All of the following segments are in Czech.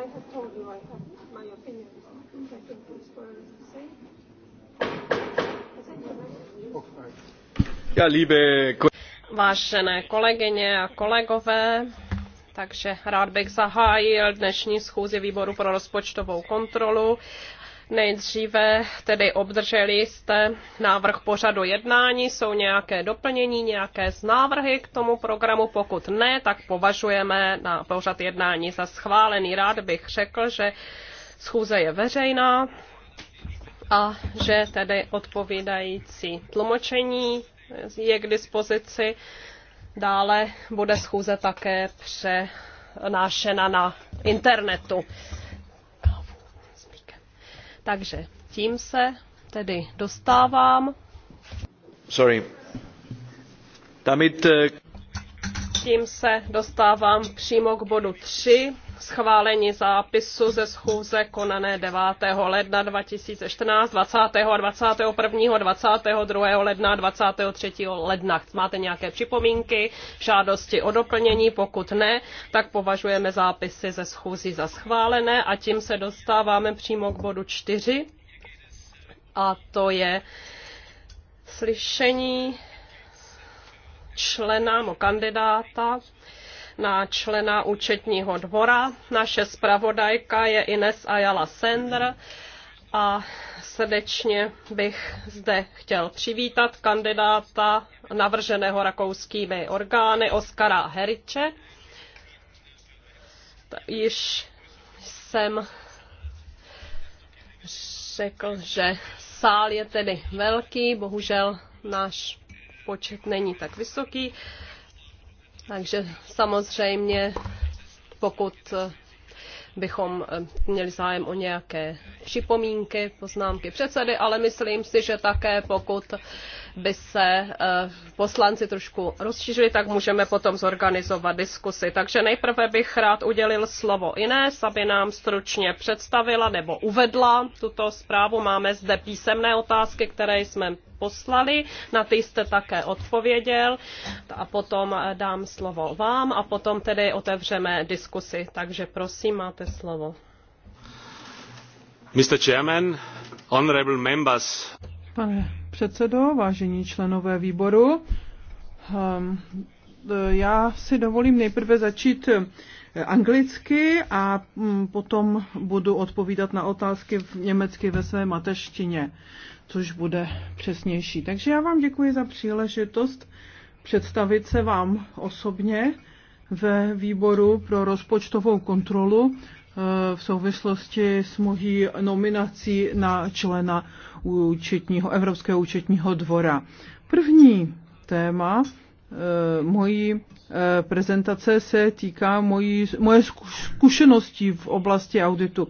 I have told you I have my opinion. I think it's for to say. Ja, liebe Vážené kolegyně a kolegové, takže rád bych zahájil dnešní schůzi výboru pro rozpočtovou kontrolu Nejdříve tedy obdrželi jste návrh pořadu jednání, jsou nějaké doplnění, nějaké z návrhy k tomu programu, pokud ne, tak považujeme na pořad jednání za schválený. Rád bych řekl, že schůze je veřejná a že tedy odpovídající tlumočení je k dispozici. Dále bude schůze také přenášena na internetu. Takže tím se tedy dostávám. Sorry. Damit, uh... Eh, tím se dostávám přímo k bodu 3 schválení zápisu ze schůze konané 9. ledna 2014, 20. a 21. 22. ledna 23. ledna. Máte nějaké připomínky, žádosti o doplnění? Pokud ne, tak považujeme zápisy ze schůzy za schválené a tím se dostáváme přímo k bodu 4 a to je slyšení člena nebo kandidáta na člena účetního dvora. Naše zpravodajka je Ines Ayala Sender a srdečně bych zde chtěl přivítat kandidáta navrženého rakouskými orgány Oskara Heriče. Již jsem řekl, že sál je tedy velký, bohužel náš počet není tak vysoký. Takže samozřejmě, pokud eh, bychom eh, měli zájem o nějaké připomínky, poznámky předsedy, ale myslím si, že také pokud by se eh, poslanci trošku rozšířili, tak můžeme potom zorganizovat diskusy. Takže nejprve bych rád udělil slovo Inés, aby nám stručně představila nebo uvedla tuto zprávu. Máme zde písemné otázky, které jsme poslali, na ty jste také odpověděl a potom eh, dám slovo vám a potom tedy otevřeme diskusy. Takže prosím, máte slovo. Mr. Chairman, honorable members. Pane předsedo, vážení členové výboru. Ehm, e, já si dovolím nejprve začít e, anglicky a mm, potom budu odpovídat na otázky v německy ve své mateštině, což bude přesnější. Takže já vám děkuji za příležitost představit se vám osobně ve výboru pro rozpočtovou kontrolu e, v souvislosti s mojí nominací na člena účetního, Evropského účetního dvora. První téma eh, mojí eh, prezentace se týká mojí, moje zkušenosti v oblasti auditu.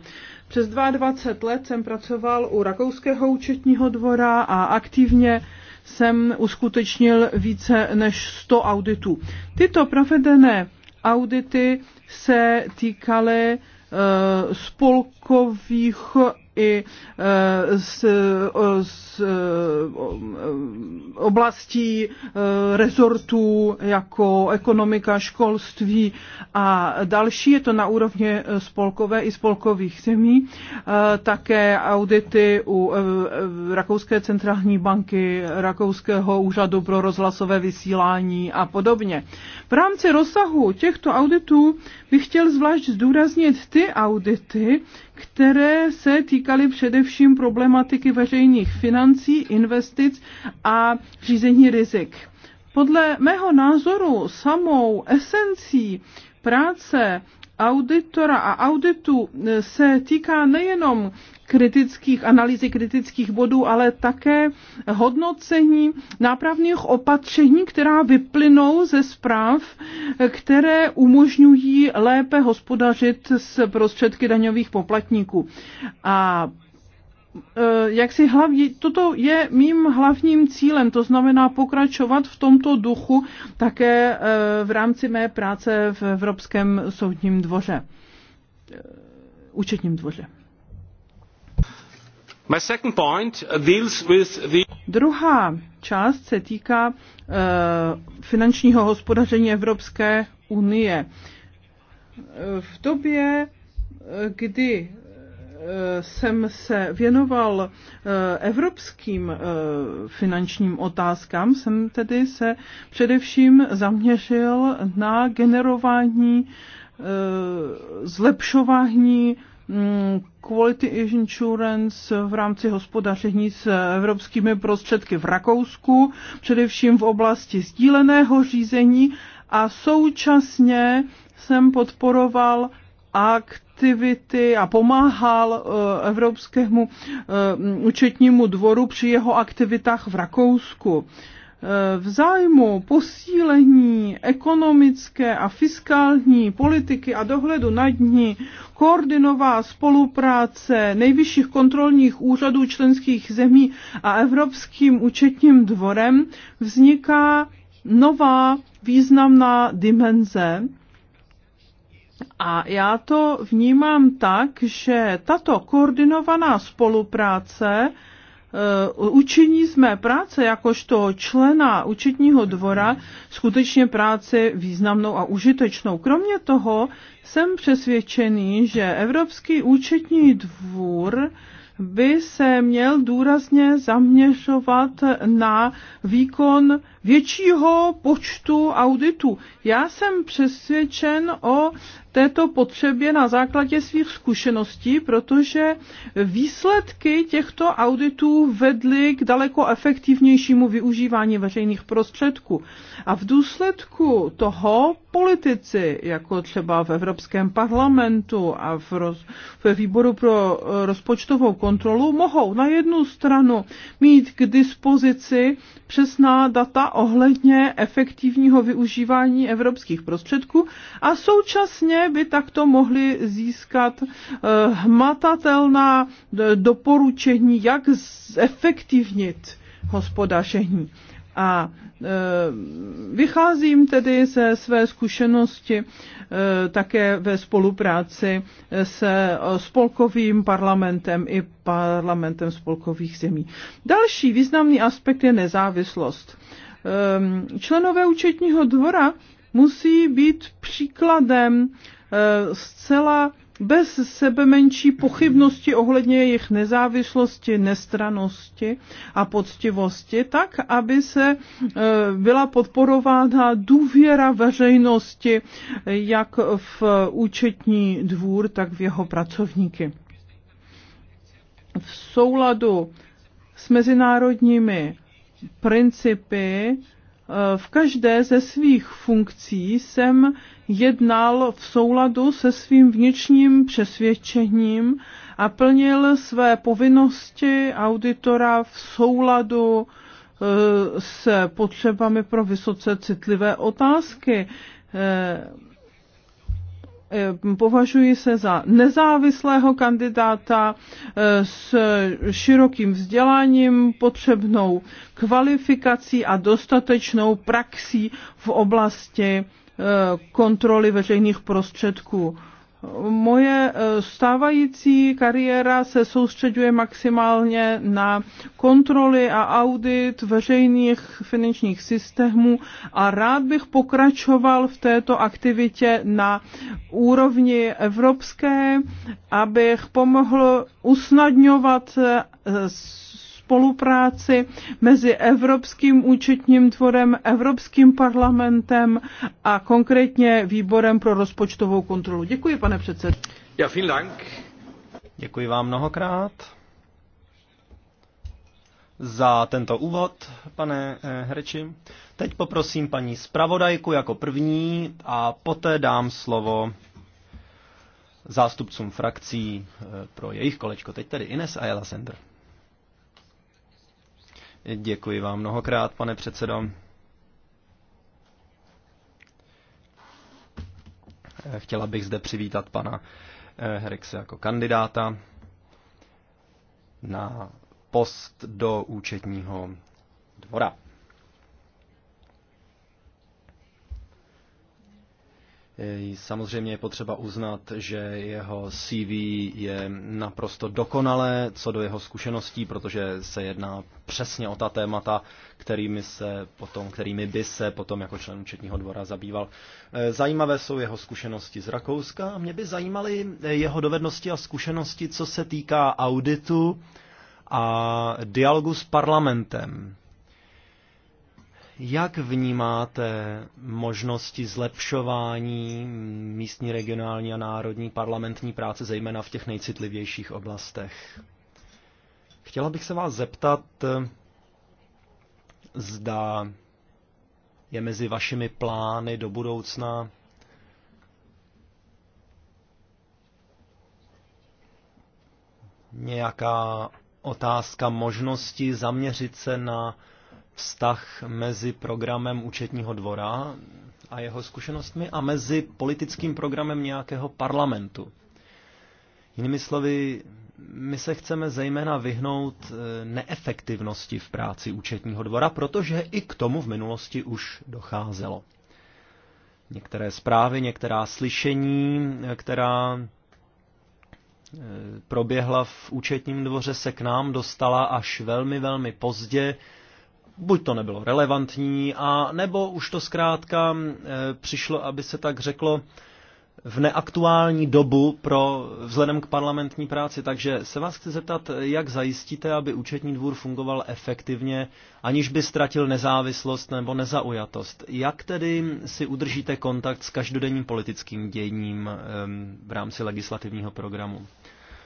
Přes 22 let jsem pracoval u Rakouského účetního dvora a aktivně jsem uskutečnil více než 100 auditů. Tyto provedené audity se týkaly eh, spolkových i z, e, z e, e, oblastí rezortů jako ekonomika, školství a další. Je to na úrovni spolkové i spolkových zemí. Také audity u Rakouské centrální banky, Rakouského úřadu pro rozhlasové vysílání a podobně. V rámci rozsahu těchto auditů bych chtěl zvlášť zdůraznit ty audity, které se týkaly především problematiky veřejných financí, investic a řízení rizik. Podle mého názoru samou esencí práce auditora a auditu eh, se týká nejenom kritických, analýzy kritických bodů, ale také hodnocení nápravných opatření, která vyplynou ze zpráv, které umožňují lépe hospodařit s prostředky daňových poplatníků. A Eh, jak si hlavní, toto je mým hlavním cílem, to znamená pokračovat v tomto duchu také eh, v rámci mé práce v Evropském soudním dvoře, eh, účetním dvoře. My second point deals with the... Druhá část se týká uh, finančního hospodaření Evropské unie. V době, kdy jsem se věnoval eh, evropským eh, finančním otázkám, jsem tedy se především zaměřil na generování, eh, zlepšování mm, Quality Insurance v rámci hospodaření s evropskými prostředky v Rakousku, především v oblasti sdíleného řízení a současně jsem podporoval aktivity a pomáhal eh, Evropskému eh, účetnímu dvoru při jeho aktivitách v Rakousku. Eh, v zájmu posílení ekonomické a fiskální politiky a dohledu nad ní koordinová spolupráce nejvyšších kontrolních úřadů členských zemí a Evropským účetním dvorem vzniká nová významná dimenze a já to vnímám tak, že tato koordinovaná spolupráce eh, učiní z mé práce jakožto člena účetního dvora skutečně práci významnou a užitečnou. Kromě toho jsem přesvědčený, že Evropský účetní dvůr by se měl důrazně zaměřovat na výkon většího počtu auditů. Já jsem přesvědčen o této potřebě na základě svých zkušeností, protože výsledky těchto auditů vedly k daleko efektivnějšímu využívání veřejných prostředků. A v důsledku toho politici, jako třeba v Evropském parlamentu a v roz, ve výboru pro rozpočtovou kontrolu, mohou na jednu stranu mít k dispozici přesná data ohledně efektivního využívání evropských prostředků a současně by takto mohli získat eh, hmatatelná eh, doporučení, jak zefektivnit hospodaření. A eh, vycházím tedy ze své zkušenosti také ve spolupráci se spolkovým parlamentem i parlamentem spolkových zemí. Další významný aspekt je nezávislost. Ehm, členové účetního dvora musí být příkladem eh, zcela bez sebe menší pochybnosti ohledně jejich nezávislosti, nestranosti a poctivosti, tak, aby se eh, byla podporována důvěra veřejnosti eh, jak v účetní dvůr, tak v jeho pracovníky. V souladu s mezinárodními principy. Eh, v každé ze svých funkcí jsem jednal v souladu se svým vnitřním přesvědčením a plnil své povinnosti auditora v souladu eh, s potřebami pro vysoce citlivé otázky eh, Eh, považuji se za nezávislého kandidáta eh, s širokým vzděláním, potřebnou kvalifikací a dostatečnou praxí v oblasti eh, kontroly veřejných prostředků moje eh, stávající kariéra se soustředuje maximálně na kontroly a audit veřejných finančních systémů a rád bych pokračoval v této aktivitě na úrovni evropské, abych pomohl usnadňovat eh, spolupráci mezi Evropským účetním dvorem, Evropským parlamentem a konkrétně výborem pro rozpočtovou kontrolu. Děkuji, pane předsed. Ja, vielen Dank. Děkuji vám mnohokrát za tento úvod, pane Hreči. Eh, Teď poprosím paní zpravodajku jako první a poté dám slovo zástupcům frakcí eh, pro jejich kolečko. Teď tedy Ines a Jela Sender. Děkuji vám mnohokrát, pane předsedo. Chtěla bych zde přivítat pana eh, Herexe jako kandidáta na post do účetního dvora. Eh, samozřejmě je potřeba uznat, že jeho CV je naprosto dokonalé co do jeho zkušeností, protože se jedná přesně o ta témata, kterými, se potom, kterými by se potom jako člen účetního dvora zabýval. Eh, zajímavé jsou jeho zkušenosti z Rakouska mě by zajímaly eh, jeho dovednosti a zkušenosti, co se týká auditu a dialogu s parlamentem. Jak vnímáte možnosti zlepšování místní, regionální a národní parlamentní práce, zejména v těch nejcitlivějších oblastech? Chtěla bych se vás zeptat, zda je mezi vašimi plány do budoucna nějaká otázka možnosti zaměřit se na vztah mezi programem účetního dvora a jeho zkušenostmi a mezi politickým programem nějakého parlamentu. Jinými slovy, my se chceme zejména vyhnout eh, neefektivnosti v práci účetního dvora, protože i k tomu v minulosti už docházelo. Některé zprávy, některá slyšení, eh, která eh, proběhla v účetním dvoře, se k nám dostala až velmi, velmi pozdě, buď to nebylo relevantní, a nebo už to zkrátka e, přišlo, aby se tak řeklo, v neaktuální dobu pro vzhledem k parlamentní práci. Takže se vás chci zeptat, jak zajistíte, aby účetní dvůr fungoval efektivně, aniž by ztratil nezávislost nebo nezaujatost. Jak tedy si udržíte kontakt s každodenním politickým děním e, v rámci legislativního programu?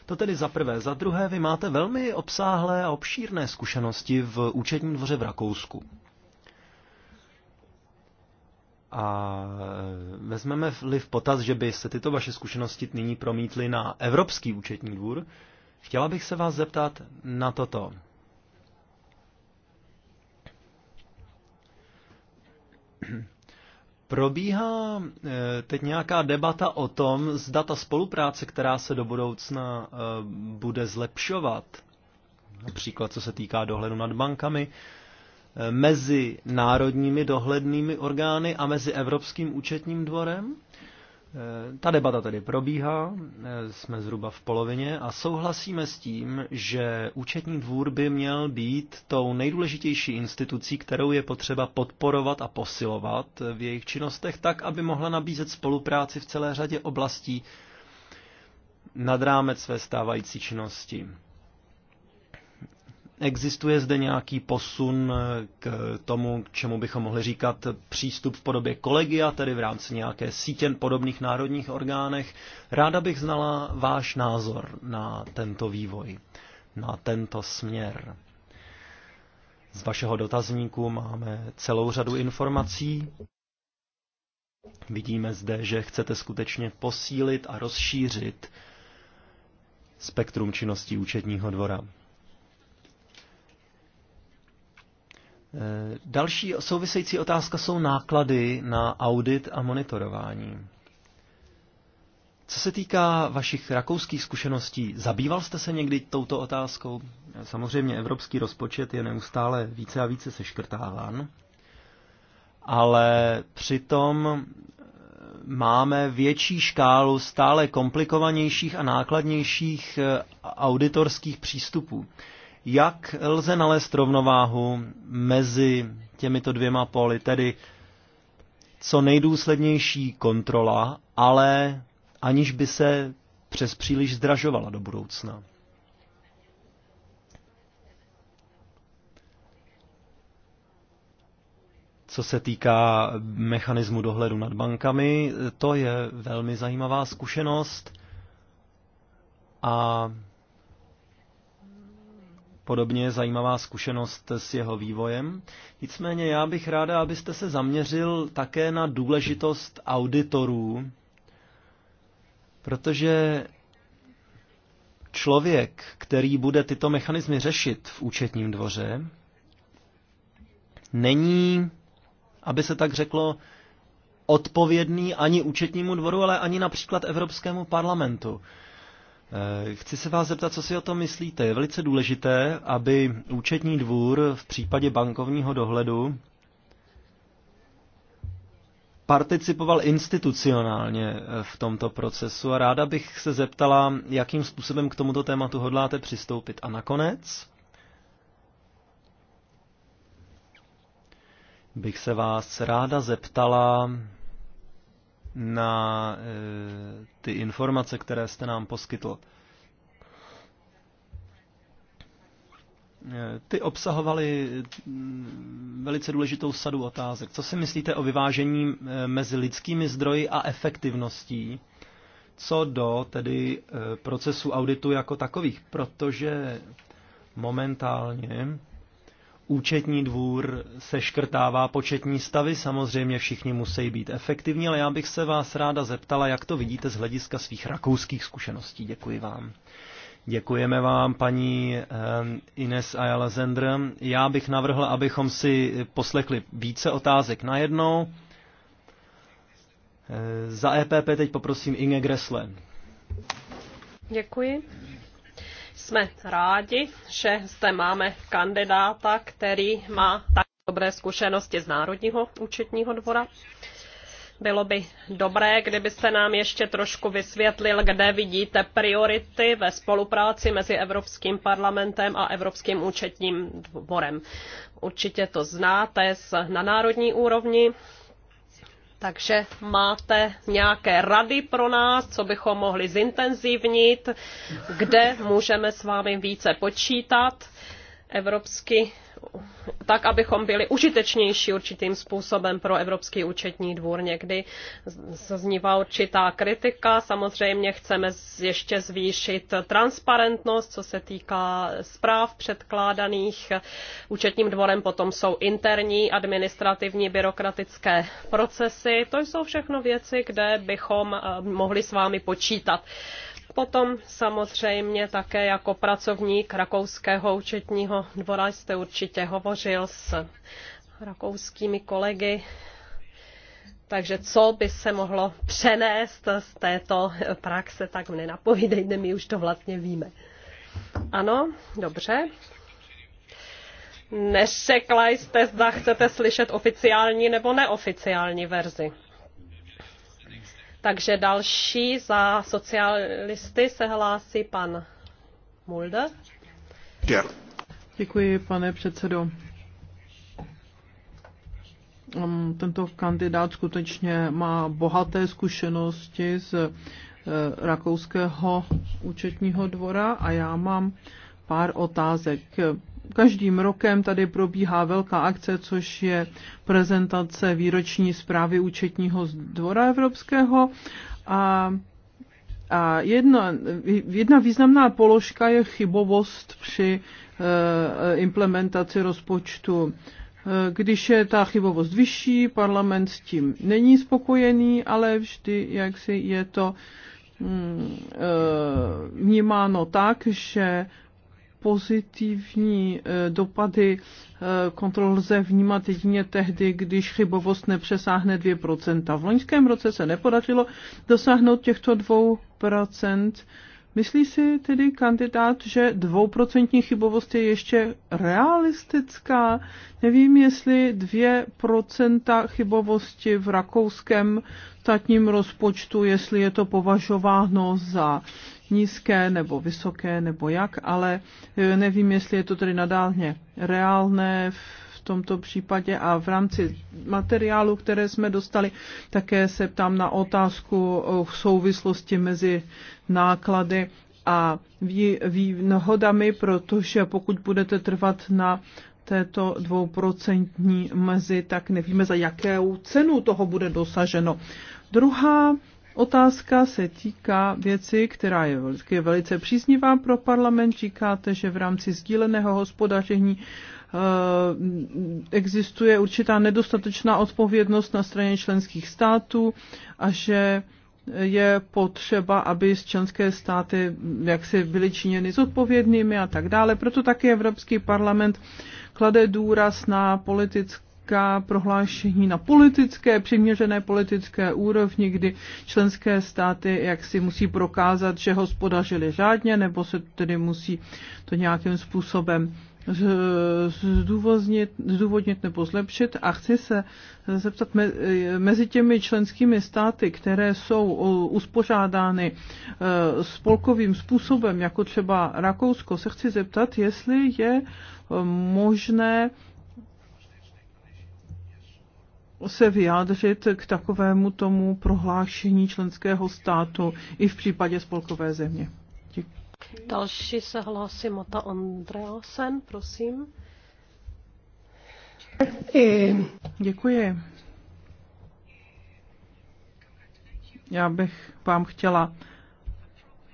To tedy za prvé. Za druhé, vy máte velmi obsáhlé a obšírné zkušenosti v účetním dvoře v Rakousku. A vezmeme-li v potaz, že by se tyto vaše zkušenosti nyní promítly na Evropský účetní dvůr, chtěla bych se vás zeptat na toto. Probíhá eh, teď nějaká debata o tom, zda ta spolupráce, která se do budoucna eh, bude zlepšovat, například co se týká dohledu nad bankami, eh, mezi národními dohlednými orgány a mezi Evropským účetním dvorem? Eh, ta debata tedy probíhá, eh, jsme zhruba v polovině a souhlasíme s tím, že účetní dvůr by měl být tou nejdůležitější institucí, kterou je potřeba podporovat a posilovat eh, v jejich činnostech tak, aby mohla nabízet spolupráci v celé řadě oblastí nad rámec své stávající činnosti. Existuje zde nějaký posun eh, k tomu, k čemu bychom mohli říkat přístup v podobě kolegia, tedy v rámci nějaké sítě podobných národních orgánech. Ráda bych znala váš názor na tento vývoj, na tento směr. Z vašeho dotazníku máme celou řadu informací. Vidíme zde, že chcete skutečně posílit a rozšířit spektrum činností účetního dvora. Eh, další související otázka jsou náklady na audit a monitorování. Co se týká vašich rakouských zkušeností, zabýval jste se někdy touto otázkou? Samozřejmě evropský rozpočet je neustále více a více seškrtáván, ale přitom eh, máme větší škálu stále komplikovanějších a nákladnějších eh, auditorských přístupů jak lze nalézt rovnováhu mezi těmito dvěma poli, tedy co nejdůslednější kontrola, ale aniž by se přes příliš zdražovala do budoucna. Co se týká mechanismu dohledu nad bankami, to je velmi zajímavá zkušenost a Podobně zajímavá zkušenost s jeho vývojem. Nicméně já bych ráda, abyste se zaměřil také na důležitost auditorů, protože člověk, který bude tyto mechanismy řešit v účetním dvoře, není, aby se tak řeklo, odpovědný ani účetnímu dvoru, ale ani například Evropskému parlamentu. Eh, chci se vás zeptat, co si o tom myslíte. Je velice důležité, aby účetní dvůr v případě bankovního dohledu participoval institucionálně eh, v tomto procesu a ráda bych se zeptala, jakým způsobem k tomuto tématu hodláte přistoupit. A nakonec bych se vás ráda zeptala, na eh, ty informace, které jste nám poskytl. Eh, ty obsahovaly mm, velice důležitou sadu otázek. Co si myslíte o vyvážení eh, mezi lidskými zdroji a efektivností, co do tedy procesu auditu jako takových? Protože momentálně Účetní dvůr se škrtává, početní stavy, samozřejmě všichni musí být efektivní, ale já bych se vás ráda zeptala, jak to vidíte z hlediska svých rakouských zkušeností. Děkuji vám. Děkujeme vám, paní ehm, Ines Ayala Já bych navrhl, abychom si poslechli více otázek najednou. Ehm, za EPP teď poprosím Inge Gressle. Děkuji jsme rádi, že zde máme kandidáta, který má tak dobré zkušenosti z Národního účetního dvora. Bylo by dobré, kdybyste nám ještě trošku vysvětlil, kde vidíte priority ve spolupráci mezi Evropským parlamentem a Evropským účetním dvorem. Určitě to znáte na národní úrovni, takže máte nějaké rady pro nás, co bychom mohli zintenzivnit, kde můžeme s vámi více počítat. Evropský tak, abychom byli užitečnější určitým způsobem pro Evropský účetní dvůr. Někdy zaznívá určitá kritika. Samozřejmě chceme ještě zvýšit transparentnost, co se týká zpráv předkládaných účetním dvorem. Potom jsou interní administrativní byrokratické procesy. To jsou všechno věci, kde bychom eh, mohli s vámi počítat. Potom samozřejmě také jako pracovník Rakouského účetního dvora jste určitě hovořil s rakouskými kolegy, takže co by se mohlo přenést z této praxe, tak mne nenapovídejte, my už to vlastně víme. Ano, dobře. Neřekla jste, zda chcete slyšet oficiální nebo neoficiální verzi. Takže další za socialisty se hlásí pan Mulder. Děkuji, pane předsedo. Tento kandidát skutečně má bohaté zkušenosti z e, rakouského účetního dvora a já mám pár otázek každým rokem tady probíhá velká akce, což je prezentace výroční zprávy účetního dvora evropského a a jedna, jedna významná položka je chybovost při eh, implementaci rozpočtu. Eh, když je ta chybovost vyšší, parlament s tím není spokojený, ale vždy jaksi je to hm, eh, vnímáno tak, že pozitivní eh, dopady eh, kontrol lze vnímat jedině tehdy, když chybovost nepřesáhne 2%. V loňském roce se nepodařilo dosáhnout těchto 2%. Myslí si tedy kandidát, že dvouprocentní chybovost je ještě realistická? Nevím, jestli dvě procenta chybovosti v rakouském státním rozpočtu, jestli je to považováno za nízké nebo vysoké nebo jak, ale eh, nevím, jestli je to tedy nadálně reálné v tomto případě a v rámci materiálu, které jsme dostali, také se ptám na otázku v souvislosti mezi náklady a výhodami, protože pokud budete trvat na této dvouprocentní mezi, tak nevíme, za jakou cenu toho bude dosaženo. Druhá Otázka se týká věci, která je velice, příznivá pro parlament. Říkáte, že v rámci sdíleného hospodaření Eh, existuje určitá nedostatečná odpovědnost na straně členských států a že je potřeba, aby z členské státy jaksi byly činěny zodpovědnými a tak dále. Proto taky Evropský parlament klade důraz na politické prohlášení na politické, přiměřené politické úrovni, kdy členské státy jak si musí prokázat, že hospodařili řádně, nebo se tedy musí to nějakým způsobem zdůvodnit, zdůvodnit nebo zlepšit a chci se zeptat mezi těmi členskými státy, které jsou uspořádány e, spolkovým způsobem, jako třeba Rakousko, se chci zeptat, jestli je e, možné se vyjádřit k takovému tomu prohlášení členského státu i v případě spolkové země. Děkuji. Další se hlásí Mata Andreasen, prosím. E, Děkuji. Já bych vám chtěla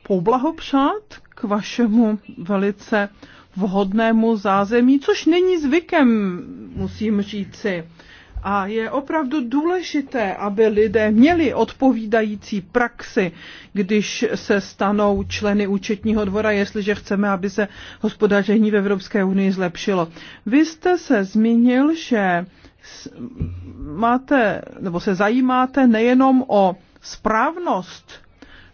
poblahopřát k vašemu velice vhodnému zázemí, což není zvykem, musím říci. A je opravdu důležité, aby lidé měli odpovídající praxi, když se stanou členy účetního dvora, jestliže chceme, aby se hospodaření v Evropské unii zlepšilo. Vy jste se zmínil, že máte, nebo se zajímáte nejenom o správnost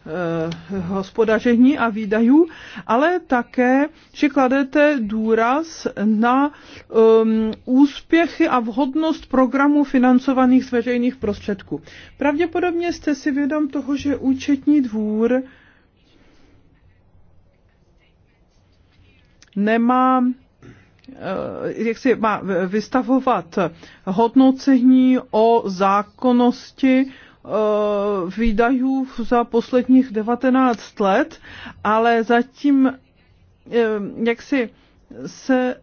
Eh, hospodaření a výdajů, ale také, že kladete důraz na um, úspěchy a vhodnost programů financovaných z veřejných prostředků. Pravděpodobně jste si vědom toho, že účetní dvůr nemá eh, jak si má vystavovat hodnocení o zákonnosti Eh, výdajů za posledních 19 let, ale zatím eh, jak si se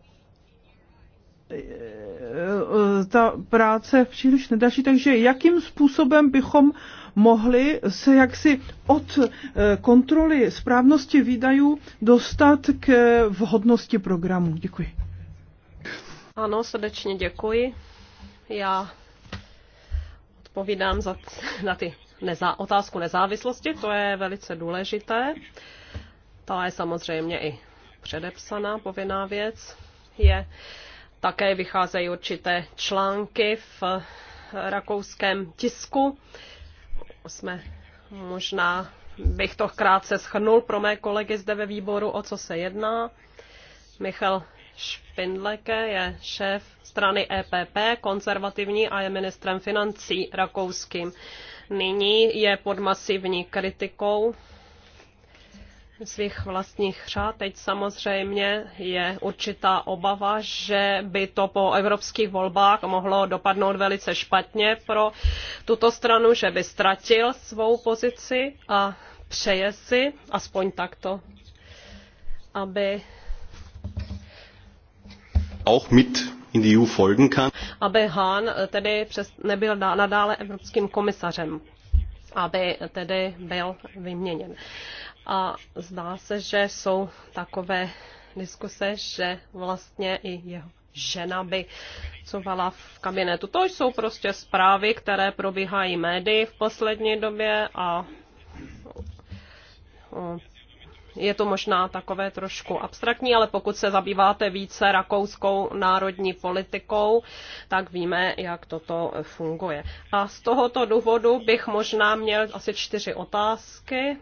eh, ta práce příliš nedaří, takže jakým způsobem bychom mohli se jaksi od kontroly správnosti výdajů dostat k vhodnosti programu. Děkuji. Ano, srdečně děkuji. Já odpovídám za, na ty nezá, otázku nezávislosti, to je velice důležité. Ta je samozřejmě i předepsaná povinná věc. Je, také vycházejí určité články v rakouském tisku. Jsme možná bych to krátce schrnul pro mé kolegy zde ve výboru, o co se jedná. Michal Špindleke je šéf strany EPP, konzervativní a je ministrem financí rakouským. Nyní je pod masivní kritikou svých vlastních řád. Teď samozřejmě je určitá obava, že by to po evropských volbách mohlo dopadnout velice špatně pro tuto stranu, že by ztratil svou pozici a přeje si, aspoň takto, aby auch mit in die EU folgen kann. Aby Hahn tedy přes, nebyl nadále evropským komisařem, aby tedy byl vyměněn. A zdá se, že jsou takové diskuse, že vlastně i jeho žena by covala v kabinetu. To jsou prostě zprávy, které probíhají médii v poslední době a je to možná takové trošku abstraktní, ale pokud se zabýváte více rakouskou národní politikou, tak víme, jak toto funguje. A z tohoto důvodu bych možná měl asi čtyři otázky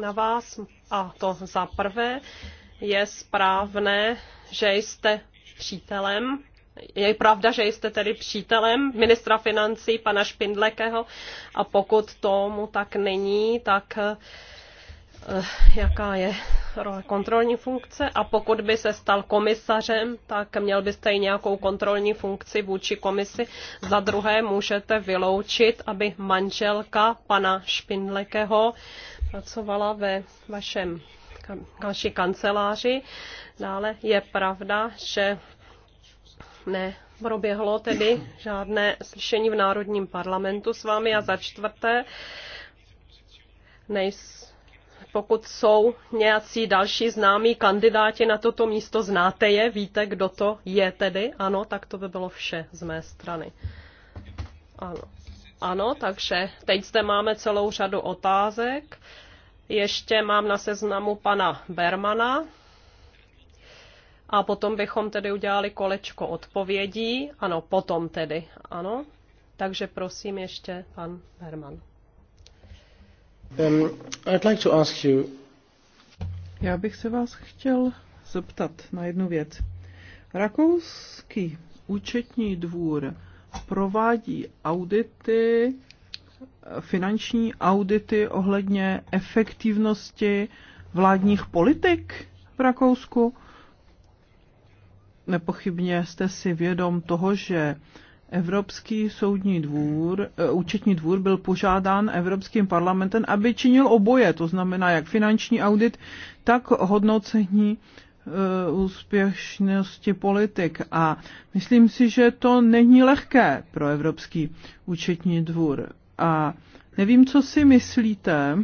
na vás. A to za prvé, je správné, že jste přítelem je pravda, že jste tedy přítelem ministra financí pana Špindlekeho a pokud tomu tak není, tak Eh, jaká je role kontrolní funkce a pokud by se stal komisařem, tak měl byste i nějakou kontrolní funkci vůči komisi. Za druhé můžete vyloučit, aby manželka pana Špindlekeho pracovala ve vašem vaší kanceláři. Dále je pravda, že ne, proběhlo tedy žádné slyšení v Národním parlamentu s vámi a za čtvrté nejsou pokud jsou nějací další známí kandidáti na toto místo, znáte je, víte, kdo to je tedy? Ano, tak to by bylo vše z mé strany. Ano, ano takže teď zde máme celou řadu otázek. Ještě mám na seznamu pana Bermana. A potom bychom tedy udělali kolečko odpovědí. Ano, potom tedy. Ano. Takže prosím ještě pan Herman. Um, Já bych se vás chtěl zeptat na jednu věc. Rakouský účetní dvůr provádí audity, finanční audity ohledně efektivnosti vládních politik v Rakousku. Nepochybně jste si vědom toho, že Evropský soudní dvůr, eh, účetní dvůr byl požádán Evropským parlamentem, aby činil oboje, to znamená jak finanční audit, tak hodnocení eh, úspěšnosti politik. A myslím si, že to není lehké pro Evropský účetní dvůr. A nevím, co si myslíte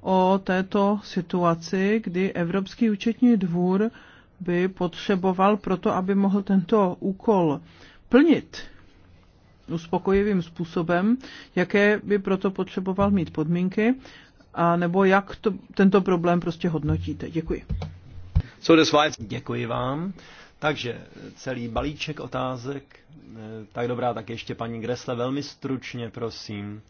o této situaci, kdy Evropský účetní dvůr by potřeboval proto, aby mohl tento úkol plnit uspokojivým způsobem, jaké by proto potřeboval mít podmínky, a nebo jak to, tento problém prostě hodnotíte. Děkuji. Děkuji vám. Takže celý balíček otázek. Eh, tak dobrá, tak ještě paní Gresle, velmi stručně, prosím.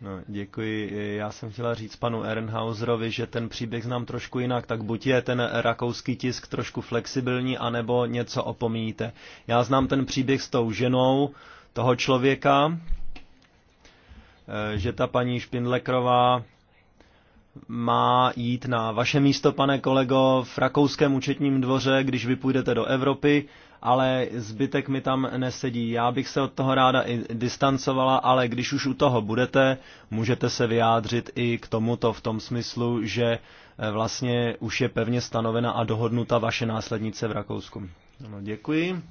No, děkuji. Já jsem chtěla říct panu Ernhauserovi, že ten příběh znám trošku jinak, tak buď je ten rakouský tisk trošku flexibilní, anebo něco opomíjíte. Já znám ten příběh s tou ženou, toho člověka, eh, že ta paní Špindlekrová má jít na vaše místo, pane kolego, v rakouském účetním dvoře, když vy půjdete do Evropy, ale zbytek mi tam nesedí. Já bych se od toho ráda i distancovala, ale když už u toho budete, můžete se vyjádřit i k tomuto v tom smyslu, že eh, vlastně už je pevně stanovena a dohodnuta vaše následnice v Rakousku. Ano, děkuji.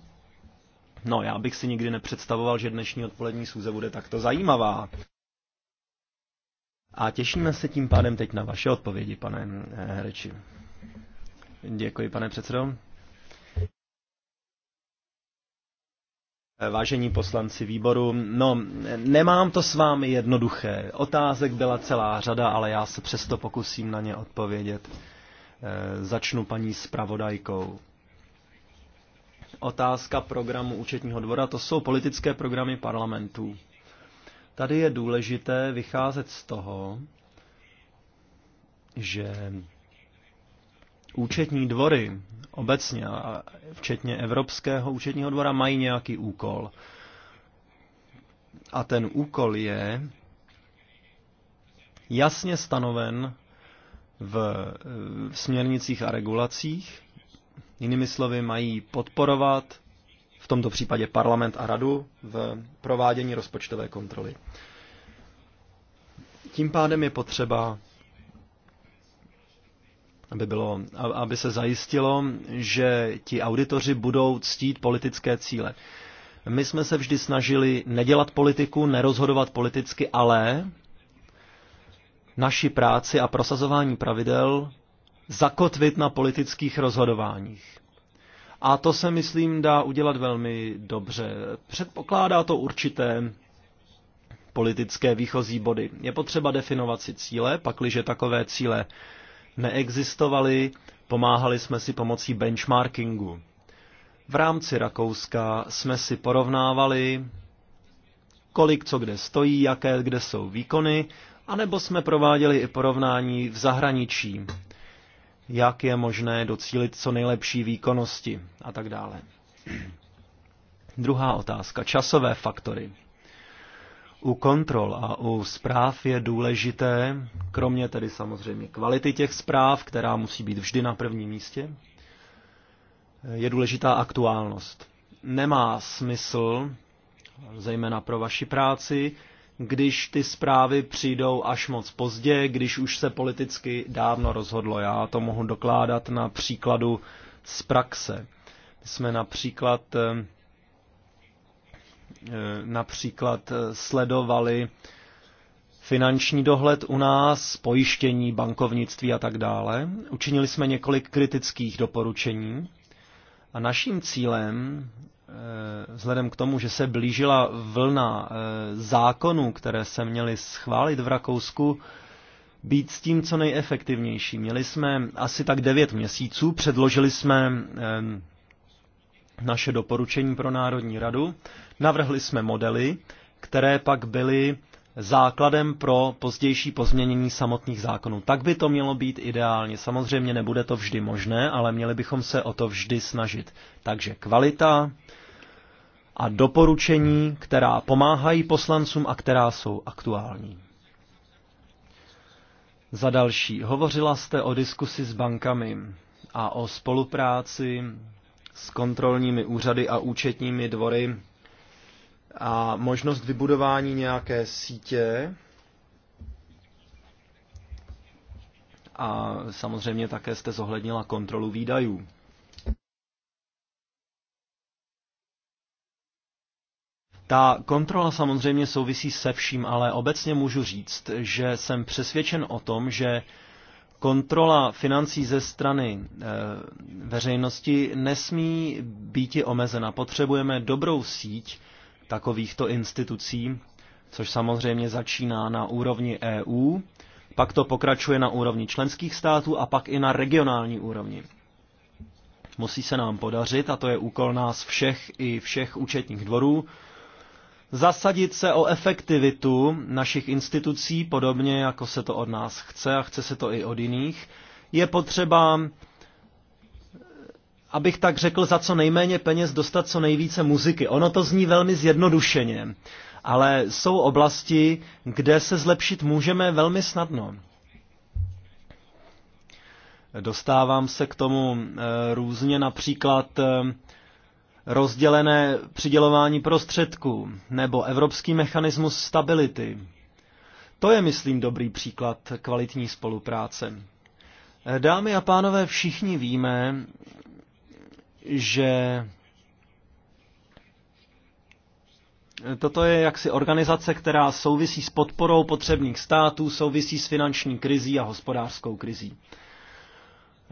No, já bych si nikdy nepředstavoval, že dnešní odpolední schůze bude takto zajímavá. A těšíme se tím pádem teď na vaše odpovědi, pane eh, Hereči. Děkuji, pane předsedo. Eh, vážení poslanci výboru, no, nemám to s vámi jednoduché. Otázek byla celá řada, ale já se přesto pokusím na ně odpovědět. Eh, začnu paní zpravodajkou otázka programu účetního dvora, to jsou politické programy parlamentů. Tady je důležité vycházet z toho, že účetní dvory obecně, a včetně Evropského účetního dvora, mají nějaký úkol. A ten úkol je jasně stanoven v, v směrnicích a regulacích Jinými slovy, mají podporovat v tomto případě parlament a radu v provádění rozpočtové kontroly. Tím pádem je potřeba, aby, bylo, aby se zajistilo, že ti auditoři budou ctít politické cíle. My jsme se vždy snažili nedělat politiku, nerozhodovat politicky, ale naši práci a prosazování pravidel zakotvit na politických rozhodováních. A to se, myslím, dá udělat velmi dobře. Předpokládá to určité politické výchozí body. Je potřeba definovat si cíle, pakliže takové cíle neexistovaly, pomáhali jsme si pomocí benchmarkingu. V rámci Rakouska jsme si porovnávali, kolik co kde stojí, jaké kde jsou výkony, anebo jsme prováděli i porovnání v zahraničí jak je možné docílit co nejlepší výkonnosti a tak dále. Druhá otázka. Časové faktory. U kontrol a u zpráv je důležité, kromě tedy samozřejmě kvality těch zpráv, která musí být vždy na prvním místě, je důležitá aktuálnost. Nemá smysl, zejména pro vaši práci, když ty zprávy přijdou až moc pozdě, když už se politicky dávno rozhodlo. Já to mohu dokládat na příkladu z praxe. My jsme například eh, eh, například eh, sledovali finanční dohled u nás, pojištění, bankovnictví a tak dále. Učinili jsme několik kritických doporučení a naším cílem Eh, vzhledem k tomu, že se blížila vlna eh, zákonů, které se měly schválit v Rakousku, být s tím co nejefektivnější. Měli jsme asi tak devět měsíců, předložili jsme eh, naše doporučení pro Národní radu, navrhli jsme modely, které pak byly základem pro pozdější pozměnění samotných zákonů. Tak by to mělo být ideálně. Samozřejmě nebude to vždy možné, ale měli bychom se o to vždy snažit. Takže kvalita, a doporučení, která pomáhají poslancům a která jsou aktuální. Za další, hovořila jste o diskusi s bankami a o spolupráci s kontrolními úřady a účetními dvory a možnost vybudování nějaké sítě a samozřejmě také jste zohlednila kontrolu výdajů. Ta kontrola samozřejmě souvisí se vším, ale obecně můžu říct, že jsem přesvědčen o tom, že kontrola financí ze strany e, veřejnosti nesmí být omezena. Potřebujeme dobrou síť takovýchto institucí, což samozřejmě začíná na úrovni EU, pak to pokračuje na úrovni členských států a pak i na regionální úrovni. Musí se nám podařit, a to je úkol nás všech i všech účetních dvorů, zasadit se o efektivitu našich institucí, podobně jako se to od nás chce a chce se to i od jiných, je potřeba, abych tak řekl, za co nejméně peněz dostat co nejvíce muziky. Ono to zní velmi zjednodušeně, ale jsou oblasti, kde se zlepšit můžeme velmi snadno. Dostávám se k tomu eh, různě, například eh, rozdělené přidělování prostředků nebo Evropský mechanismus stability. To je, myslím, dobrý příklad kvalitní spolupráce. Dámy a pánové, všichni víme, že Toto je jaksi organizace, která souvisí s podporou potřebných států, souvisí s finanční krizí a hospodářskou krizí.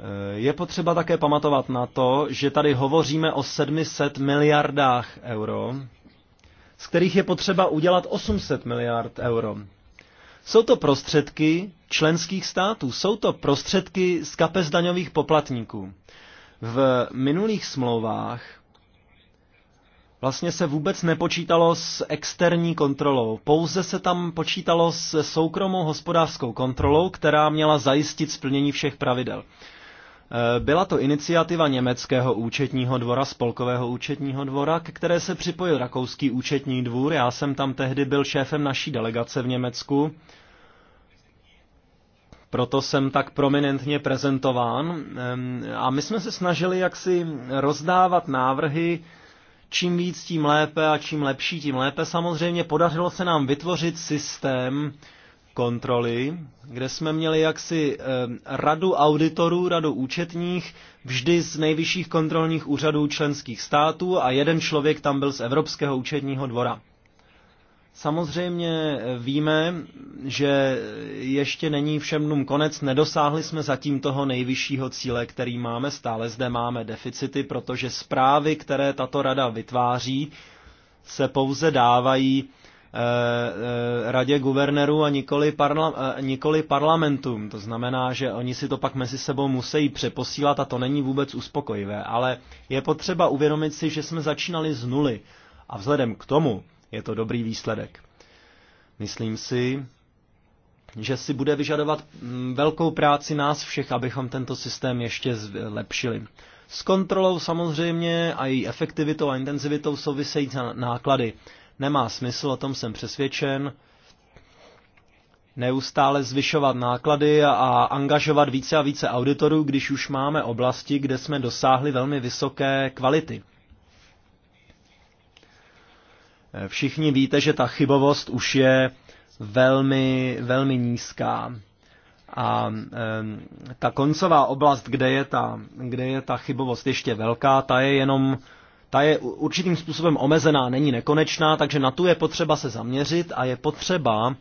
Eh, je potřeba také pamatovat na to, že tady hovoříme o 700 miliardách euro, z kterých je potřeba udělat 800 miliard euro. Jsou to prostředky členských států, jsou to prostředky z kapes daňových poplatníků. V minulých smlouvách vlastně se vůbec nepočítalo s externí kontrolou. Pouze se tam počítalo s soukromou hospodářskou kontrolou, která měla zajistit splnění všech pravidel. Eh, byla to iniciativa německého účetního dvora, spolkového účetního dvora, k které se připojil rakouský účetní dvůr. Já jsem tam tehdy byl šéfem naší delegace v Německu. Proto jsem tak prominentně prezentován. A my jsme se snažili jaksi rozdávat návrhy, čím víc, tím lépe a čím lepší, tím lépe. Samozřejmě podařilo se nám vytvořit systém, kontroly, kde jsme měli jaksi ehm, radu auditorů, radu účetních, vždy z nejvyšších kontrolních úřadů členských států a jeden člověk tam byl z Evropského účetního dvora. Samozřejmě eh, víme, že ještě není všem dnům konec, nedosáhli jsme zatím toho nejvyššího cíle, který máme, stále zde máme deficity, protože zprávy, které tato rada vytváří, se pouze dávají Eh, eh, radě guvernérů a nikoli, parla, eh, nikoli parlamentům. To znamená, že oni si to pak mezi sebou musí přeposílat a to není vůbec uspokojivé. Ale je potřeba uvědomit si, že jsme začínali z nuly a vzhledem k tomu je to dobrý výsledek. Myslím si, že si bude vyžadovat mm, velkou práci nás všech, abychom tento systém ještě zlepšili. S kontrolou samozřejmě a její efektivitou a intenzivitou souvisejí náklady. Nemá smysl, o tom jsem přesvědčen, neustále zvyšovat náklady a angažovat více a více auditorů, když už máme oblasti, kde jsme dosáhli velmi vysoké kvality. Všichni víte, že ta chybovost už je velmi, velmi nízká. A e, ta koncová oblast, kde je ta, kde je ta chybovost ještě velká, ta je jenom ta je určitým způsobem omezená, není nekonečná, takže na tu je potřeba se zaměřit a je potřeba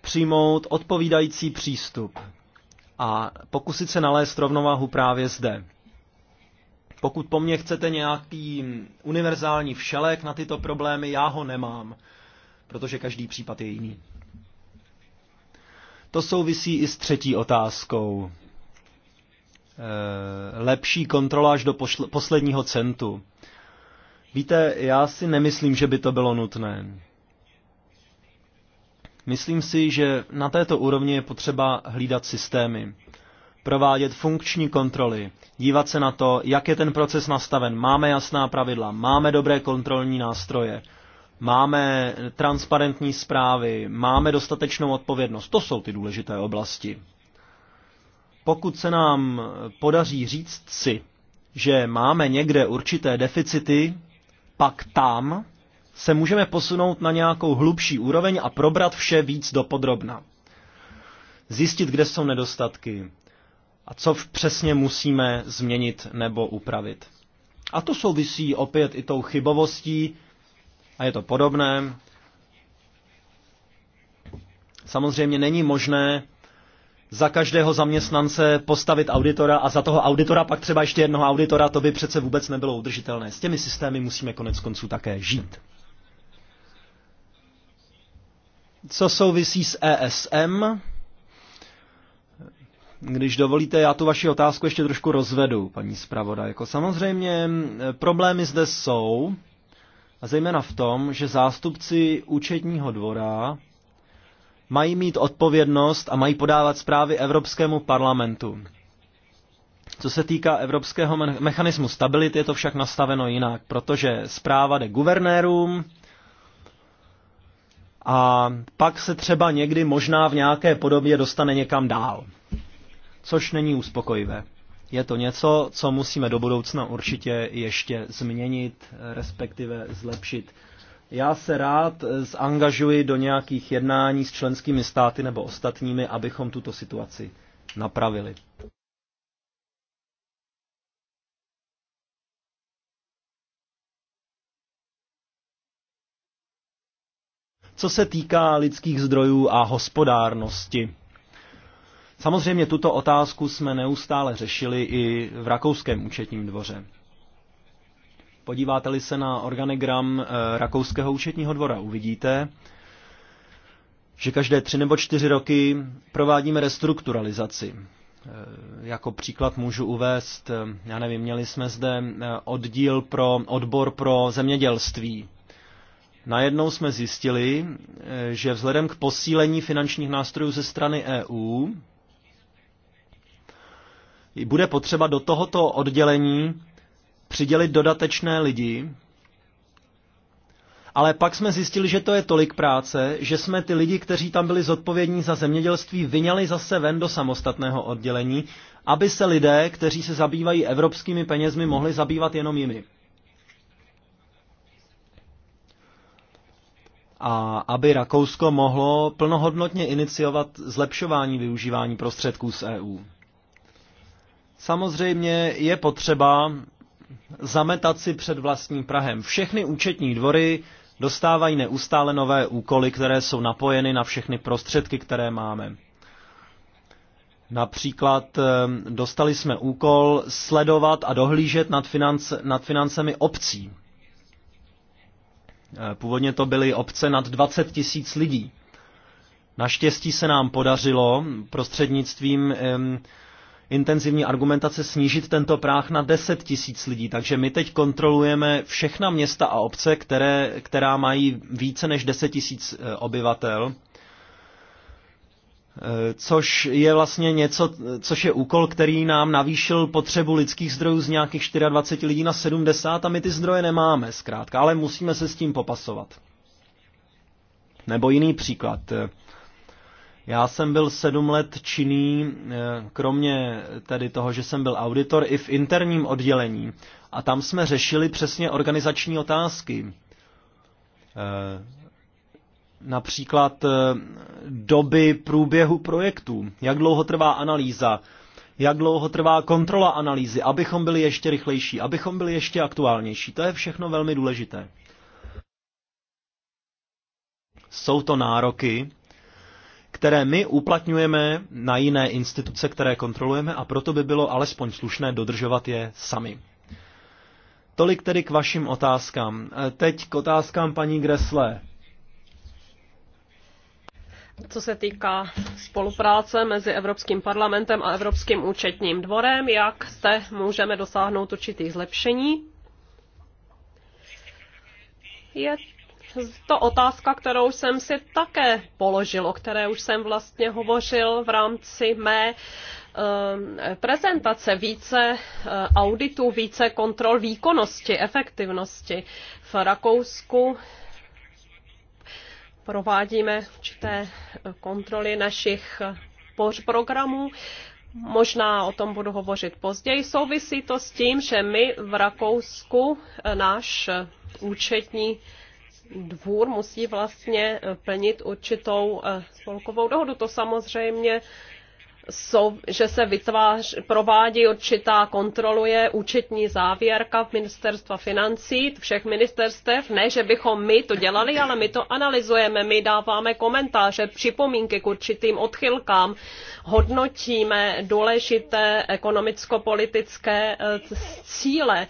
přijmout odpovídající přístup a pokusit se nalézt rovnováhu právě zde. Pokud po mně chcete nějaký univerzální všelek na tyto problémy, já ho nemám, protože každý případ je jiný. To souvisí i s třetí otázkou. Eh, lepší kontrola až do posledního centu. Víte, já si nemyslím, že by to bylo nutné. Myslím si, že na této úrovni je potřeba hlídat systémy, provádět funkční kontroly, dívat se na to, jak je ten proces nastaven. Máme jasná pravidla, máme dobré kontrolní nástroje, máme transparentní zprávy, máme dostatečnou odpovědnost. To jsou ty důležité oblasti. Pokud se nám podaří říct si, že máme někde určité deficity, pak tam se můžeme posunout na nějakou hlubší úroveň a probrat vše víc do podrobna. Zjistit, kde jsou nedostatky a co přesně musíme změnit nebo upravit. A to souvisí opět i tou chybovostí a je to podobné. Samozřejmě není možné za každého zaměstnance postavit auditora a za toho auditora pak třeba ještě jednoho auditora, to by přece vůbec nebylo udržitelné. S těmi systémy musíme konec konců také žít. Co souvisí s ESM? Když dovolíte, já tu vaši otázku ještě trošku rozvedu, paní Jako Samozřejmě problémy zde jsou, a zejména v tom, že zástupci účetního dvora mají mít odpovědnost a mají podávat zprávy Evropskému parlamentu. Co se týká evropského mechanismu stability, je to však nastaveno jinak, protože zpráva jde guvernérům a pak se třeba někdy možná v nějaké podobě dostane někam dál, což není uspokojivé. Je to něco, co musíme do budoucna určitě ještě změnit, respektive zlepšit. Já se rád eh, zangažuji do nějakých jednání s členskými státy nebo ostatními, abychom tuto situaci napravili. Co se týká lidských zdrojů a hospodárnosti, samozřejmě tuto otázku jsme neustále řešili i v rakouském účetním dvoře. Podíváte-li se na organigram eh, Rakouského účetního dvora, uvidíte, že každé tři nebo čtyři roky provádíme restrukturalizaci. Eh, jako příklad můžu uvést, eh, já nevím, měli jsme zde oddíl pro odbor pro zemědělství. Najednou jsme zjistili, že vzhledem k posílení finančních nástrojů ze strany EU bude potřeba do tohoto oddělení přidělit dodatečné lidi, ale pak jsme zjistili, že to je tolik práce, že jsme ty lidi, kteří tam byli zodpovědní za zemědělství, vyňali zase ven do samostatného oddělení, aby se lidé, kteří se zabývají evropskými penězmi, mohli zabývat jenom jimi. A aby Rakousko mohlo plnohodnotně iniciovat zlepšování využívání prostředků z EU. Samozřejmě je potřeba zametat si před vlastním Prahem. Všechny účetní dvory dostávají neustále nové úkoly, které jsou napojeny na všechny prostředky, které máme. Například eh, dostali jsme úkol sledovat a dohlížet nad, finance, nad financemi obcí. Eh, původně to byly obce nad 20 tisíc lidí. Naštěstí se nám podařilo prostřednictvím intenzivní argumentace snížit tento práh na 10 tisíc lidí. Takže my teď kontrolujeme všechna města a obce, které, která mají více než 10 tisíc eh, obyvatel, eh, což je vlastně něco, což je úkol, který nám navýšil potřebu lidských zdrojů z nějakých 24 lidí na 70 a my ty zdroje nemáme zkrátka, ale musíme se s tím popasovat. Nebo jiný příklad. Eh, já jsem byl sedm let činný, eh, kromě tedy toho, že jsem byl auditor, i v interním oddělení. A tam jsme řešili přesně organizační otázky. Eh, například eh, doby průběhu projektů, jak dlouho trvá analýza, jak dlouho trvá kontrola analýzy, abychom byli ještě rychlejší, abychom byli ještě aktuálnější. To je všechno velmi důležité. Jsou to nároky, které my uplatňujeme na jiné instituce, které kontrolujeme a proto by bylo alespoň slušné dodržovat je sami. Tolik tedy k vašim otázkám. E, teď k otázkám paní Gresle. Co se týká spolupráce mezi Evropským parlamentem a Evropským účetním dvorem, jak se můžeme dosáhnout určitých zlepšení? Je to otázka, kterou jsem si také položil, o které už jsem vlastně hovořil v rámci mé eh, prezentace, více eh, auditů, více kontrol výkonnosti, efektivnosti. V Rakousku provádíme určité eh, kontroly našich programů. Možná o tom budu hovořit později. Souvisí to s tím, že my v Rakousku náš účetní dvůr musí vlastně eh, plnit určitou eh, spolkovou dohodu. To samozřejmě jsou, že se vytvář, provádí určitá, kontroluje účetní závěrka v ministerstva financí, všech ministerstev. Ne, že bychom my to dělali, ale my to analyzujeme, my dáváme komentáře, připomínky k určitým odchylkám, hodnotíme důležité ekonomicko-politické eh, cíle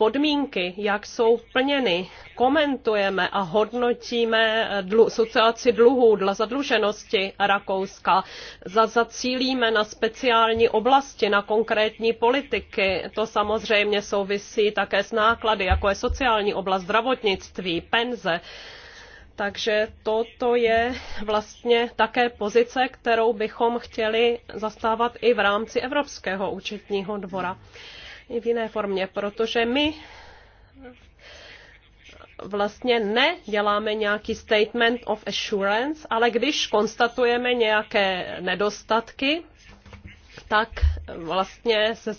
podmínky, jak jsou plněny, komentujeme a hodnotíme eh, dlu, sociaci dluhů, dla zadluženosti Rakouska, za, zacílíme na speciální oblasti, na konkrétní politiky. To samozřejmě souvisí také s náklady, jako je sociální oblast, zdravotnictví, penze. Takže toto je vlastně také pozice, kterou bychom chtěli zastávat i v rámci Evropského účetního dvora i v jiné formě, protože my vlastně neděláme nějaký statement of assurance, ale když konstatujeme nějaké nedostatky, tak vlastně, se,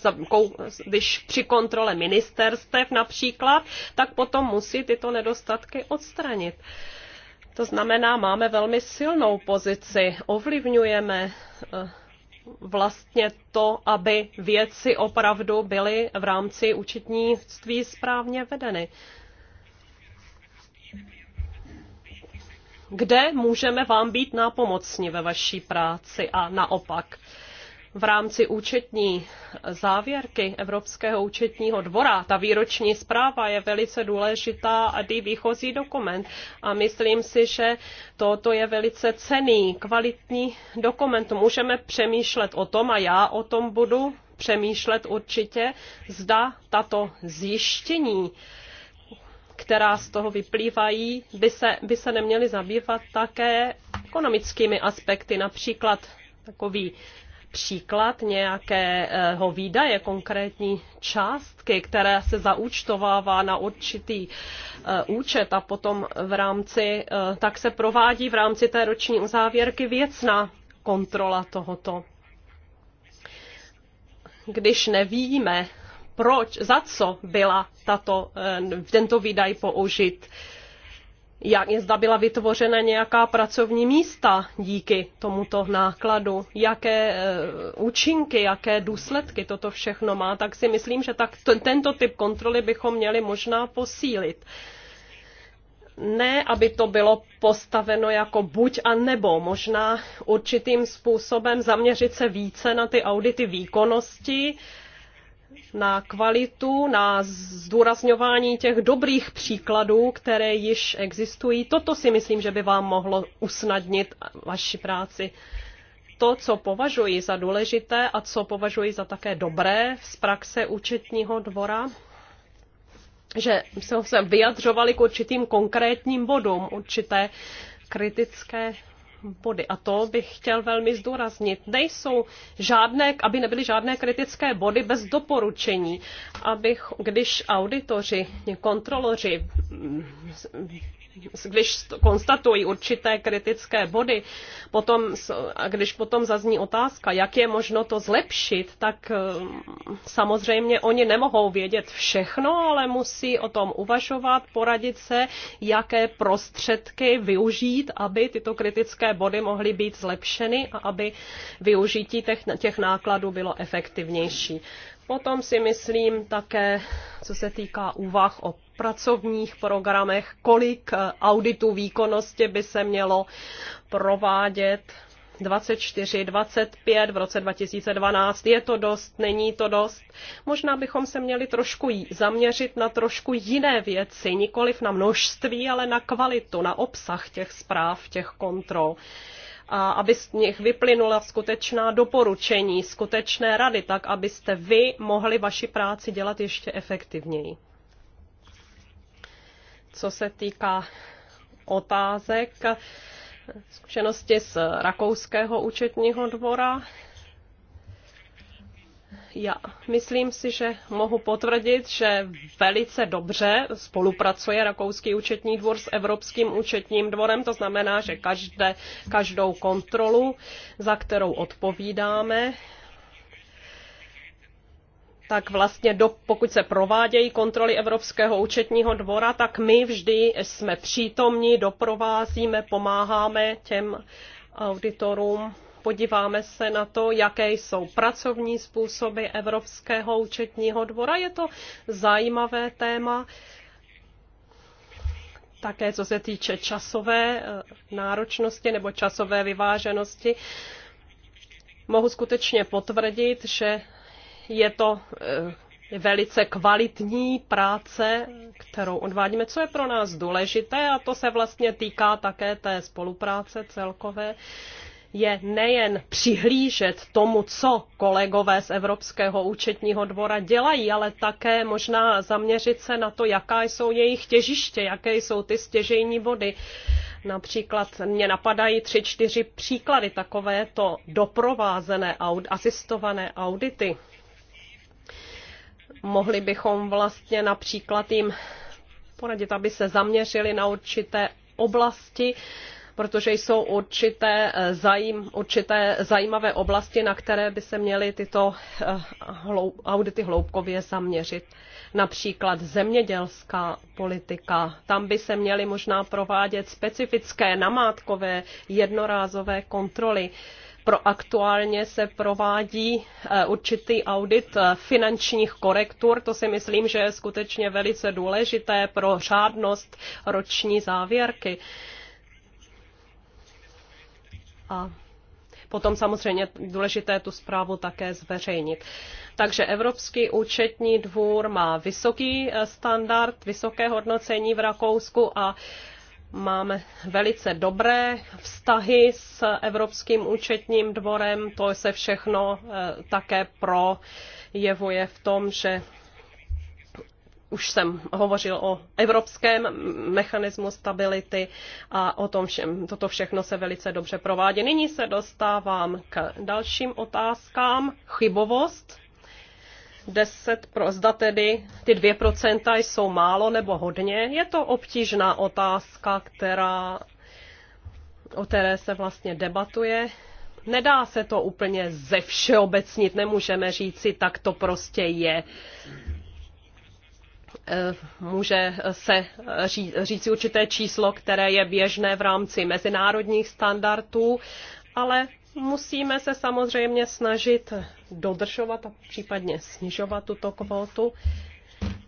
když při kontrole ministerstev například, tak potom musí tyto nedostatky odstranit. To znamená, máme velmi silnou pozici, ovlivňujeme eh, vlastně to, aby věci opravdu byly v rámci účetnictví správně vedeny. Kde můžeme vám být nápomocní ve vaší práci a naopak? v rámci účetní závěrky Evropského účetního dvora. Ta výroční zpráva je velice důležitá a výchozí dokument. A myslím si, že toto je velice cený, kvalitní dokument. Můžeme přemýšlet o tom a já o tom budu přemýšlet určitě, zda tato zjištění která z toho vyplývají, by se, by se neměly zabývat také ekonomickými aspekty, například takový příklad nějakého výdaje, konkrétní částky, které se zaúčtovává na určitý eh, účet a potom v rámci, eh, tak se provádí v rámci té roční uzávěrky věcná kontrola tohoto. Když nevíme, proč, za co byla tato, eh, tento výdaj použit, jak zda byla vytvořena nějaká pracovní místa díky tomuto nákladu, jaké eh, účinky, jaké důsledky toto všechno má, tak si myslím, že tak t- tento typ kontroly bychom měli možná posílit. Ne, aby to bylo postaveno jako buď a nebo, možná určitým způsobem zaměřit se více na ty audity výkonnosti, na kvalitu, na zdůrazňování těch dobrých příkladů, které již existují. Toto si myslím, že by vám mohlo usnadnit vaši práci. To, co považuji za důležité a co považuji za také dobré z praxe účetního dvora, že jsme se vyjadřovali k určitým konkrétním bodům, určité kritické body. A to bych chtěl velmi zdůraznit. Nejsou žádné, aby nebyly žádné kritické body bez doporučení, abych, když auditoři, kontroloři když konstatují určité kritické body, potom, a když potom zazní otázka, jak je možno to zlepšit, tak eh, samozřejmě oni nemohou vědět všechno, ale musí o tom uvažovat, poradit se, jaké prostředky využít, aby tyto kritické body mohly být zlepšeny a aby využití těch, těch nákladů bylo efektivnější. Potom si myslím také, co se týká úvah o pracovních programech, kolik eh, auditů výkonnosti by se mělo provádět 24, 25 v roce 2012. Je to dost, není to dost. Možná bychom se měli trošku zaměřit na trošku jiné věci, nikoliv na množství, ale na kvalitu, na obsah těch zpráv, těch kontrol a aby z nich vyplynula skutečná doporučení, skutečné rady, tak abyste vy mohli vaši práci dělat ještě efektivněji. Co se týká otázek, zkušenosti z Rakouského účetního dvora, já myslím si, že mohu potvrdit, že velice dobře spolupracuje Rakouský účetní dvor s Evropským účetním dvorem. To znamená, že každé, každou kontrolu, za kterou odpovídáme, tak vlastně do, pokud se provádějí kontroly Evropského účetního dvora, tak my vždy jsme přítomní, doprovázíme, pomáháme těm auditorům podíváme se na to, jaké jsou pracovní způsoby Evropského účetního dvora. Je to zajímavé téma, také co se týče časové eh, náročnosti nebo časové vyváženosti. Mohu skutečně potvrdit, že je to eh, velice kvalitní práce, kterou odvádíme, co je pro nás důležité a to se vlastně týká také té spolupráce celkové, je nejen přihlížet tomu, co kolegové z Evropského účetního dvora dělají, ale také možná zaměřit se na to, jaká jsou jejich těžiště, jaké jsou ty stěžejní body. Například mě napadají tři, čtyři příklady takovéto doprovázené, asistované audity. Mohli bychom vlastně například jim poradit, aby se zaměřili na určité oblasti, protože jsou určité, eh, zajím, určité zajímavé oblasti, na které by se měly tyto eh, audity hloubkově zaměřit. Například zemědělská politika. Tam by se měly možná provádět specifické namátkové jednorázové kontroly pro aktuálně se provádí eh, určitý audit finančních korektur. To si myslím, že je skutečně velice důležité pro řádnost roční závěrky a Potom samozřejmě důležité tu zprávu také zveřejnit. Takže Evropský účetní dvůr má vysoký eh, standard, vysoké hodnocení v Rakousku a máme velice dobré vztahy s Evropským účetním dvorem. To se všechno eh, také projevuje v tom, že už jsem hovořil o evropském mechanismu stability a o tom všem, toto všechno se velice dobře provádí. Nyní se dostávám k dalším otázkám. Chybovost. 10 pro, zda tedy ty 2% jsou málo nebo hodně. Je to obtížná otázka, která, o které se vlastně debatuje nedá se to úplně ze všeobecnit, nemůžeme říci, tak to prostě je. Eh, může se říci určité číslo, které je běžné v rámci mezinárodních standardů, ale musíme se samozřejmě snažit dodržovat a případně snižovat tuto kvotu.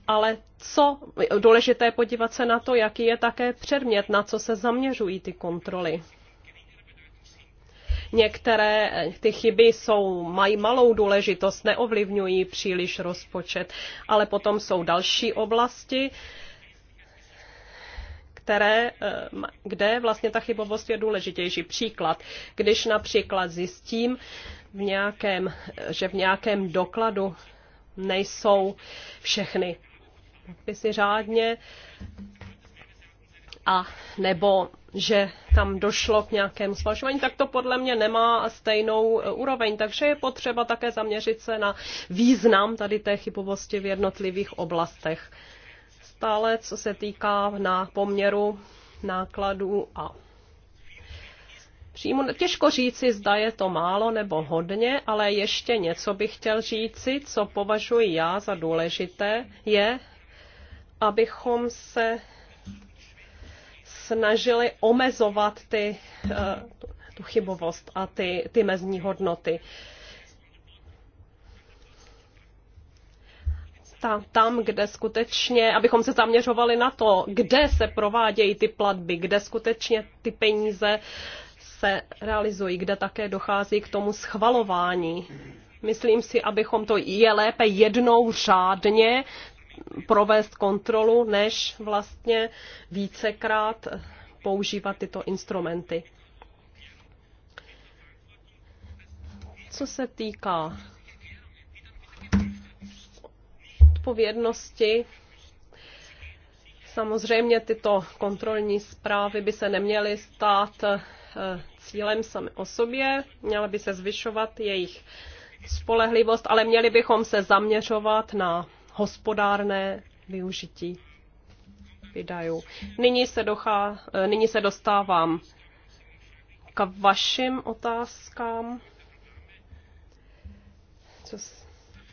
Ale co důležité je podívat se na to, jaký je také předmět, na co se zaměřují ty kontroly. Některé ty chyby jsou, mají malou důležitost, neovlivňují příliš rozpočet, ale potom jsou další oblasti, které, eh, kde vlastně ta chybovost je důležitější. Příklad, když například zjistím, v nějakém, že v nějakém dokladu nejsou všechny podpisy řádně, a nebo že tam došlo k nějakému zvažování, tak to podle mě nemá stejnou eh, úroveň. Takže je potřeba také zaměřit se na význam tady té chybovosti v jednotlivých oblastech. Stále, co se týká na poměru nákladů a přímo Těžko říci, zda je to málo nebo hodně, ale ještě něco bych chtěl říci, co považuji já za důležité, je, abychom se snažili omezovat ty, eh, tu chybovost a ty, ty mezní hodnoty. tam, kde skutečně, abychom se zaměřovali na to, kde se provádějí ty platby, kde skutečně ty peníze se realizují, kde také dochází k tomu schvalování. Myslím si, abychom to je lépe jednou řádně provést kontrolu, než vlastně vícekrát používat tyto instrumenty. Co se týká odpovědnosti, samozřejmě tyto kontrolní zprávy by se neměly stát eh, cílem sami o sobě, měla by se zvyšovat jejich spolehlivost, ale měli bychom se zaměřovat na hospodárné využití vydajů. Nyní se, dochá, eh, nyní se dostávám k vašim otázkám, co se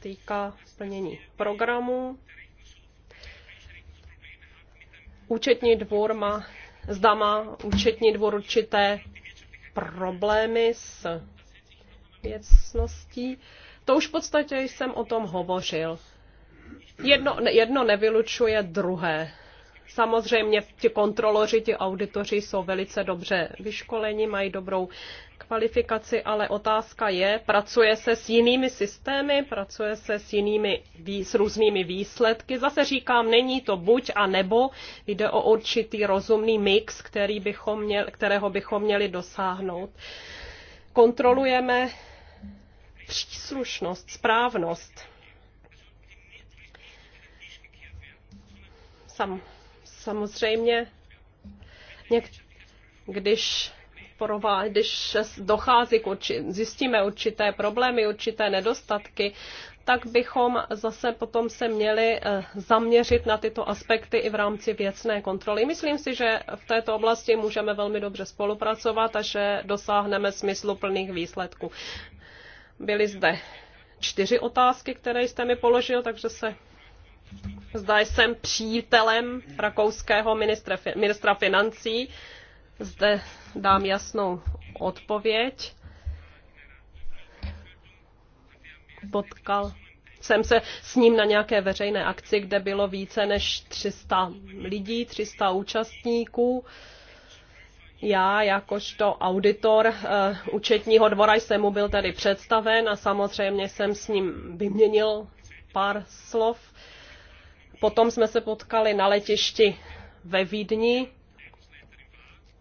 týká splnění programu. Účetní dvůr má, zda má účetní dvůr určité problémy s věcností. To už v podstatě jsem o tom hovořil. Jedno, jedno nevylučuje druhé. Samozřejmě ti kontroloři, ti auditoři jsou velice dobře vyškoleni, mají dobrou kvalifikaci, ale otázka je, pracuje se s jinými systémy, pracuje se s, jinými, s různými výsledky. Zase říkám, není to buď a nebo, jde o určitý rozumný mix, který bychom měl, kterého bychom měli dosáhnout. Kontrolujeme příslušnost, správnost Sam, samozřejmě, něk, když porová, když dochází k urči, zjistíme určité problémy, určité nedostatky, tak bychom zase potom se měli eh, zaměřit na tyto aspekty i v rámci věcné kontroly. Myslím si, že v této oblasti můžeme velmi dobře spolupracovat a že dosáhneme smysluplných výsledků. Byly zde čtyři otázky, které jste mi položil, takže se Zda jsem přítelem rakouského ministra, ministra financí. Zde dám jasnou odpověď. Potkal jsem se s ním na nějaké veřejné akci, kde bylo více než 300 lidí, 300 účastníků. Já jakožto auditor uh, účetního dvora jsem mu byl tady představen a samozřejmě jsem s ním vyměnil pár slov. Uh, Potom jsme se potkali na letišti ve Vídni,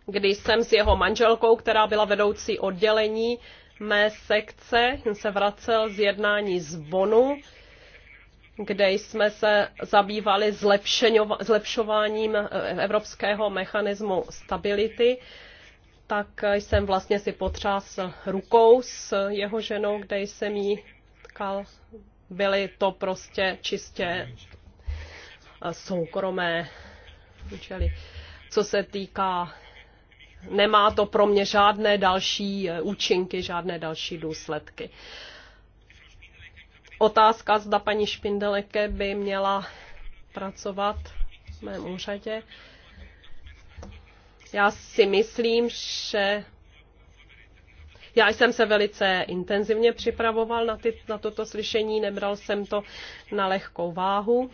kdy jsem s jeho manželkou, která byla vedoucí oddělení mé sekce, jsem se vracel z jednání z Bonu, kde jsme se zabývali zlepšováním eh, evropského mechanismu stability, tak eh, jsem vlastně si potřásl rukou s jeho ženou, kde jsem jí tkal. Byly to prostě čistě soukromé účely. Co se týká, nemá to pro mě žádné další eh, účinky, žádné další důsledky. Otázka, zda paní Špindeleke by měla pracovat v mém úřadě. Já si myslím, že já jsem se velice intenzivně připravoval na, ty, na toto slyšení, nebral jsem to na lehkou váhu.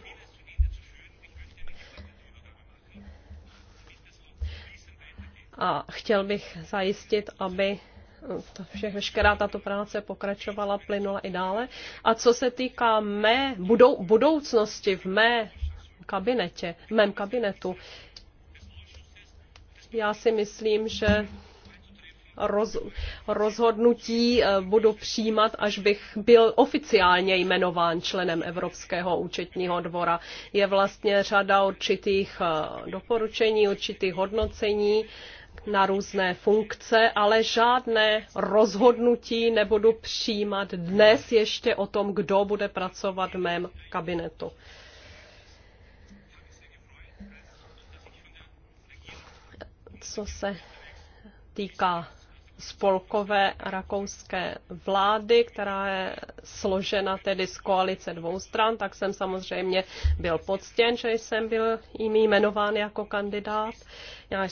a chtěl bych zajistit, aby ta vše, veškerá tato práce pokračovala, plynula i dále. A co se týká mé budou, budoucnosti v mé kabinetě, v mém kabinetu, já si myslím, že roz, rozhodnutí eh, budu přijímat, až bych byl oficiálně jmenován členem Evropského účetního dvora. Je vlastně řada určitých eh, doporučení, určitých hodnocení na různé funkce, ale žádné rozhodnutí nebudu přijímat dnes ještě o tom, kdo bude pracovat v mém kabinetu. Co se týká spolkové rakouské vlády, která je složena tedy z koalice dvou stran, tak jsem samozřejmě byl poctěn, že jsem byl jmenován jako kandidát. Já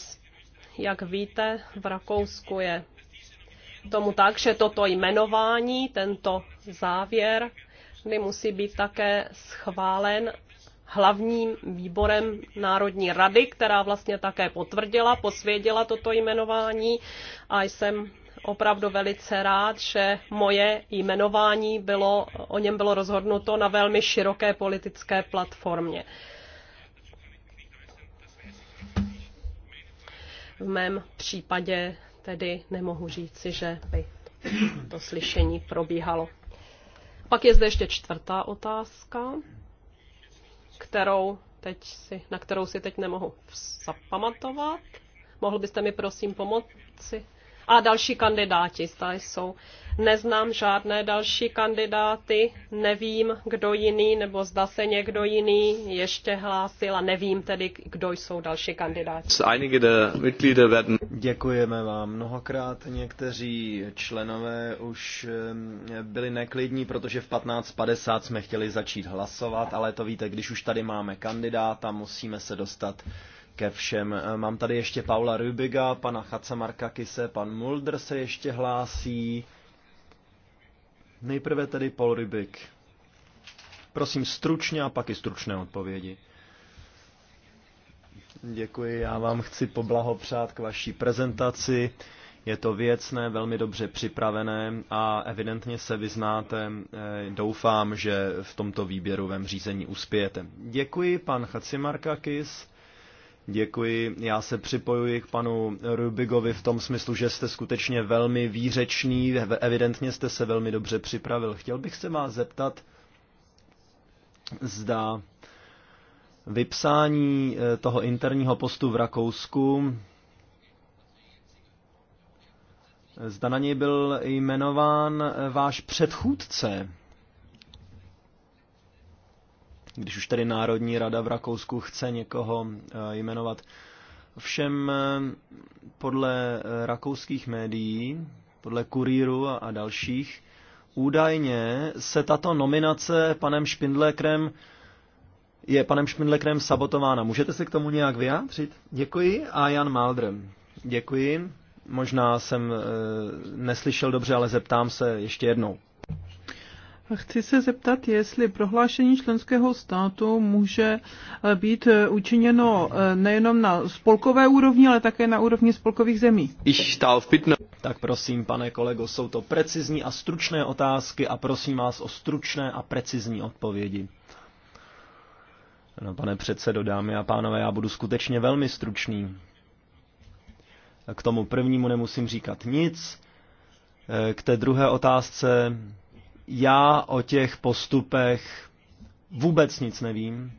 jak víte, v Rakousku je tomu tak, že toto jmenování, tento závěr, kdy musí být také schválen hlavním výborem Národní rady, která vlastně také potvrdila, posvědila toto jmenování a jsem opravdu velice rád, že moje jmenování bylo, o něm bylo rozhodnuto na velmi široké politické platformě. V mém případě tedy nemohu říci, že by to slyšení probíhalo. Pak je zde ještě čtvrtá otázka, kterou teď si, na kterou si teď nemohu zapamatovat. Mohl byste mi prosím pomoci? A další kandidáti, zda jsou Neznám žádné další kandidáty, nevím, kdo jiný, nebo zda se někdo jiný ještě hlásil a nevím tedy, kdo jsou další kandidáti. Děkujeme vám mnohokrát. Někteří členové už byli neklidní, protože v 15.50 jsme chtěli začít hlasovat, ale to víte, když už tady máme kandidáta, musíme se dostat ke všem. Mám tady ještě Paula Rubiga, pana Chacamarka Kise, pan Mulder se ještě hlásí. Nejprve tedy Paul Rybik. Prosím stručně a pak i stručné odpovědi. Děkuji, já vám chci poblahopřát k vaší prezentaci. Je to věcné, velmi dobře připravené a evidentně se vyznáte. Eh, doufám, že v tomto výběrovém řízení uspějete. Děkuji, pan Chacimarkakis. Děkuji. Já se připojuji k panu Rubigovi v tom smyslu, že jste skutečně velmi výřečný, evidentně jste se velmi dobře připravil. Chtěl bych se vás zeptat, zda vypsání eh, toho interního postu v Rakousku, zda na něj byl jmenován eh, váš předchůdce, když už tedy Národní rada v Rakousku chce někoho eh, jmenovat. Všem eh, podle eh, rakouských médií, podle Kuríru a dalších, údajně se tato nominace panem Špindlekrem je panem Špindlekrem sabotována. Můžete se k tomu nějak vyjádřit? Děkuji. A Jan Maldr. Děkuji. Možná jsem e, neslyšel dobře, ale zeptám se ještě jednou. Chci se zeptat, jestli prohlášení členského státu může eh, být eh, učiněno eh, nejenom na spolkové úrovni, ale také na úrovni spolkových zemí. Ich Tak prosím, pane kolego, jsou to precizní a stručné otázky a prosím vás o stručné a precizní odpovědi. No, pane předsedo, dámy a pánové, já budu skutečně velmi stručný. K tomu prvnímu nemusím říkat nic. K té druhé otázce já o těch postupech vůbec nic nevím.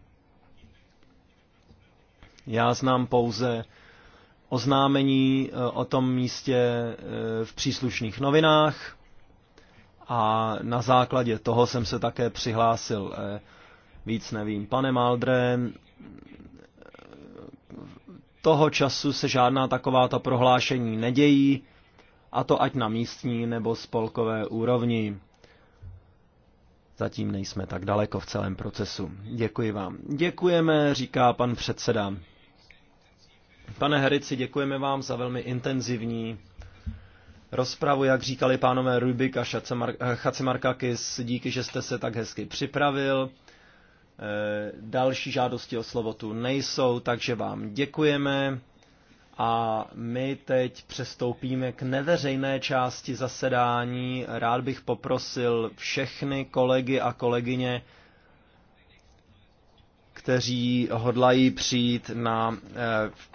Já znám pouze oznámení eh, o tom místě eh, v příslušných novinách a na základě toho jsem se také přihlásil. Eh, víc nevím. Pane Maldre, toho času se žádná takováto prohlášení nedějí, a to ať na místní nebo spolkové úrovni. Zatím nejsme tak daleko v celém procesu. Děkuji vám. Děkujeme, říká pan předseda. Pane Herici, děkujeme vám za velmi intenzivní rozpravu, jak říkali pánové Rubik a eh, Chacimarkakis. Díky, že jste se tak hezky připravil. Eh, další žádosti o slovo tu nejsou, takže vám děkujeme. A my teď přestoupíme k neveřejné části zasedání. Rád bych poprosil všechny kolegy a kolegyně, kteří hodlají přijít na eh,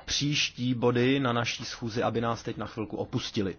příští body na naší schůzi, aby nás teď na chvilku opustili.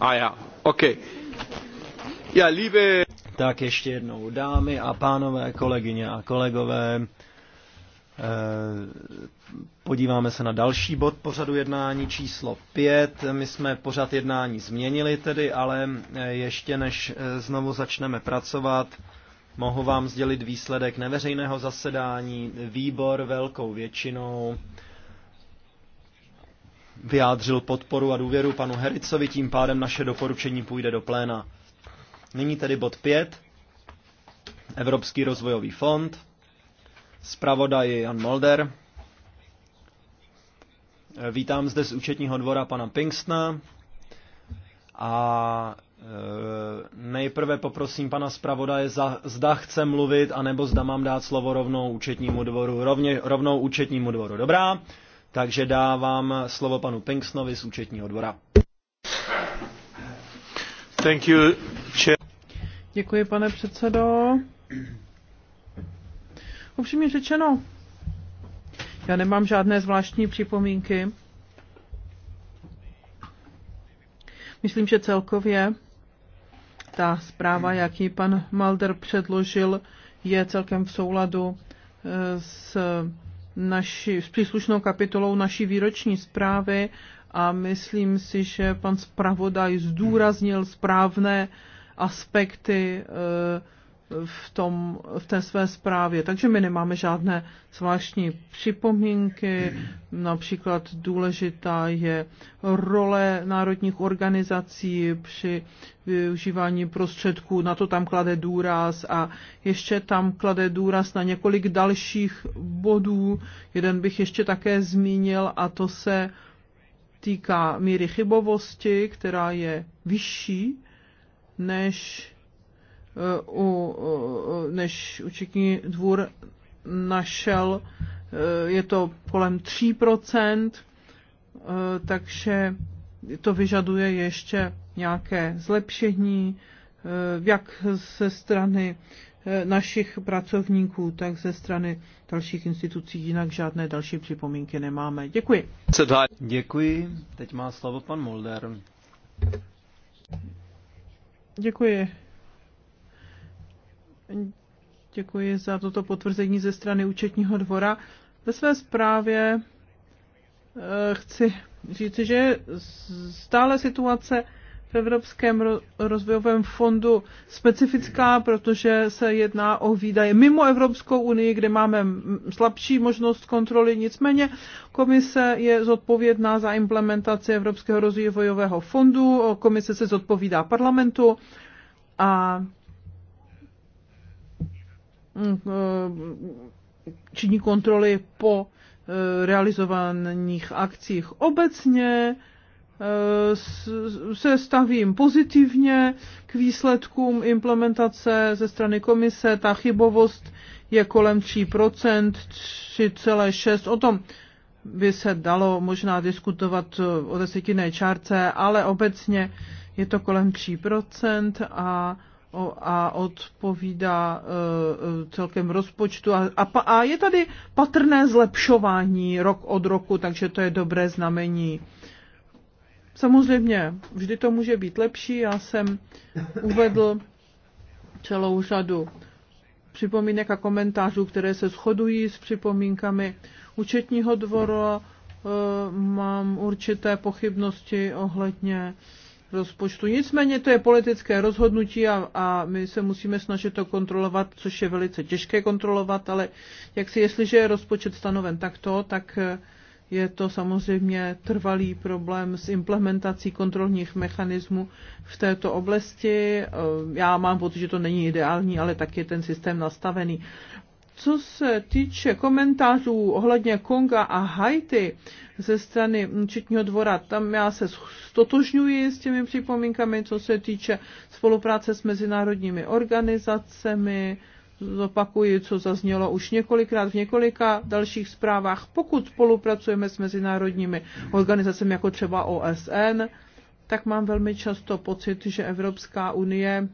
A ah, já, OK. Já líbe... Tak ještě jednou, dámy a pánové, kolegyně a kolegové, eh, Podíváme se na další bod pořadu jednání číslo 5. My jsme pořad jednání změnili tedy, ale eh, ještě než eh, znovu začneme pracovat, mohu vám sdělit výsledek neveřejného zasedání. Výbor velkou většinou vyjádřil podporu a důvěru panu Hericovi, tím pádem naše doporučení půjde do pléna. Nyní tedy bod 5. Evropský rozvojový fond. Spravodaj je Jan Molder. Vítám zde z účetního dvora pana Pinkstna a e, nejprve poprosím pana zpravodaje, zda chce mluvit, anebo zda mám dát slovo rovnou účetnímu dvoru. Rovně, rovnou účetnímu dvoru. Dobrá, takže dávám slovo panu Pinksnovi z účetního dvora. Thank you, chair. Děkuji, pane předsedo. Upřímně řečeno, já nemám žádné zvláštní připomínky. Myslím, že celkově ta zpráva, jaký pan Malder předložil, je celkem v souladu eh, s naši, s příslušnou kapitolou naší výroční zprávy a myslím si, že pan zpravodaj zdůraznil správné aspekty eh, v, tom, v té své zprávě. Takže my nemáme žádné zvláštní připomínky. Například důležitá je role národních organizací při využívání prostředků. Na to tam klade důraz a ještě tam klade důraz na několik dalších bodů. Jeden bych ještě také zmínil a to se týká míry chybovosti, která je vyšší než u, než účetní dvůr našel, eh, je to kolem 3%, eh, takže to vyžaduje ještě nějaké zlepšení, eh, jak ze strany našich pracovníků, tak ze strany dalších institucí. Jinak žádné další připomínky nemáme. Děkuji. Děkuji. Teď má slovo pan Mulder. Děkuji. Děkuji za toto potvrzení ze strany účetního dvora. Ve své zprávě eh, chci říci, že stále situace v Evropském rozvojovém fondu specifická, protože se jedná o výdaje mimo Evropskou unii, kde máme slabší možnost kontroly. Nicméně komise je zodpovědná za implementaci Evropského rozvojového fondu, komise se zodpovídá parlamentu a Eh, činí kontroly po eh, realizovaných akcích. Obecně eh, se stavím pozitivně k výsledkům implementace ze strany komise. Ta chybovost je kolem 3%, 3,6%. O tom by se dalo možná diskutovat o desetinné čárce, ale obecně je to kolem 3% a a odpovídá e, celkem rozpočtu. A, je tady patrné zlepšování rok od roku, takže to je dobré znamení. Samozřejmě, vždy to může být lepší. Já jsem uvedl celou řadu připomínek a komentářů, které se shodují s připomínkami účetního dvora. E, mám určité pochybnosti ohledně rozpočtu. Nicméně to je politické rozhodnutí a, a my se musíme snažit to kontrolovat, což je velice těžké kontrolovat, ale jak si, jestliže je rozpočet stanoven takto, tak eh, je to samozřejmě trvalý problém s implementací kontrolních mechanismů v této oblasti. Eh, já mám pocit, že to není ideální, ale tak je ten systém nastavený. Co se týče komentářů ohledně Konga a Haiti ze strany Četního dvora, tam já se stotožňuji s těmi připomínkami, co se týče spolupráce s mezinárodními organizacemi, zopakuji, co zaznělo už několikrát v několika dalších zprávách. Pokud spolupracujeme s mezinárodními organizacemi, jako třeba OSN, tak mám velmi často pocit, že Evropská unie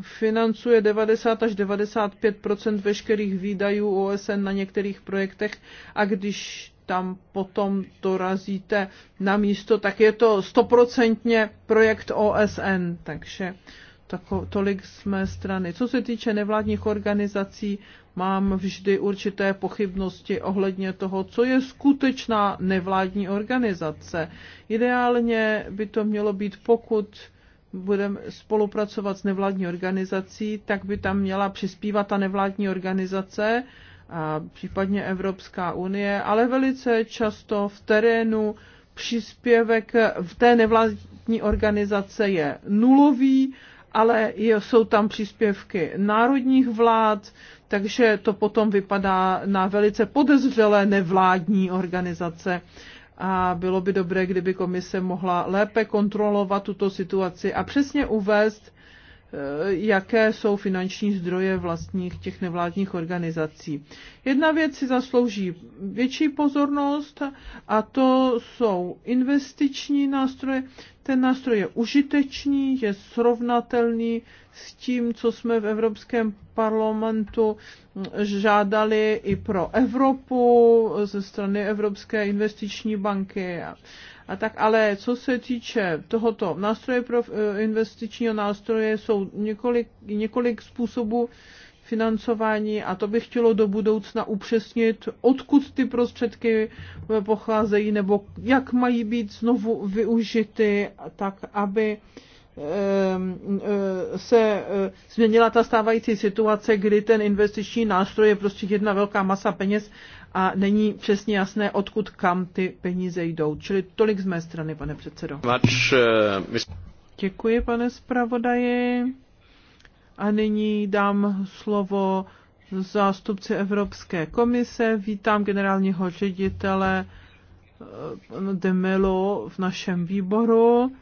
financuje 90 až 95 veškerých výdajů OSN na některých projektech a když tam potom dorazíte na místo, tak je to stoprocentně projekt OSN, takže tako, tolik z mé strany. Co se týče nevládních organizací, mám vždy určité pochybnosti ohledně toho, co je skutečná nevládní organizace. Ideálně by to mělo být, pokud budeme spolupracovat s nevládní organizací, tak by tam měla přispívat ta nevládní organizace, a případně Evropská unie, ale velice často v terénu příspěvek v té nevládní organizace je nulový, ale jsou tam příspěvky národních vlád, takže to potom vypadá na velice podezřelé nevládní organizace. A bylo by dobré, kdyby komise mohla lépe kontrolovat tuto situaci a přesně uvést, jaké jsou finanční zdroje vlastních těch nevládních organizací. Jedna věc si zaslouží větší pozornost a to jsou investiční nástroje. Ten nástroj je užitečný, je srovnatelný s tím, co jsme v Evropském parlamentu žádali i pro Evropu ze strany Evropské investiční banky a tak, ale co se týče tohoto nástroje pro eh, investičního nástroje, jsou několik, několik způsobů financování a to by chtělo do budoucna upřesnit, odkud ty prostředky eh, pocházejí nebo jak mají být znovu využity, tak aby ehm, eh, se změnila ta stávající situace, kdy ten investiční nástroj je prostě jedna velká masa peněz a není přesně jasné, odkud kam ty peníze jdou. Čili tolik z mé strany, pane předsedo. Uh, Děkuji, pane zpravodaji. A nyní dám slovo zástupci Evropské komise. Vítám generálního ředitele eh, Demelo v našem výboru,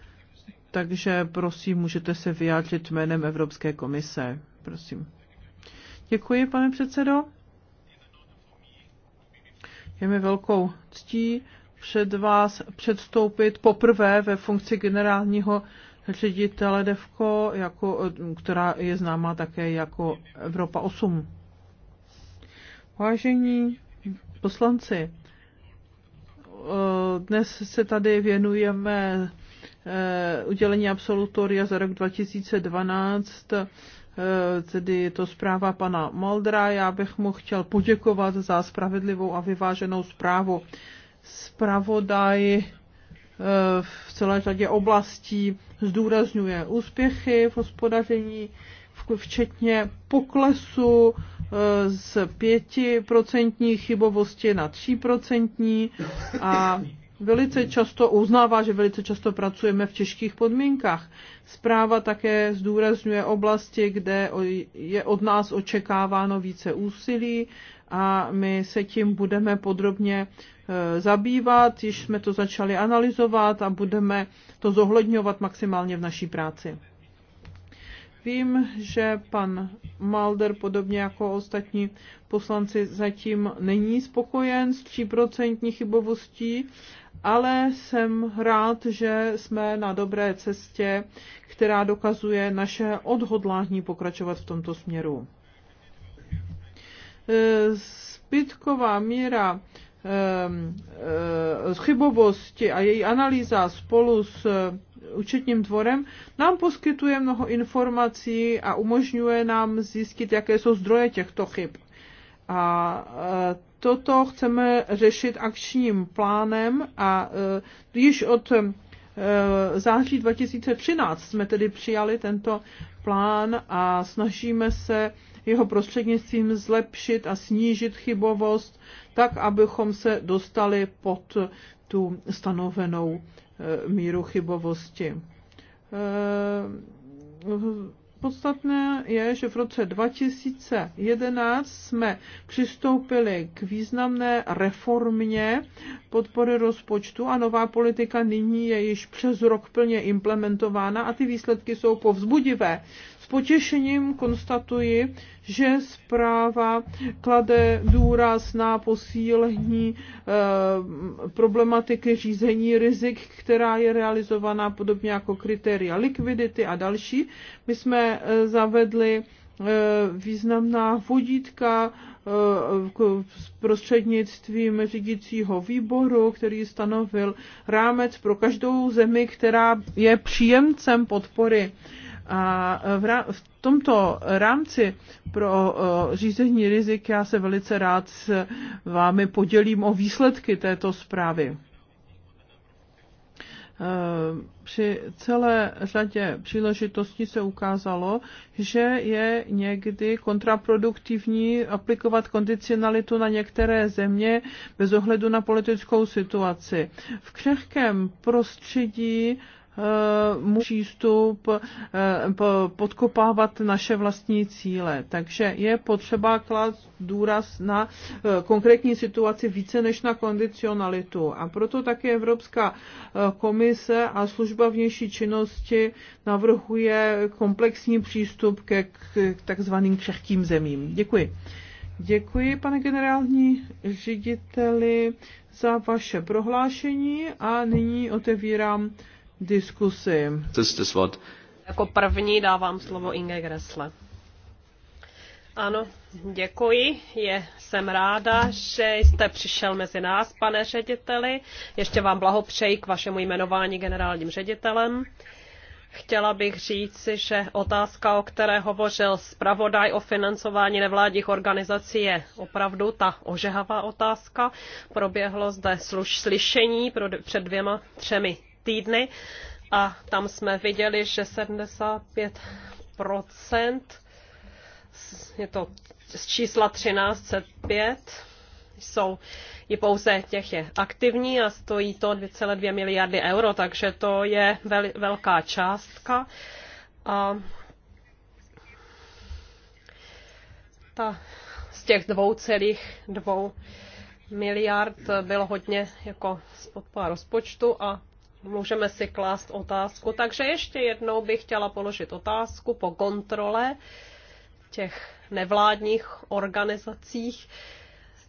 takže prosím, můžete se vyjádřit jménem Evropské komise. Prosím. Děkuji, pane předsedo. Je mi velkou ctí před vás předstoupit poprvé ve funkci generálního ředitele DEVKO, jako, která je známá také jako Evropa 8. Vážení poslanci, dnes se tady věnujeme eh, udělení absolutoria za rok 2012 Eh, tedy je to zpráva pana Moldra. Já bych mu chtěl poděkovat za spravedlivou a vyváženou zprávu. Spravodaj eh, v celé řadě oblastí zdůrazňuje úspěchy v hospodaření, včetně poklesu eh, z 5% chybovosti na 3% a velice často uznává, že velice často pracujeme v těžkých podmínkách. Zpráva také zdůrazňuje oblasti, kde je od nás očekáváno více úsilí a my se tím budeme podrobně e, zabývat, již jsme to začali analyzovat a budeme to zohledňovat maximálně v naší práci. Vím, že pan Malder, podobně jako ostatní poslanci, zatím není spokojen s 3% chybovostí ale jsem rád, že jsme na dobré cestě, která dokazuje naše odhodlání pokračovat v tomto směru. E, zbytková míra e, e, chybovosti a její analýza spolu s účetním dvorem nám poskytuje mnoho informací a umožňuje nám zjistit, jaké jsou zdroje těchto chyb. A Toto chceme řešit akčním plánem a e, již od e, září 2013 jsme tedy přijali tento plán a snažíme se jeho prostřednictvím zlepšit a snížit chybovost, tak abychom se dostali pod tu stanovenou e, míru chybovosti Podstatné je, že v roce 2011 jsme přistoupili k významné reformě podpory rozpočtu a nová politika nyní je již přes rok plně implementována a ty výsledky jsou povzbudivé. S potěšením konstatuji, že zpráva klade důraz na posílení eh, problematiky řízení rizik, která je realizovaná podobně jako kritéria likvidity a další. My jsme eh, zavedli eh, významná vodítka s prostřednictvím řídícího výboru, který stanovil rámec pro každou zemi, která je příjemcem podpory. A v, tomto rámci pro řízení rizik já se velice rád s vámi podělím o výsledky této zprávy. E, při celé řadě příležitostí se ukázalo, že je někdy kontraproduktivní aplikovat kondicionalitu na některé země bez ohledu na politickou situaci. V křehkém prostředí Eh, přístup eh, podkopávat naše vlastní cíle. Takže je potřeba klást důraz na eh, konkrétní situaci více než na kondicionalitu. A proto také Evropská komise a služba vnější činnosti navrhuje komplexní přístup ke k takzvaným křehkým zemím. Děkuji. Děkuji, pane generální řediteli, za vaše prohlášení a nyní otevírám diskusi. Jako první dávám slovo Inge Gressle. Ano, děkuji. Je, jsem ráda, že jste přišel mezi nás, pane řediteli. Ještě vám blahopřeji k vašemu jmenování generálním ředitelem. Chtěla bych říci, že otázka, o které hovořil zpravodaj o financování nevládních organizací, je opravdu ta ožehavá otázka. Proběhlo zde sluš slyšení před dvěma, třemi týdny a tam jsme viděli, že 75 je to z čísla 1305, jsou i pouze těch je aktivní a stojí to 2,2 miliardy euro, takže to je vel, velká částka. A ta, z těch 2,2 miliard bylo hodně jako z podpora rozpočtu a můžeme si klást otázku. Takže ještě jednou bych chtěla položit otázku po kontrole těch nevládních organizacích,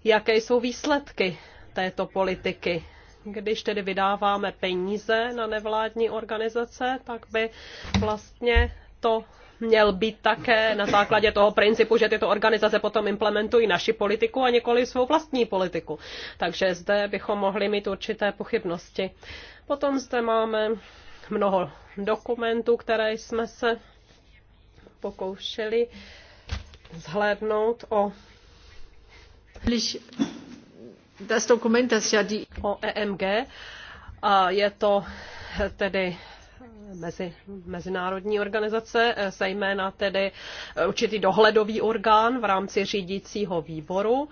jaké jsou výsledky této politiky. Když tedy vydáváme peníze na nevládní organizace, tak by vlastně to měl být také na základě toho principu, že tyto organizace potom implementují naši politiku a nikoli svou vlastní politiku. Takže zde bychom mohli mít určité pochybnosti. Potom zde máme mnoho dokumentů, které jsme se pokoušeli zhlédnout o das Dokument, das ja die... o EMG. A je to tedy mezi, mezinárodní organizace, eh, zejména tedy eh, určitý dohledový orgán v rámci řídícího výboru.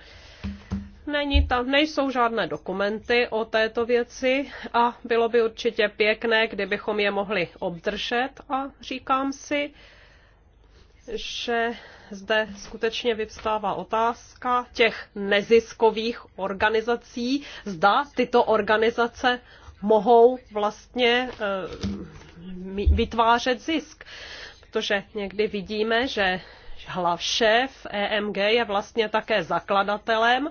Není tam, nejsou žádné dokumenty o této věci a bylo by určitě pěkné, kdybychom je mohli obdržet a říkám si, že zde skutečně vyvstává otázka těch neziskových organizací. Zda tyto organizace mohou vlastně eh, vytvářet zisk. Protože někdy vidíme, že hlav šéf EMG je vlastně také zakladatelem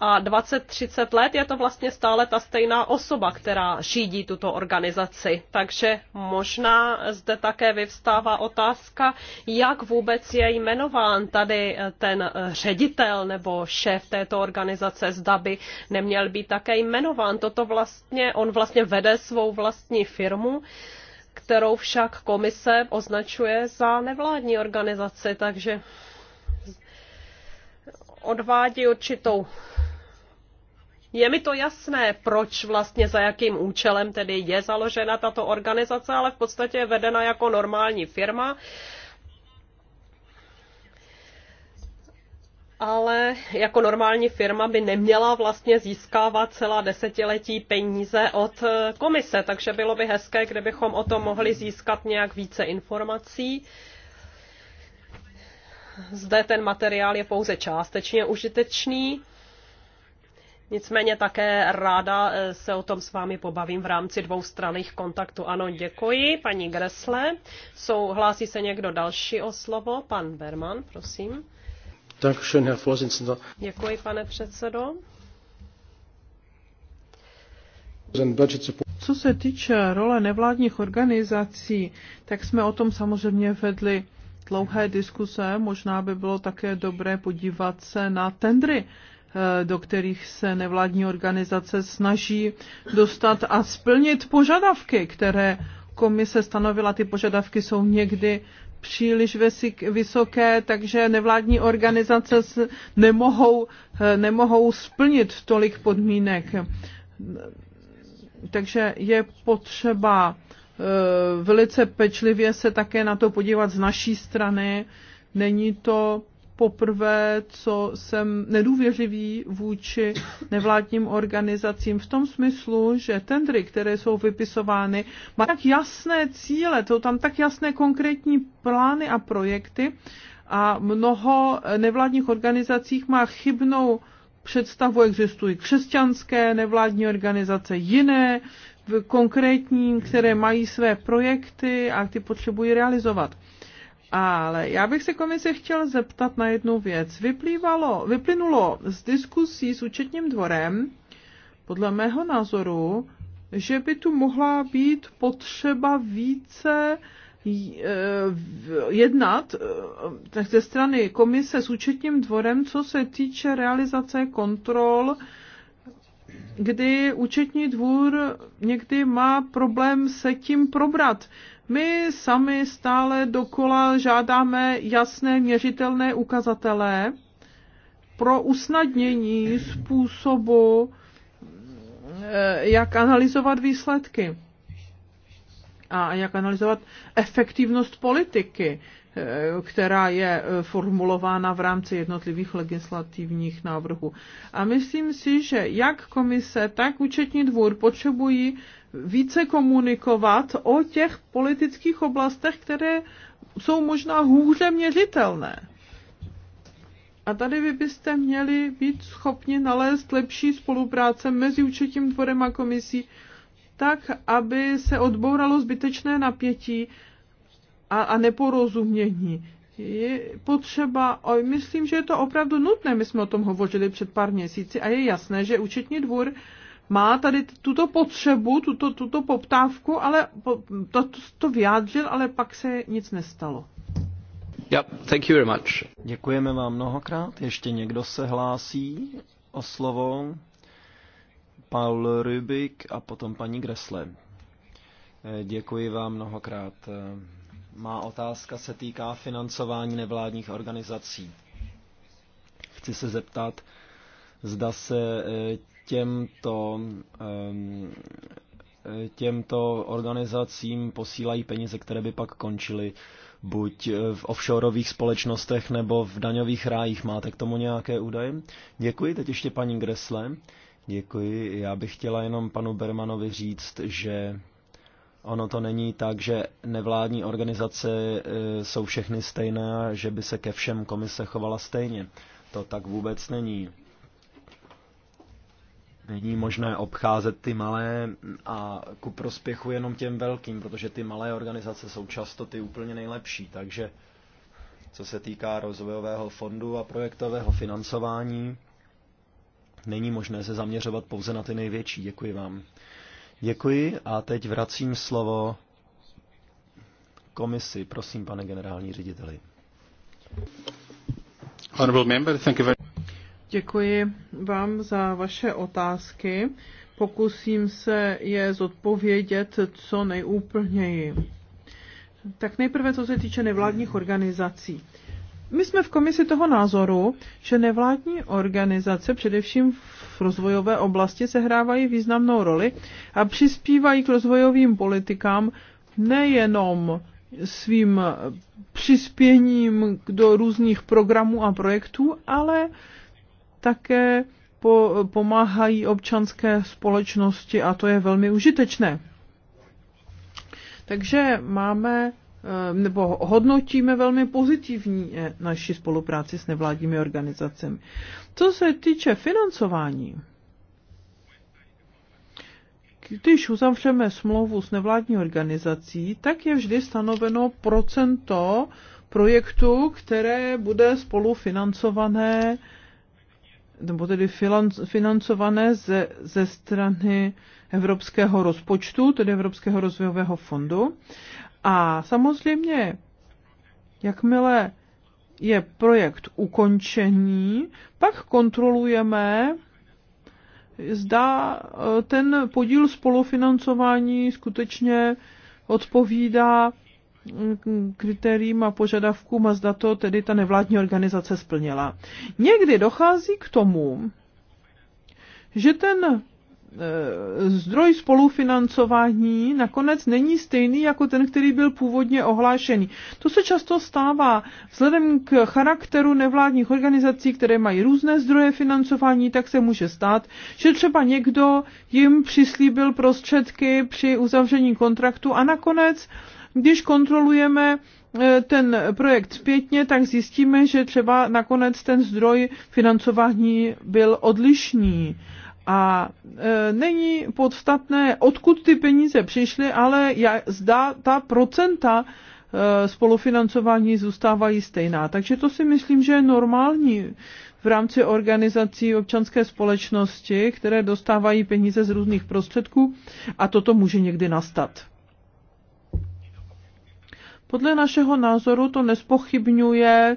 a 20-30 let je to vlastně stále ta stejná osoba, která řídí tuto organizaci. Takže možná zde také vyvstává otázka, jak vůbec je jmenován tady ten ředitel nebo šéf této organizace, zda by neměl být také jmenován. Toto vlastně, on vlastně vede svou vlastní firmu kterou však komise označuje za nevládní organizaci, takže odvádí určitou je mi to jasné, proč vlastně za jakým účelem tedy je založena tato organizace, ale v podstatě je vedena jako normální firma ale jako normální firma by neměla vlastně získávat celá desetiletí peníze od eh, komise, takže bylo by hezké, kdybychom o tom mohli získat nějak více informací. Zde ten materiál je pouze částečně užitečný. Nicméně také ráda eh, se o tom s vámi pobavím v rámci straných kontaktů. Ano, děkuji, paní Gresle. Souhlásí se někdo další o slovo? Pan Berman, prosím pane předsedající Co se týče role nevládních organizací, tak jsme o tom samozřejmě vedli dlouhé diskuse. Možná by bylo také dobré podívat se na tendry, eh, do kterých se nevládní organizace snaží dostat a splnit požadavky, které komise stanovila. Ty požadavky jsou někdy příliš vysoké, takže nevládní organizace nemohou, eh, nemohou splnit tolik podmínek. Takže je potřeba eh, velice pečlivě se také na to podívat z naší strany. Není to poprvé, co jsem nedůvěřivý vůči nevládním organizacím v tom smyslu, že tendry, které jsou vypisovány, má tak jasné cíle, jsou tam tak jasné konkrétní plány a projekty a mnoho nevládních organizacích má chybnou představu, existují křesťanské nevládní organizace, jiné, konkrétní, které mají své projekty a ty potřebují realizovat. Ale já bych se komise chtěl zeptat na jednu věc. Vyplývalo, vyplynulo z diskusí s účetním dvorem, podle mého názoru, že by tu mohla být potřeba více e, jednat e, tak ze strany komise s účetním dvorem, co se týče realizace kontrol, kdy účetní dvůr někdy má problém se tím probrat my sami stále dokola žádáme jasné měřitelné ukazatele pro usnadnění způsobu, eh, jak analyzovat výsledky a jak analyzovat efektivnost politiky, eh, která je eh, formulována v rámci jednotlivých legislativních návrhů. A myslím si, že jak komise, tak účetní dvůr potřebují více komunikovat o těch politických oblastech, které jsou možná hůře měřitelné. A tady vy byste měli být schopni nalézt lepší spolupráce mezi účetním dvorem a komisí, tak, aby se odbouralo zbytečné napětí a, a neporozumění. Je potřeba, myslím, že je to opravdu nutné, my jsme o tom hovořili před pár měsíci a je jasné, že účetní dvůr uh, má tady tuto potřebu, tuto, tuto poptávku, ale to, to, to vyjádřil, ale pak se nic nestalo. Yep, thank you very much. Děkujeme vám mnohokrát. Ještě někdo se hlásí o slovo? Paul Rubik a potom paní Gresle. Eh, děkuji vám mnohokrát. Eh, má otázka se týká financování nevládních organizací. Chci se zeptat, zda se eh, těmto těmto organizacím posílají peníze, které by pak končily buď v offshoreových společnostech nebo v daňových rájích. Máte k tomu nějaké údaje? Děkuji, teď ještě paní Gresle. Děkuji. Já bych chtěla jenom panu Bermanovi říct, že ono to není tak, že nevládní organizace e, jsou všechny stejné, že by se ke všem komise chovala stejně. To tak vůbec není. Není možné obcházet ty malé a ku prospěchu jenom těm velkým, protože ty malé organizace jsou často ty úplně nejlepší. Takže co se týká rozvojového fondu a projektového financování, není možné se zaměřovat pouze na ty největší. Děkuji vám. Děkuji a teď vracím slovo komisi. Prosím, pane generální řediteli. Děkuji vám za vaše otázky. Pokusím se je zodpovědět co nejúplněji. Tak nejprve, co se týče nevládních organizací. My jsme v komisi toho názoru, že nevládní organizace, především v rozvojové oblasti, sehrávají významnou roli a přispívají k rozvojovým politikám nejenom svým přispěním do různých programů a projektů, ale také po, pomáhají občanské společnosti a to je velmi užitečné. Takže máme eh, nebo hodnotíme velmi pozitivní eh, naši spolupráci s nevládními organizacemi. Co se týče financování, když uzavřeme smlouvu s nevládní organizací, tak je vždy stanoveno procento projektu, které bude spolufinancované nebo tedy financované ze, ze strany evropského rozpočtu, tedy Evropského rozvojového fondu. A samozřejmě, jakmile je projekt ukončený, pak kontrolujeme, zda eh, ten podíl spolufinancování skutečně odpovídá kritériím a požadavkům a zda to tedy ta nevládní organizace splnila. Někdy dochází k tomu, že ten e, zdroj spolufinancování nakonec není stejný jako ten, který byl původně ohlášený. To se často stává. Vzhledem k charakteru nevládních organizací, které mají různé zdroje financování, tak se může stát, že třeba někdo jim přislíbil prostředky při uzavření kontraktu a nakonec uh, když kontrolujeme eh, ten projekt zpětně, tak zjistíme, že třeba nakonec ten zdroj financování byl odlišný. A e, není podstatné, odkud ty peníze přišly, ale já, zda ta procenta e, spolufinancování zůstávají stejná. Takže to si myslím, že je normální v rámci organizací občanské společnosti, které dostávají peníze z různých prostředků a toto může někdy nastat. Podle našeho názoru to nespochybňuje eh,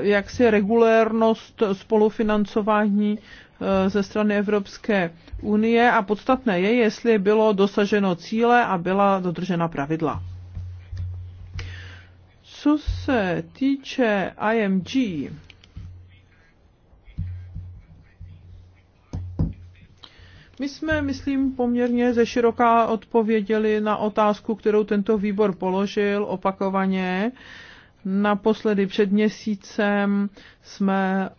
jaksi regulérnost spolufinancování eh, ze strany Evropské unie a podstatné je, jestli bylo dosaženo cíle a byla dodržena pravidla. Co se týče IMG, My jsme, myslím, poměrně ze široká odpověděli na otázku, kterou tento výbor položil opakovaně. Naposledy před měsícem jsme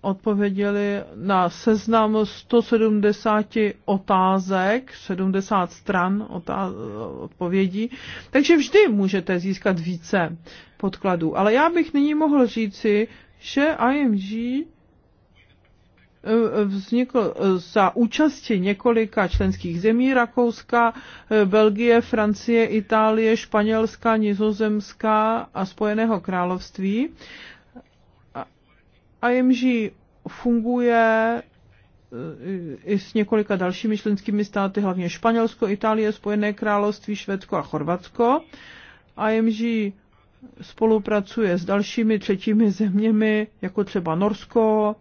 odpověděli na seznam 170 otázek, 70 stran otáz- odpovědí, takže vždy můžete získat více podkladů. Ale já bych nyní mohl říci, že IMG Eh, vznikl eh, za účasti několika členských zemí Rakouska, eh, Belgie, Francie, Itálie, Španělska, Nizozemska a Spojeného království. IMG funguje i s několika dalšími členskými státy, hlavně Španělsko, Itálie, Spojené království, Švédsko a Chorvatsko. IMG spolupracuje s dalšími třetími zeměmi, jako třeba Norsko,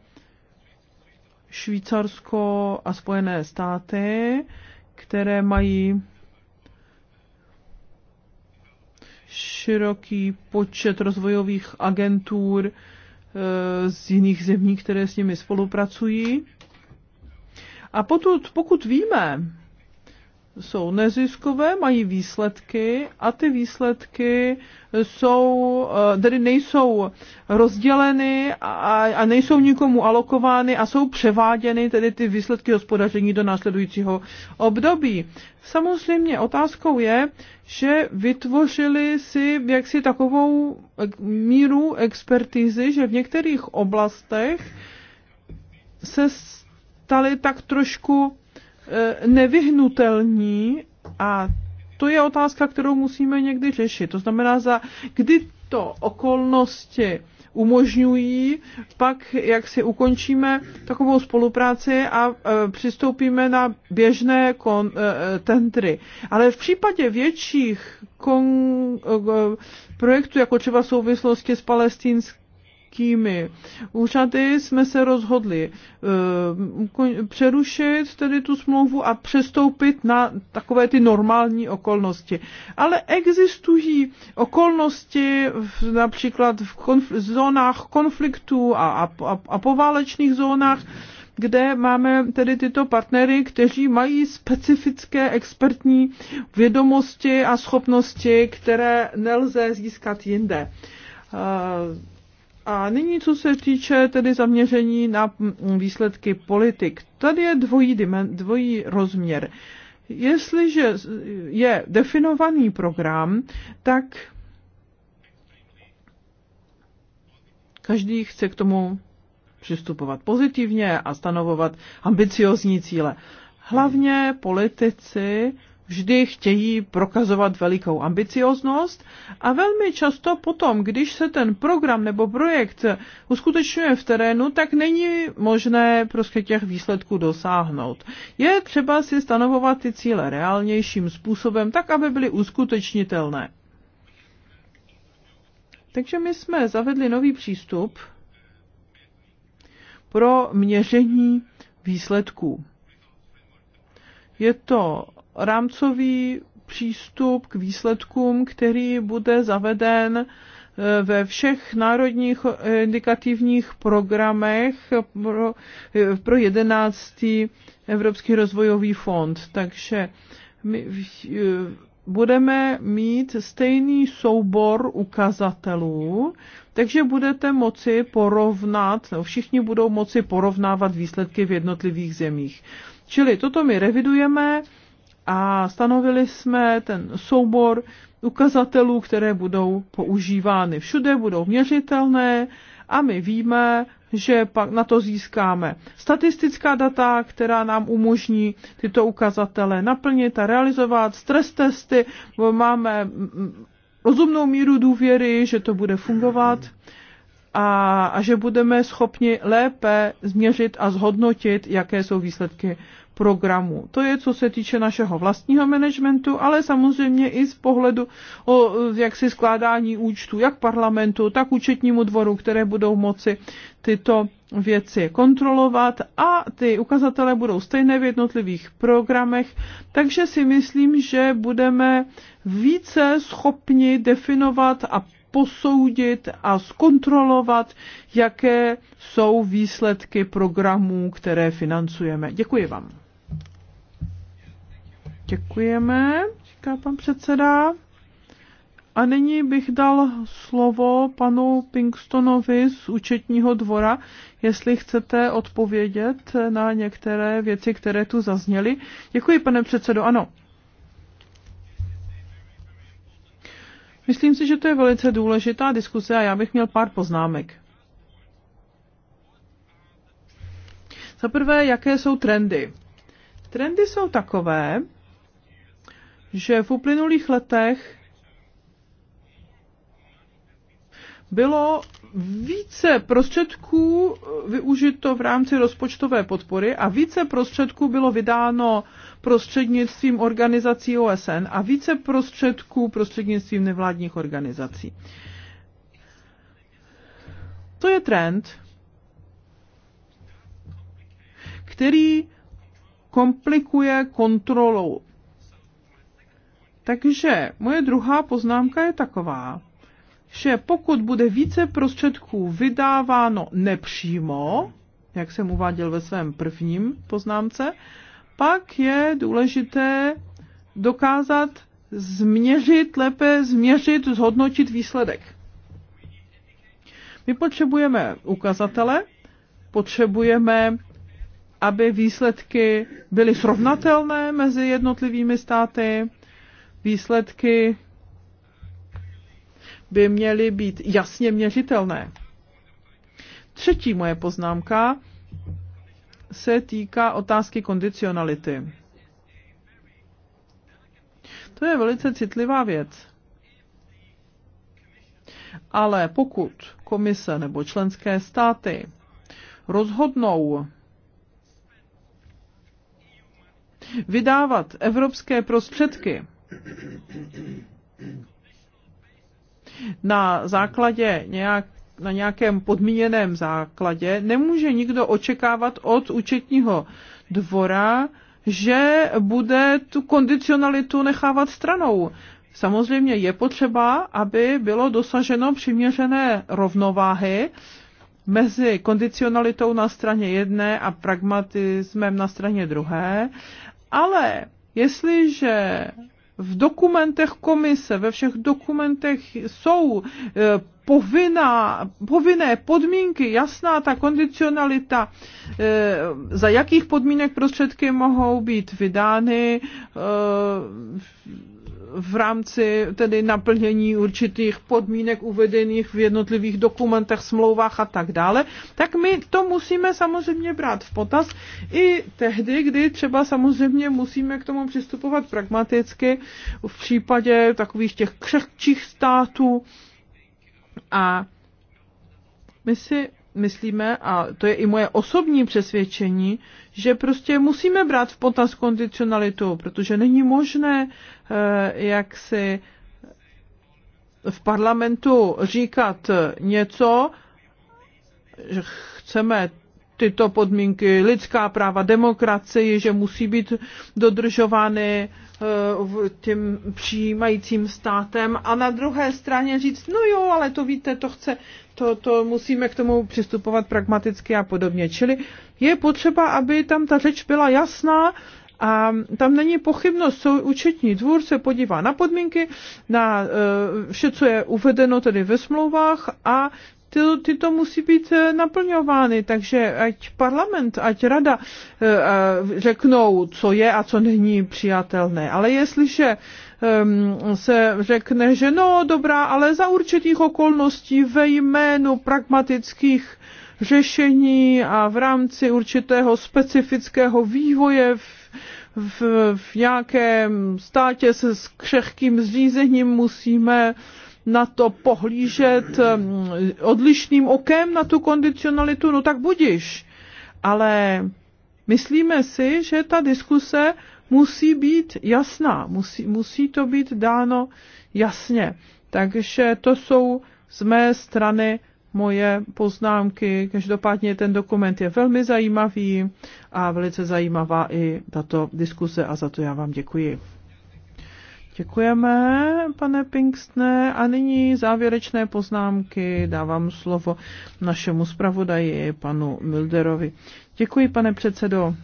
Švýcarsko a Spojené státy, které mají široký počet rozvojových agentur eh, z jiných zemí, které s nimi spolupracují. A potud, pokud víme, jsou neziskové, mají výsledky a ty výsledky jsou, eh, tedy nejsou rozděleny a, a nejsou nikomu alokovány a jsou převáděny tedy ty výsledky hospodaření do následujícího období. Samozřejmě otázkou je, že vytvořili si jaksi takovou míru expertízy, že v některých oblastech se stali tak trošku Eh, nevyhnutelní a to je otázka, kterou musíme někdy řešit. To znamená, za kdy to okolnosti umožňují, pak jak si ukončíme takovou spolupráci a e, přistoupíme na běžné kon, e, tendry. Ale v případě větších kon, e, projektů, jako třeba v souvislosti s palestinským, kými. úřady jsme se rozhodli eh, přerušit tedy tu smlouvu a přestoupit na takové ty normální okolnosti. Ale existují okolnosti například v konfl- zónách konfliktů a, a, a poválečných zónách, kde máme tedy tyto partnery, kteří mají specifické expertní vědomosti a schopnosti, které nelze získat jinde. Eh, a nyní, co se týče tedy zaměření na mm, výsledky politik. Tady je dvojí, dimen, dvojí rozměr. Jestliže je definovaný program, tak každý chce k tomu přistupovat pozitivně a stanovovat ambiciozní cíle. Hlavně politici vždy chtějí prokazovat velikou ambicioznost a velmi často potom, když se ten program nebo projekt uskutečňuje v terénu, tak není možné prostě těch výsledků dosáhnout. Je třeba si stanovovat ty cíle reálnějším způsobem, tak aby byly uskutečnitelné. Takže my jsme zavedli nový přístup pro měření výsledků. Je to rámcový přístup k výsledkům, který bude zaveden eh, ve všech národních eh, indikativních programech pro, eh, pro 11. Evropský rozvojový fond. Takže my budeme mít stejný soubor ukazatelů, takže budete moci porovnat, no všichni budou moci porovnávat výsledky v jednotlivých zemích. Čili toto my revidujeme, a stanovili jsme ten soubor ukazatelů, které budou používány. Všude budou měřitelné a my víme, že pak na to získáme statistická data, která nám umožní tyto ukazatele naplnit a realizovat, stres testy, máme rozumnou míru důvěry, že to bude fungovat a, a že budeme schopni lépe změřit a zhodnotit, jaké jsou výsledky programů. To je, co se týče našeho vlastního managementu, ale samozřejmě i z pohledu o jaksi skládání účtu jak parlamentu, tak účetnímu dvoru, které budou moci tyto věci kontrolovat a ty ukazatele budou stejné v jednotlivých programech, takže si myslím, že budeme více schopni definovat a posoudit a zkontrolovat, jaké jsou výsledky programů, které financujeme. Děkuji vám. Děkujeme, říká pan předseda. A nyní bych dal slovo panu Pinkstonovi z účetního dvora, jestli chcete odpovědět na některé věci, které tu zazněly. Děkuji, pane předsedo, ano. Myslím si, že to je velice důležitá diskuse a já bych měl pár poznámek. Za prvé, jaké jsou trendy? Trendy jsou takové, že v uplynulých letech bylo více prostředků využito v rámci rozpočtové podpory a více prostředků bylo vydáno prostřednictvím organizací OSN a více prostředků prostřednictvím nevládních organizací. To je trend, který komplikuje kontrolu takže moje druhá poznámka je taková, že pokud bude více prostředků vydáváno nepřímo, jak jsem uváděl ve svém prvním poznámce, pak je důležité dokázat změřit, lépe změřit, zhodnotit výsledek. My potřebujeme ukazatele, potřebujeme, aby výsledky byly srovnatelné mezi jednotlivými státy, výsledky by měly být jasně měřitelné. Třetí moje poznámka se týká otázky kondicionality. To je velice citlivá věc. Ale pokud komise nebo členské státy rozhodnou vydávat evropské prostředky, na základě nějak na nějakém podmíněném základě nemůže nikdo očekávat od účetního dvora, že bude tu kondicionalitu nechávat stranou. Samozřejmě je potřeba, aby bylo dosaženo přiměřené rovnováhy mezi kondicionalitou na straně jedné a pragmatismem na straně druhé, ale jestliže v dokumentech komise, ve všech dokumentech jsou e, povinná, povinné podmínky, jasná ta kondicionalita, e, za jakých podmínek prostředky mohou být vydány, e, v rámci tedy naplnění určitých podmínek uvedených v jednotlivých dokumentech, smlouvách a tak dále, tak my to musíme samozřejmě brát v potaz i tehdy, kdy třeba samozřejmě musíme k tomu přistupovat pragmaticky v případě takových těch křehčích států a my si myslíme, a to je i moje osobní přesvědčení, že prostě musíme brát v potaz kondicionalitu, protože není možné, eh, jak si v parlamentu říkat něco, že chceme tyto podmínky, lidská práva, demokracie, že musí být dodržovány eh, tím přijímajícím státem a na druhé straně říct, no jo, ale to víte, to chce, to, to musíme k tomu přistupovat pragmaticky a podobně. Čili je potřeba, aby tam ta řeč byla jasná, a tam není pochybnost, co účetní dvůr se podívá na podmínky, na eh, vše, co je uvedeno tedy ve smlouvách a ty, tyto musí být eh, naplňovány, takže ať parlament, ať rada eh, eh, řeknou, co je a co není přijatelné. Ale jestliže ehm, se řekne, že no dobrá, ale za určitých okolností ve jménu pragmatických řešení a v rámci určitého specifického vývoje v v, v nějakém státě se s křehkým zřízením musíme uh, na to pohlížet um, odlišným okem na tu kondicionalitu, no tak budiš. Ale myslíme si, že ta diskuse musí být jasná, musí, musí to být dáno jasně. Takže to jsou z mé strany moje poznámky. Každopádně ten dokument je velmi zajímavý a velice zajímavá i tato diskuse a za to já vám děkuji. Děkujeme, pane Pinkstne. A nyní závěrečné poznámky. Dávám slovo našemu zpravodaji, panu Milderovi. Děkuji, pane předsedo.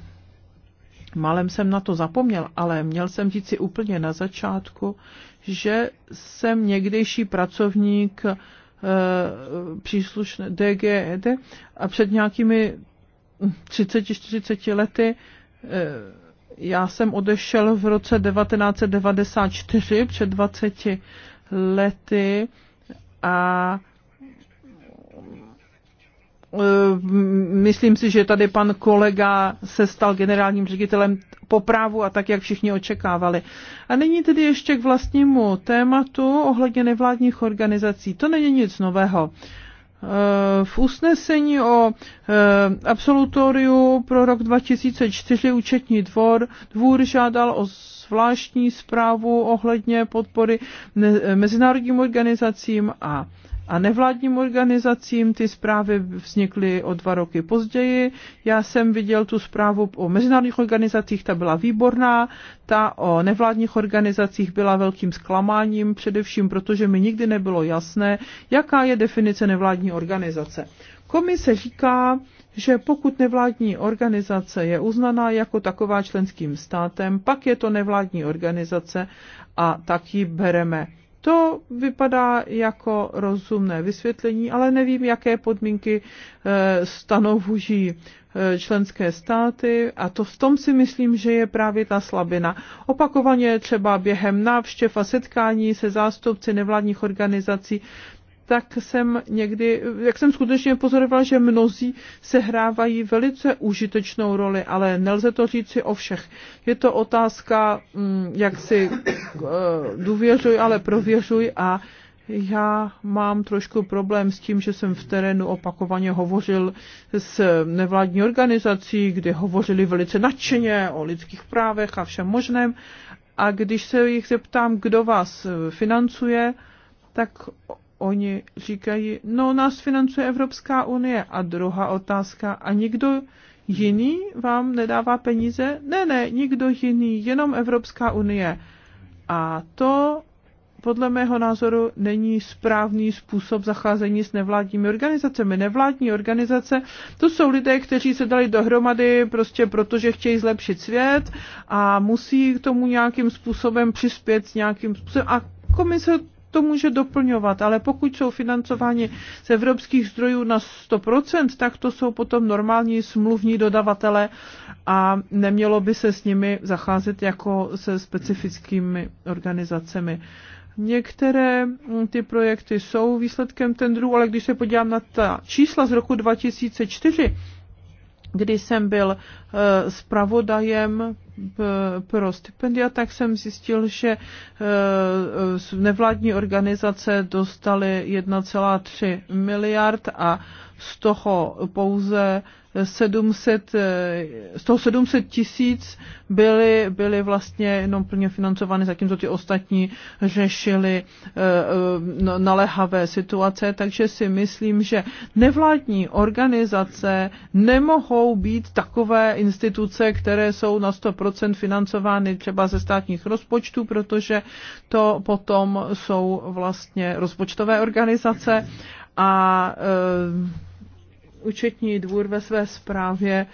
Málem jsem na to zapomněl, ale měl jsem říct si úplně na začátku, že jsem někdejší pracovník eh, příslušné DGED e a před nějakými 30-40 lety eh, já jsem odešel v roce 1994, před 20 lety, a eh, myslím si, že tady pan kolega se stal generálním ředitelem po právu a tak, jak všichni očekávali. A nyní tedy ještě k vlastnímu tématu ohledně nevládních organizací. To není nic nového. Eh, v usnesení o eh, absolutoriu pro rok 2004 účetní dvor, dvůr žádal o zvláštní zprávu ohledně podpory mezinárodním organizacím a a nevládním organizacím. Ty zprávy vznikly o dva roky později. Já jsem viděl tu zprávu o mezinárodních organizacích, ta byla výborná. Ta o nevládních organizacích byla velkým zklamáním, především protože mi nikdy nebylo jasné, jaká je definice nevládní organizace. Komise říká, že pokud nevládní organizace je uznaná jako taková členským státem, pak je to nevládní organizace a tak ji bereme to vypadá jako rozumné vysvětlení, ale nevím, jaké podmínky eh, stanovují eh, členské státy a to v tom si myslím, že je právě ta slabina. Opakovaně třeba během návštěv a setkání se zástupci nevládních organizací tak jsem někdy, jak jsem skutečně pozoroval, že mnozí sehrávají velice užitečnou roli, ale nelze to říci o všech. Je to otázka, mm, jak si eh, důvěřuj, ale prověřuj a já mám trošku problém s tím, že jsem v terénu opakovaně hovořil s nevládní organizací, kde hovořili velice nadšeně o lidských právech a všem možném. A když se jich zeptám, kdo vás eh, financuje, tak oni říkají, no nás financuje Evropská unie. A druhá otázka, a nikdo jiný vám nedává peníze? Ne, ne, nikdo jiný, jenom Evropská unie. A to podle mého názoru není správný způsob zacházení s nevládními organizacemi. Nevládní organizace to jsou lidé, kteří se dali dohromady prostě proto, že chtějí zlepšit svět a musí k tomu nějakým způsobem přispět, nějakým způsobem. A komise to může doplňovat, ale pokud jsou financováni z evropských zdrojů na 100%, tak to jsou potom normální smluvní dodavatele a nemělo by se s nimi zacházet jako se specifickými organizacemi. Některé mm, ty projekty jsou výsledkem tendrů, ale když se podívám na ta čísla z roku 2004, kdy jsem byl eh, zpravodajem pro stipendia, tak jsem zjistil, že e, nevládní organizace dostaly 1,3 miliard a z toho pouze 700, z toho 700 tisíc byly, byly vlastně jenom plně financovány, zatímco ty ostatní řešili eh, eh, no, naléhavé situace, takže si myslím, že nevládní organizace nemohou být takové instituce, které jsou na 100% financovány třeba ze státních rozpočtů, protože to potom jsou vlastně rozpočtové organizace a eh, účetní dvůr ve své zprávě e,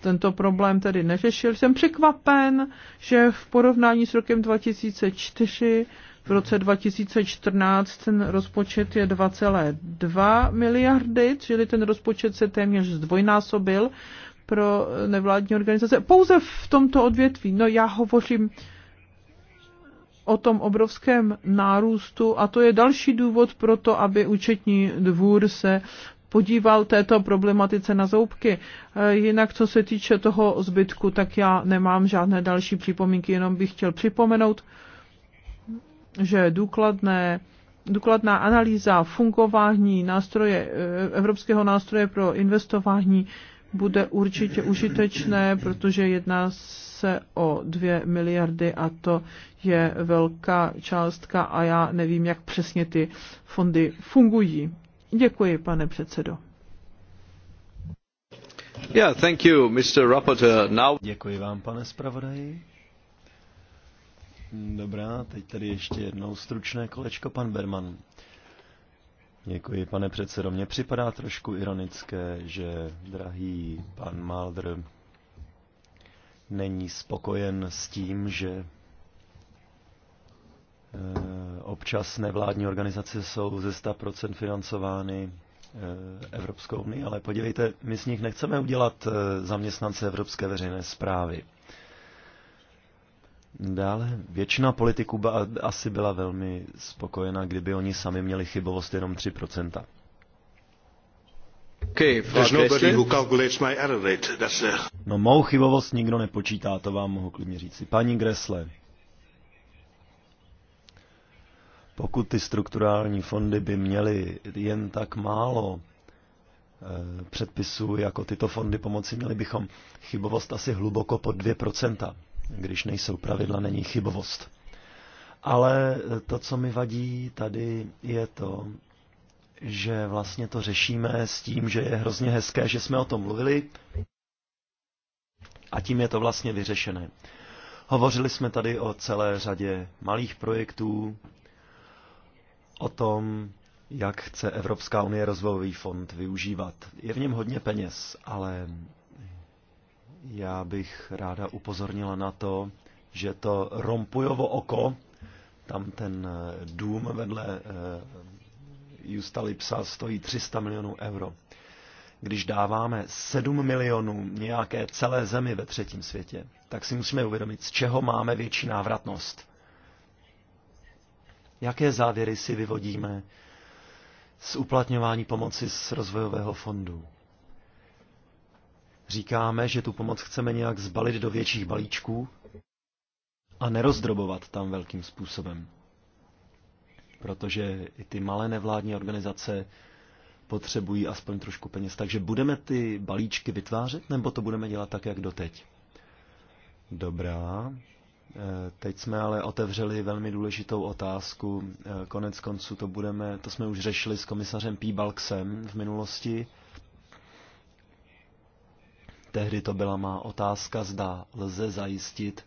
tento problém tedy neřešil. Jsem překvapen, že v porovnání s rokem 2004 v roce 2014 ten rozpočet je 2,2 miliardy, čili ten rozpočet se téměř zdvojnásobil pro nevládní organizace. Pouze v tomto odvětví. No já hovořím o tom obrovském nárůstu a to je další důvod pro to, aby účetní dvůr se podíval této problematice na zoubky. Eh, jinak, co se týče toho zbytku, tak já nemám žádné další připomínky, jenom bych chtěl připomenout, že důkladné důkladná analýza fungování nástroje, eh, evropského nástroje pro investování bude určitě užitečné, protože jedná se o dvě miliardy a to je velká částka a já nevím, jak přesně ty fondy fungují. Děkuji, pane předsedo. Yeah, thank you, Mr. Rapporteur. Now... Děkuji vám, pane zpravodaji. Dobrá, teď tady ještě jednou stručné kolečko, pan Berman. Děkuji, pane předsedo. Mně připadá trošku ironické, že drahý pan Maldr není spokojen s tím, že eh, občas nevládní organizace jsou ze 100% financovány eh, Evropskou unii, ale podívejte, my z nich nechceme udělat eh, zaměstnance Evropské veřejné zprávy. Dále, většina politiků by asi byla velmi spokojena, kdyby oni sami měli chybovost jenom 3%. Okay, no mou chybovost nikdo nepočítá, to vám mohu klidně říct, Paní Gressle, pokud ty strukturální fondy by měly jen tak málo eh, předpisů jako tyto fondy pomoci, měli bychom chybovost asi hluboko pod 2%. Když nejsou pravidla, není chybovost. Ale to, co mi vadí tady, je to, že vlastně to řešíme s tím, že je hrozně hezké, že jsme o tom mluvili a tím je to vlastně vyřešené. Hovořili jsme tady o celé řadě malých projektů, o tom, jak chce Evropská unie rozvojový fond využívat. Je v něm hodně peněz, ale já bych ráda upozornila na to, že to Rompujovo oko, tam ten eh, dům vedle eh, Justa Lipsa stojí 300 milionů euro. Když dáváme 7 milionů nějaké celé zemi ve třetím světě, tak si musíme uvědomit, z čeho máme větší návratnost. Jaké závěry si vyvodíme z uplatňování pomoci z rozvojového fondu? říkáme, že tu pomoc chceme nějak zbalit do větších balíčků a nerozdrobovat tam velkým způsobem. Protože i ty malé nevládní organizace potřebují aspoň trošku peněz. Takže budeme ty balíčky vytvářet, nebo to budeme dělat tak, jak doteď? Dobrá. Eh, teď jsme ale otevřeli velmi důležitou otázku. Eh, konec konců to budeme, to jsme už řešili s komisařem P. Balksem v minulosti Tehdy to byla má otázka, zda lze zajistit,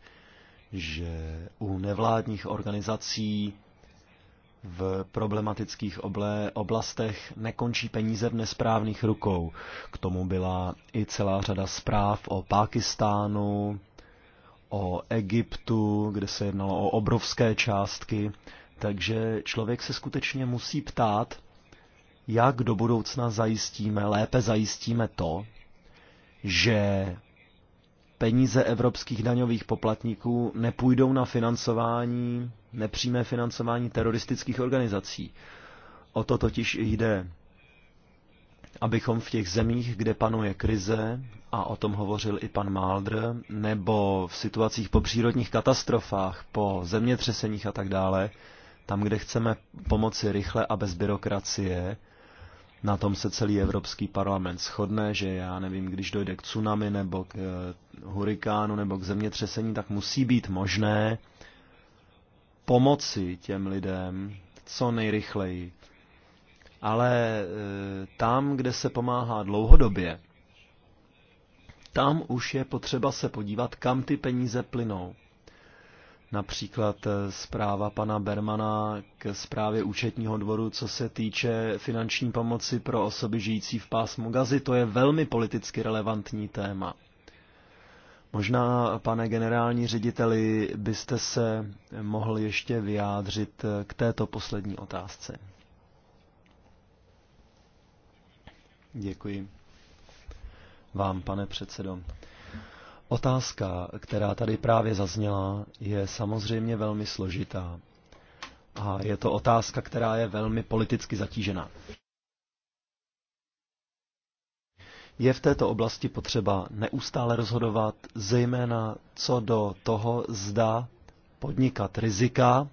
že u nevládních organizací v problematických oblastech nekončí peníze v nesprávných rukou. K tomu byla i celá řada zpráv o Pákistánu, o Egyptu, kde se jednalo o obrovské částky. Takže člověk se skutečně musí ptát, jak do budoucna zajistíme, lépe zajistíme to, že peníze evropských daňových poplatníků nepůjdou na financování, nepřímé financování teroristických organizací. O to totiž jde. Abychom v těch zemích, kde panuje krize, a o tom hovořil i pan Maldr, nebo v situacích po přírodních katastrofách, po zemětřeseních a tak dále, tam, kde chceme pomoci rychle a bez byrokracie, na tom se celý Evropský parlament shodne, že já nevím, když dojde k tsunami nebo k eh, hurikánu nebo k zemětřesení, tak musí být možné pomoci těm lidem co nejrychleji. Ale eh, tam, kde se pomáhá dlouhodobě, tam už je potřeba se podívat, kam ty peníze plynou. Například eh, zpráva pana Bermana k zprávě účetního dvoru, co se týče finanční pomoci pro osoby žijící v pásmu Gazy, to je velmi politicky relevantní téma. Možná, pane generální řediteli, byste se mohl ještě vyjádřit eh, k této poslední otázce. Děkuji. Vám, pane předsedo. Otázka, která tady právě zazněla, je samozřejmě velmi složitá. A je to otázka, která je velmi politicky zatížená. Je v této oblasti potřeba neustále rozhodovat, zejména co do toho, zda podnikat rizika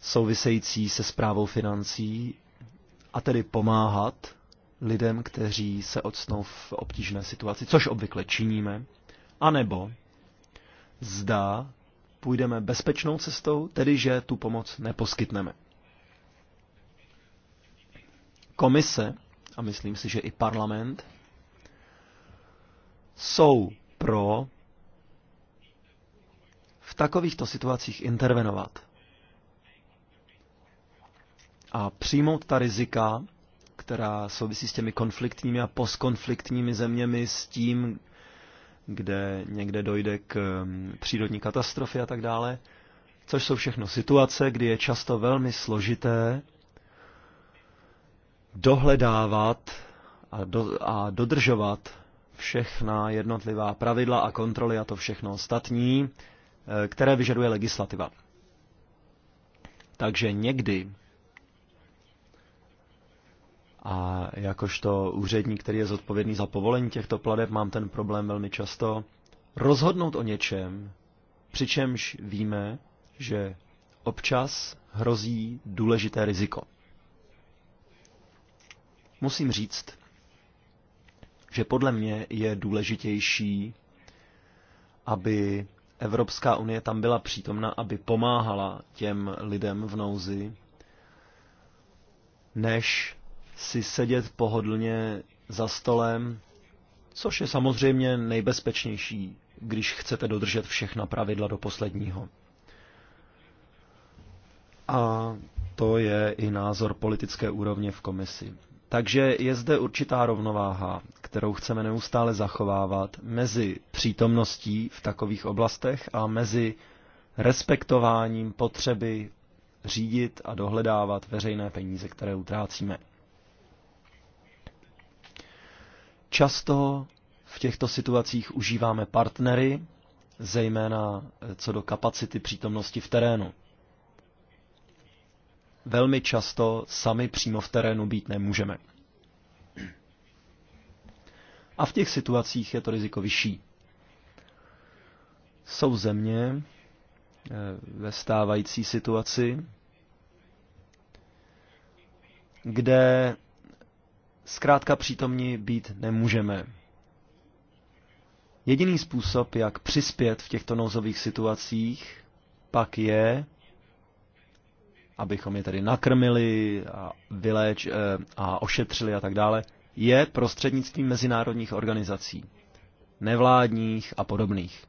související se zprávou financí, a tedy pomáhat lidem, kteří se odsnou v obtížné situaci, což obvykle činíme, anebo zda půjdeme bezpečnou cestou, tedy že tu pomoc neposkytneme. Komise, a myslím si, že i parlament, jsou pro v takovýchto situacích intervenovat a přijmout ta rizika, která souvisí s těmi konfliktními a postkonfliktními zeměmi, s tím, kde někde dojde k mm, přírodní katastrofě a tak dále, což jsou všechno situace, kdy je často velmi složité dohledávat a, do, a dodržovat všechna jednotlivá pravidla a kontroly a to všechno ostatní, eh, které vyžaduje legislativa. Takže někdy a jakožto úředník, který je zodpovědný za povolení těchto pladeb, mám ten problém velmi často rozhodnout o něčem, přičemž víme, že občas hrozí důležité riziko. Musím říct, že podle mě je důležitější, aby Evropská unie tam byla přítomna, aby pomáhala těm lidem v nouzi, než si sedět pohodlně za stolem, což je samozřejmě nejbezpečnější, když chcete dodržet všechna pravidla do posledního. A to je i názor politické úrovně v komisi. Takže je zde určitá rovnováha, kterou chceme neustále zachovávat mezi přítomností v takových oblastech a mezi respektováním potřeby řídit a dohledávat veřejné peníze, které utrácíme. Často v těchto situacích užíváme partnery, zejména eh, co do kapacity přítomnosti v terénu. Velmi často sami přímo v terénu být nemůžeme. A v těch situacích je to riziko vyšší. Jsou země eh, ve stávající situaci, kde zkrátka přítomní být nemůžeme. Jediný způsob, jak přispět v těchto nouzových situacích, pak je, abychom je tedy nakrmili a, vyléč, eh, a ošetřili a tak dále, je prostřednictvím mezinárodních organizací, nevládních a podobných.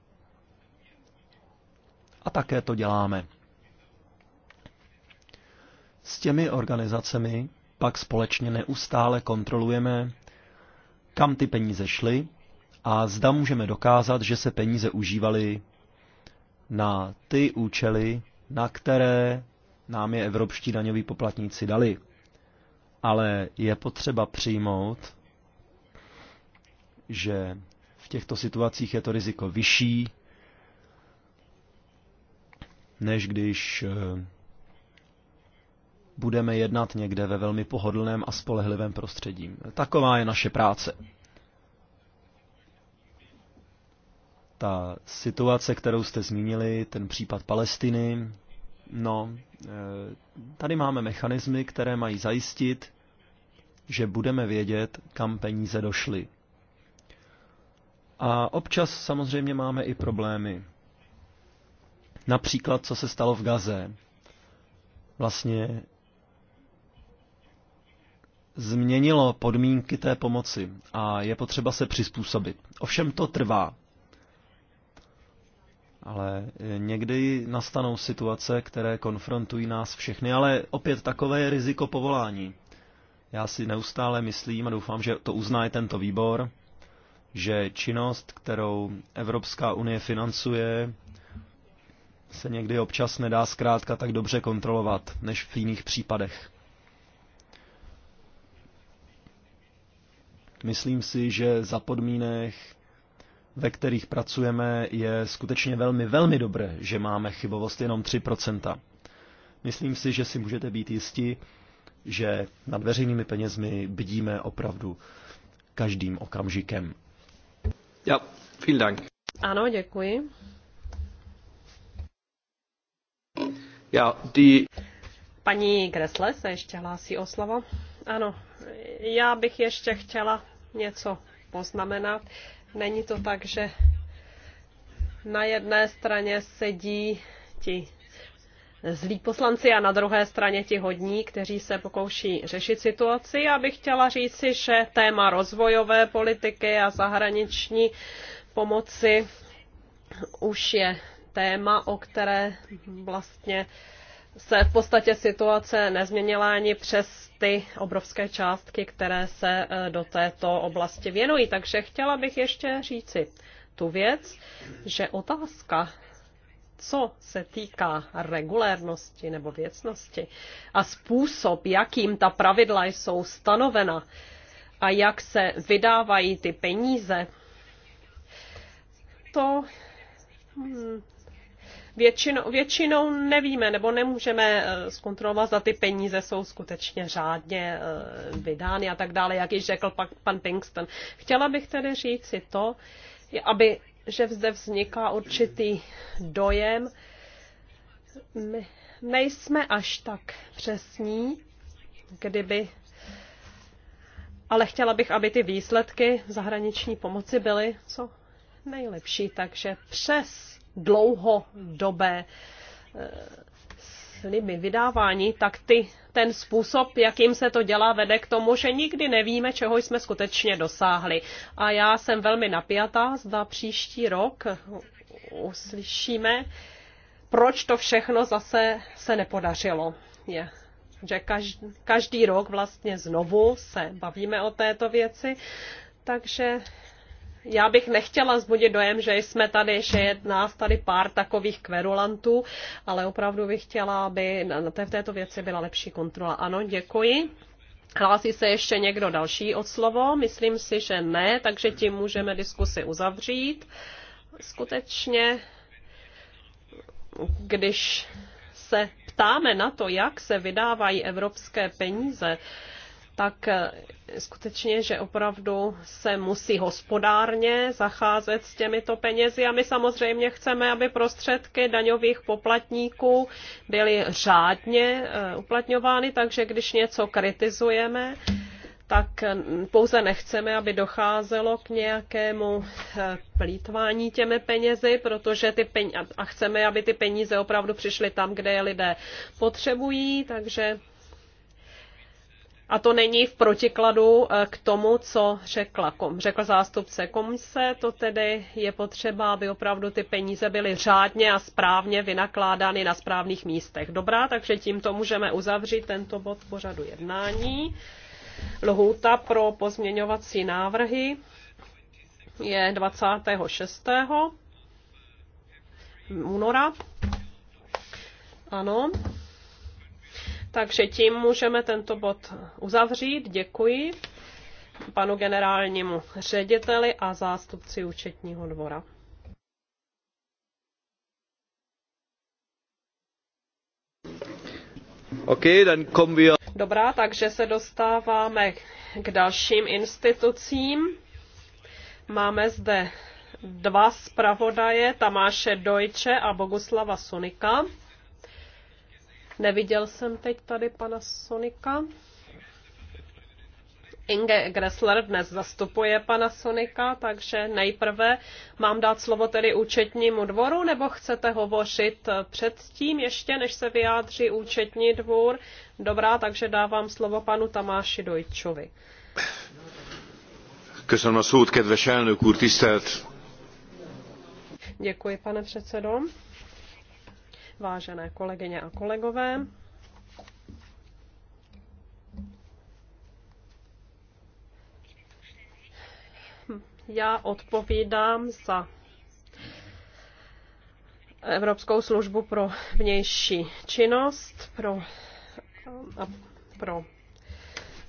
A také to děláme. S těmi organizacemi pak společně neustále kontrolujeme, kam ty peníze šly a zda můžeme dokázat, že se peníze užívaly na ty účely, na které nám je evropští daňoví poplatníci dali. Ale je potřeba přijmout, že v těchto situacích je to riziko vyšší, než když eh, budeme jednat někde ve velmi pohodlném a spolehlivém prostředí. Taková je naše práce. Ta situace, kterou jste zmínili, ten případ Palestiny, no, eh, tady máme mechanismy, které mají zajistit, že budeme vědět, kam peníze došly. A občas samozřejmě máme i problémy. Například, co se stalo v Gaze. Vlastně změnilo podmínky té pomoci a je potřeba se přizpůsobit. Ovšem to trvá. Ale někdy nastanou situace, které konfrontují nás všechny, ale opět takové je riziko povolání. Já si neustále myslím a doufám, že to uzná i tento výbor, že činnost, kterou Evropská unie financuje, se někdy občas nedá zkrátka tak dobře kontrolovat, než v jiných případech. Myslím si, že za podmínek, ve kterých pracujeme, je skutečně velmi, velmi dobré, že máme chybovost jenom 3%. Myslím si, že si můžete být jisti, že nad veřejnými penězmi bdíme opravdu každým okamžikem. Ja, vielen Dank. Ano, děkuji. Ja, die... Paní Gressle se ještě hlásí o slovo. Ano, já bych ještě chtěla něco poznamenat. Není to tak, že na jedné straně sedí ti zlí poslanci a na druhé straně ti hodní, kteří se pokouší řešit situaci. Já bych chtěla říci, že téma rozvojové politiky a zahraniční pomoci už je téma, o které vlastně uh, se v podstatě situace nezměnila ani přes ty obrovské částky, které se e, do této oblasti věnují. Takže chtěla bych ještě říci tu věc, že otázka, co se týká regulérnosti nebo věcnosti a způsob, jakým ta pravidla jsou stanovena a jak se vydávají ty peníze, to hmm, Většinou, většinou nevíme nebo nemůžeme eh, zkontrolovat, zda ty peníze jsou skutečně řádně eh, vydány a tak dále, jak již řekl pan, pan Pinkston. Chtěla bych tedy říct si to, aby, že zde vzniká určitý dojem, my nejsme až tak přesní, kdyby ale chtěla bych, aby ty výsledky zahraniční pomoci byly co nejlepší. Takže přes dlouhodobé eh, sliby vydávání, tak ty, ten způsob, jakým se to dělá, vede k tomu, že nikdy nevíme, čeho jsme skutečně dosáhli. A já jsem velmi napjatá, zda příští rok uslyšíme, proč to všechno zase se nepodařilo. Je, že každý, každý rok vlastně znovu se bavíme o této věci, takže já bych nechtěla zbudit dojem, že jsme tady, že je nás tady pár takových kverulantů, ale opravdu bych chtěla, aby na té, v této věci byla lepší kontrola. Ano, děkuji. Hlásí se ještě někdo další od slovo? Myslím si, že ne, takže tím můžeme diskusi uzavřít. Skutečně, když se ptáme na to, jak se vydávají evropské peníze, tak eh, skutečně, že opravdu se musí hospodárně zacházet s těmito penězi a my samozřejmě chceme, aby prostředky daňových poplatníků byly řádně eh, uplatňovány, takže když něco kritizujeme, tak eh, pouze nechceme, aby docházelo k nějakému plítvání těmi penězi, protože ty peníze, a chceme, aby ty peníze opravdu přišly tam, kde je lidé potřebují, takže a to není v protikladu eh, k tomu, co řekla, řekl zástupce komise. To tedy je potřeba, aby opravdu ty peníze byly řádně a správně vynakládány na správných místech. Dobrá, takže tímto můžeme uzavřít tento bod pořadu jednání. Lhůta pro pozměňovací návrhy je 26. února. Ano. Takže tím můžeme tento bod uzavřít. Děkuji panu generálnímu řediteli a zástupci účetního dvora. Okay, dann come we Dobrá, takže se dostáváme k dalším institucím. Máme zde dva zpravodaje, Tamáše Dojče a Boguslava Sunika. Neviděl jsem teď tady pana Sonika. Inge Gressler dnes zastupuje pana Sonika, takže nejprve mám dát slovo tedy účetnímu dvoru, nebo chcete hovořit předtím ještě, než se vyjádří účetní dvůr? Dobrá, takže dávám slovo panu Tamáši Dojčovi. Köszönöm a szót, kedves elnök úr, tisztelt! Děkuji, pane předsedo vážené kolegyně a kolegové. Já odpovídám za Evropskou službu pro vnější činnost, pro, a pro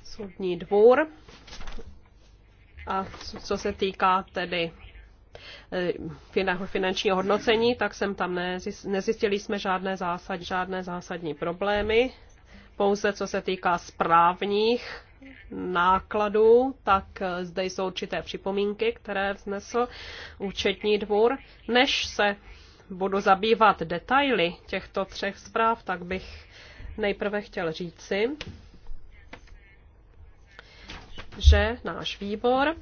soudní dvůr. A co se týká tedy Eh, finančního hodnocení, tak jsem tam nezjistili jsme žádné, zásad, žádné zásadní problémy. Pouze co se týká správních nákladů, tak eh, zde jsou určité připomínky, které vznesl účetní dvůr. Než se budu zabývat detaily těchto třech zpráv, tak bych nejprve chtěl říci, že náš výbor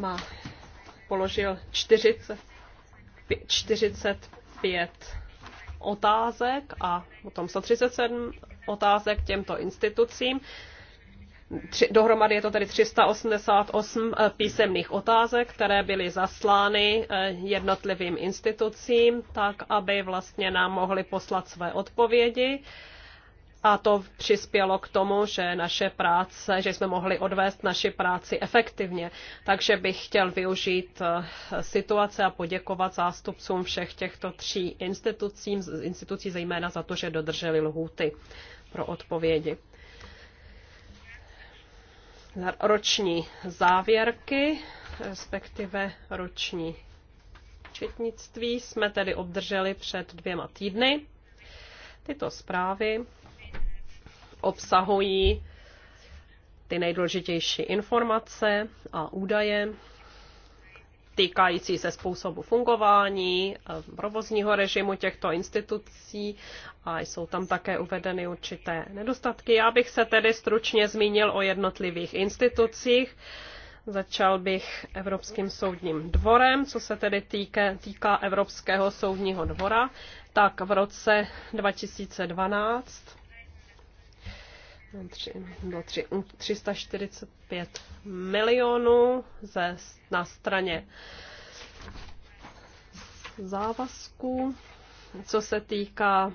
má, položil 40, 45 otázek a potom 137 otázek těmto institucím. Tři, dohromady je to tedy 388 eh, písemných otázek, které byly zaslány eh, jednotlivým institucím, tak aby vlastně nám mohli poslat své odpovědi a to přispělo k tomu, že naše práce, že jsme mohli odvést naši práci efektivně. Takže bych chtěl využít eh, situace a poděkovat zástupcům všech těchto tří institucí, institucí zejména za to, že dodrželi lhůty pro odpovědi. Roční závěrky, respektive roční četnictví jsme tedy obdrželi před dvěma týdny. Tyto zprávy obsahují ty nejdůležitější informace a údaje týkající se způsobu fungování, eh, provozního režimu těchto institucí a jsou tam také uvedeny určité nedostatky. Já bych se tedy stručně zmínil o jednotlivých institucích. Začal bych Evropským soudním dvorem, co se tedy týke, týká Evropského soudního dvora, tak v roce 2012 345 no, milionů ze, na straně závazků. Co se týká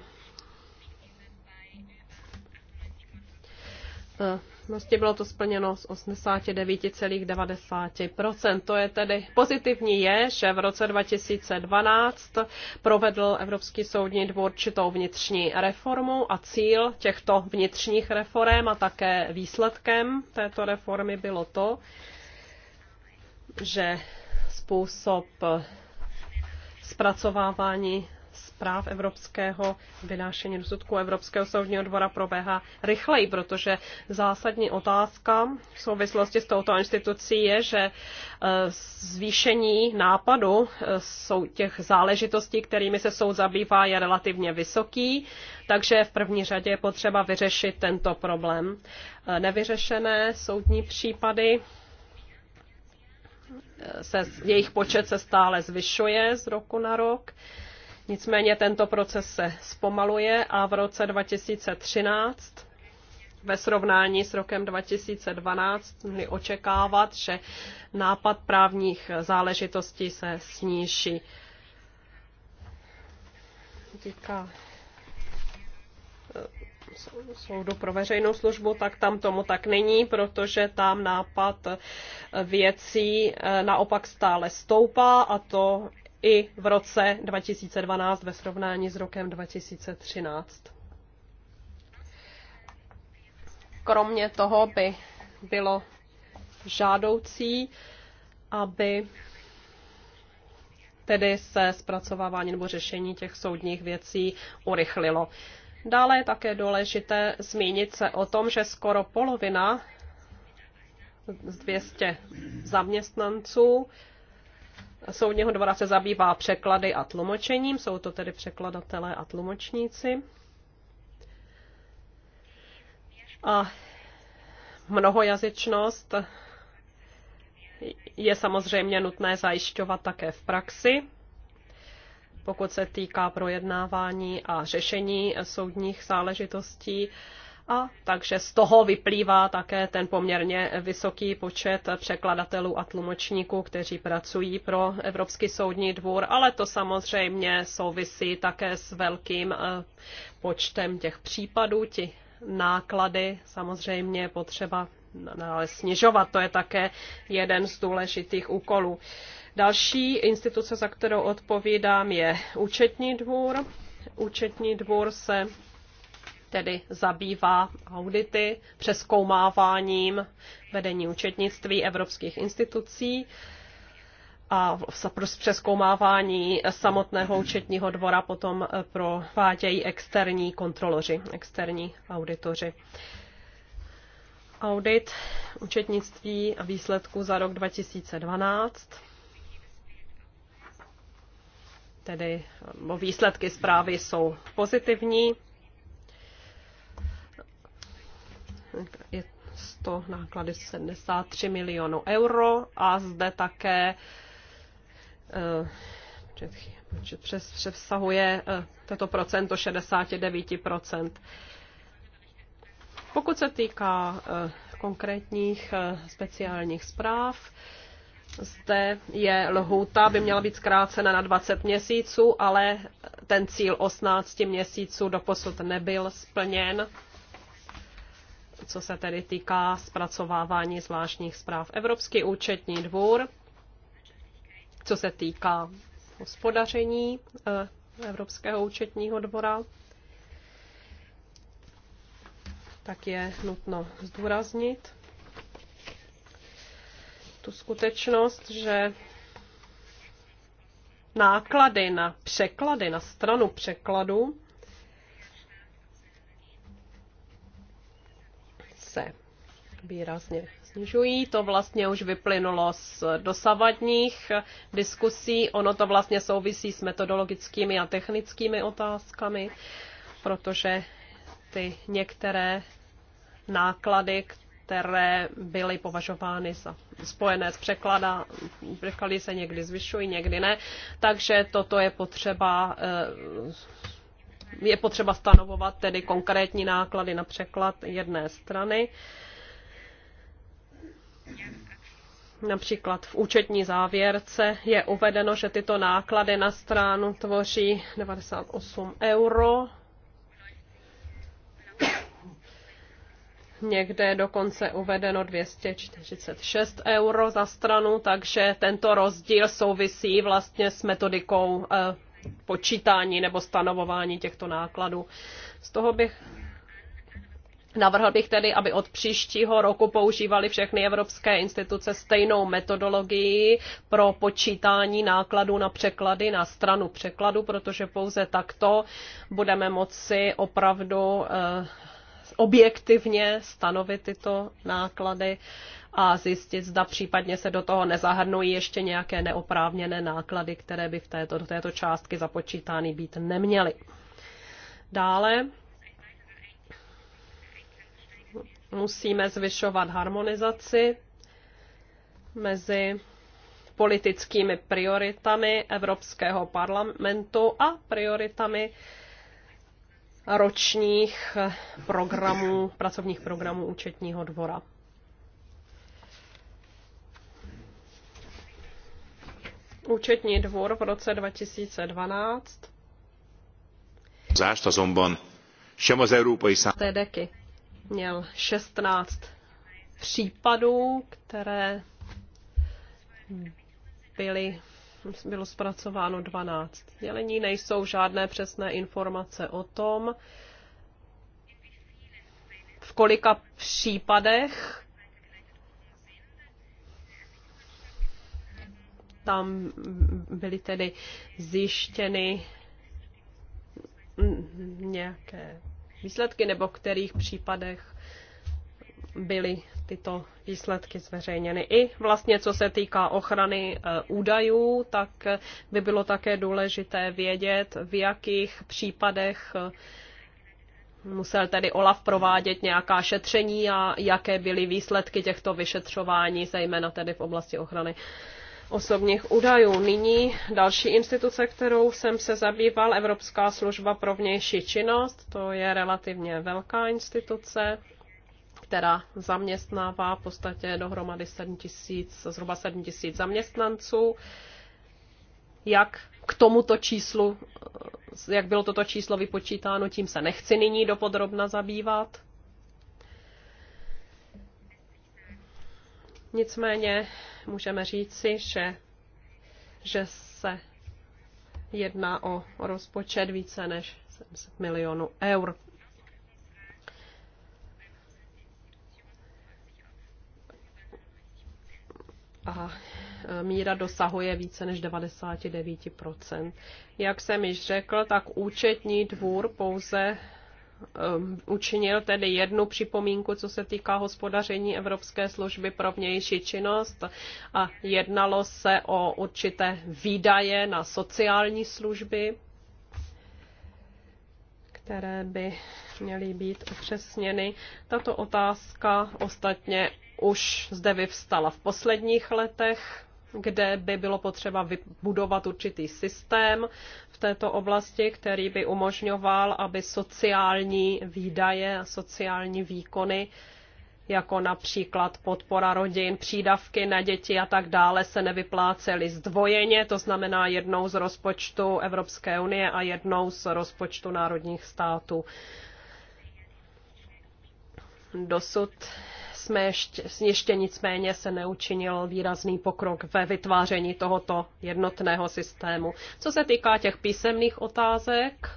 eh, Vlastně bylo to splněno z 89,90%. To je tedy pozitivní je, že v roce 2012 provedl Evropský soudní dvůr určitou vnitřní reformu a cíl těchto vnitřních reform a také výsledkem této reformy bylo to, že způsob zpracovávání zpráv Evropského vynášení rozsudku Evropského soudního dvora proběhá rychleji, protože zásadní otázka v souvislosti s touto institucí je, že e, zvýšení nápadu jsou e, těch záležitostí, kterými se soud zabývá, je relativně vysoký, takže v první řadě je potřeba vyřešit tento problém. E, nevyřešené soudní případy se, jejich počet se stále zvyšuje z roku na rok. Nicméně tento proces se zpomaluje a v roce 2013 ve srovnání s rokem 2012 mohli očekávat, že nápad právních záležitostí se sníží. Díka soudu pro veřejnou službu, tak tam tomu tak není, protože tam nápad věcí eh, naopak stále stoupá a to i v roce 2012 ve srovnání s rokem 2013. Kromě toho by bylo žádoucí, aby tedy se zpracovávání nebo řešení těch soudních věcí urychlilo. Dále je také důležité zmínit se o tom, že skoro polovina z 200 zaměstnanců soudního dvora se zabývá překlady a tlumočením, jsou to tedy překladatelé a tlumočníci. A mnohojazyčnost je samozřejmě nutné zajišťovat také v praxi, pokud se týká projednávání a řešení soudních záležitostí. A takže z toho vyplývá také ten poměrně vysoký počet překladatelů a tlumočníků, kteří pracují pro Evropský soudní dvůr, ale to samozřejmě souvisí také s velkým eh, počtem těch případů, ti náklady samozřejmě potřeba ale snižovat. To je také jeden z důležitých úkolů. Další instituce, za kterou odpovídám, je účetní dvůr. Účetní dvůr se tedy zabývá audity, přeskoumáváním vedení účetnictví evropských institucí a přeskoumávání samotného účetního dvora potom eh, provádějí externí kontroloři, externí auditoři. Audit účetnictví a výsledku za rok 2012 tedy eh, no, výsledky zprávy jsou pozitivní. je to náklady 73 milionů euro a zde také eh, přes, přesahuje eh, toto procento 69%. Pokud se týká eh, konkrétních speciálních zpráv, zde je lhůta, by měla být zkrácena na 20 měsíců, ale ten cíl 18 měsíců doposud nebyl splněn co se tedy týká zpracovávání zvláštních zpráv. Evropský účetní dvůr, co se týká hospodaření eh, Evropského účetního dvora, tak je nutno zdůraznit tu skutečnost, že náklady na překlady, na stranu překladu, se výrazně snižují. To vlastně už vyplynulo z dosavadních diskusí. Ono to vlastně souvisí s metodologickými a technickými otázkami, protože ty některé náklady, které byly považovány za spojené s překlada, překlady se někdy zvyšují, někdy ne, takže toto je potřeba eh, je potřeba stanovovat tedy konkrétní náklady na překlad jedné strany. Například v účetní závěrce je uvedeno, že tyto náklady na stranu tvoří 98 euro. Někde je dokonce uvedeno 246 euro za stranu, takže tento rozdíl souvisí vlastně s metodikou eh, počítání nebo stanovování těchto nákladů. Z toho bych Navrhl bych tedy, aby od příštího roku používali všechny evropské instituce stejnou metodologii pro počítání nákladů na překlady, na stranu překladu, protože pouze takto budeme moci opravdu eh, objektivně stanovit tyto náklady a zjistit, zda případně se do toho nezahrnují ještě nějaké neoprávněné náklady, které by v této, do této částky započítány být neměly. Dále musíme zvyšovat harmonizaci mezi politickými prioritami Evropského parlamentu a prioritami ročních programů, pracovních programů účetního dvora. účetní dvůr v roce 2012. Zášť azonban sem az európai Tedeky měl 16 případů, které byly bylo zpracováno 12 dělení, nejsou žádné přesné informace o tom, v kolika případech tam byly tedy zjištěny nějaké výsledky, nebo v kterých případech byly tyto výsledky zveřejněny. I vlastně co se týká ochrany eh, údajů, tak eh, by bylo také důležité vědět, v jakých případech eh, musel tedy Olaf provádět nějaká šetření a jaké byly výsledky těchto vyšetřování, zejména tedy v oblasti ochrany osobních údajů. Nyní další instituce, kterou jsem se zabýval, Evropská služba pro vnější činnost, to je relativně velká instituce, která zaměstnává v podstatě dohromady 7 000, zhruba 7 tisíc zaměstnanců. Jak k tomuto číslu, jak bylo toto číslo vypočítáno, tím se nechci nyní dopodrobna zabývat Nicméně můžeme říci, že, že se jedná o rozpočet více než 70 milionů eur. a e, míra dosahuje více než 99%. Jak jsem již řekl, tak účetní dvůr pouze Um, učinil tedy jednu připomínku, co se týká hospodaření Evropské služby pro vnější činnost a jednalo se o určité výdaje na sociální služby, které by měly být upřesněny. Tato otázka ostatně už zde vyvstala v posledních letech kde by bylo potřeba vybudovat určitý systém v této oblasti, který by umožňoval, aby sociální výdaje a sociální výkony jako například podpora rodin, přídavky na děti a tak dále se nevyplácely zdvojeně, to znamená jednou z rozpočtu Evropské unie a jednou z rozpočtu národních států. Dosud jsme ještě, ještě nicméně se neučinil výrazný pokrok ve vytváření tohoto jednotného systému. Co se týká těch písemných otázek,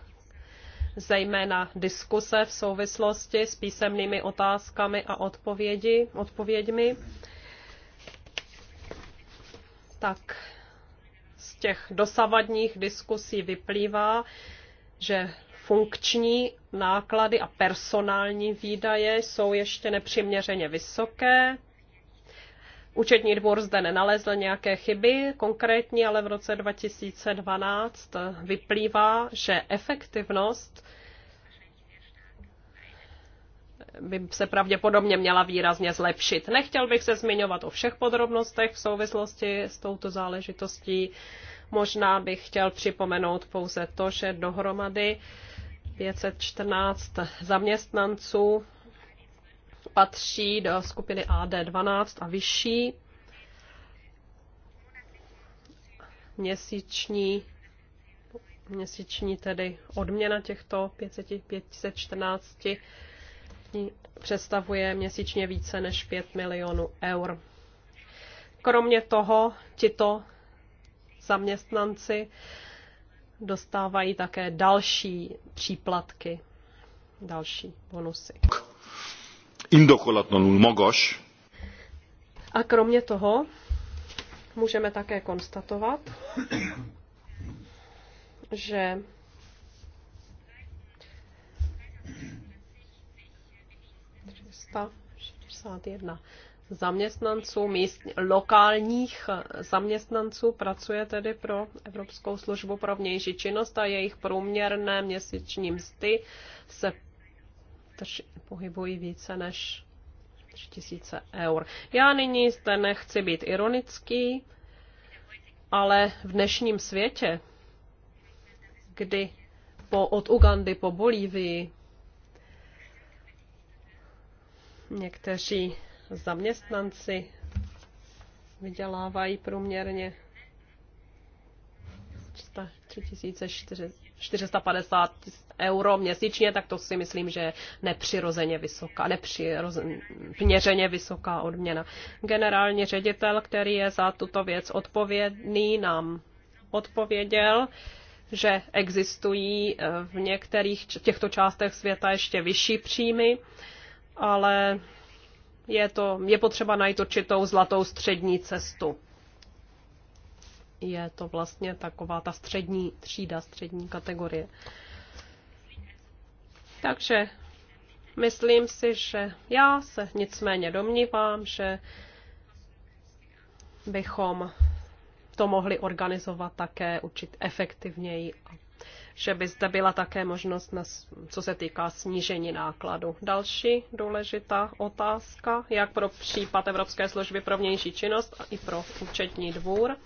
zejména diskuse v souvislosti s písemnými otázkami a odpovědi, odpověďmi, tak z těch dosavadních diskusí vyplývá, že funkční náklady a personální výdaje jsou ještě nepřiměřeně vysoké. Účetní dvůr zde nenalezl nějaké chyby konkrétní, ale v roce 2012 vyplývá, že efektivnost by se pravděpodobně měla výrazně zlepšit. Nechtěl bych se zmiňovat o všech podrobnostech v souvislosti s touto záležitostí. Možná bych chtěl připomenout pouze to, že dohromady 514 zaměstnanců patří do skupiny AD12 a vyšší. Měsíční, měsíční tedy odměna těchto 500, 514 představuje měsíčně více než 5 milionů eur. Kromě toho, tito zaměstnanci dostávají také další příplatky, další bonusy. Indokolatlanul magas. A kromě toho můžeme také konstatovat, že jedna zaměstnanců, míst, lokálních zaměstnanců pracuje tedy pro Evropskou službu pro vnější činnost a jejich průměrné měsíční mzdy se pohybují více než 3000 eur. Já nyní zde nechci být ironický, ale v dnešním světě, kdy po, od Ugandy po Bolívii někteří zaměstnanci vydělávají průměrně 3450 euro měsíčně, tak to si myslím, že je nepřirozeně vysoká, nepřirozeně vysoká odměna. Generální ředitel, který je za tuto věc odpovědný, nám odpověděl, že existují eh, v některých těchto částech světa ještě vyšší příjmy, ale je, to, je potřeba najít určitou zlatou střední cestu. Je to vlastně taková ta střední třída, střední kategorie. Takže myslím si, že já se nicméně domnívám, že bychom to mohli organizovat také učit efektivněji a že by zde byla také možnost, na, co se týká snížení nákladu. Další důležitá otázka, jak pro případ Evropské služby pro vnější činnost a i pro účetní dvůr,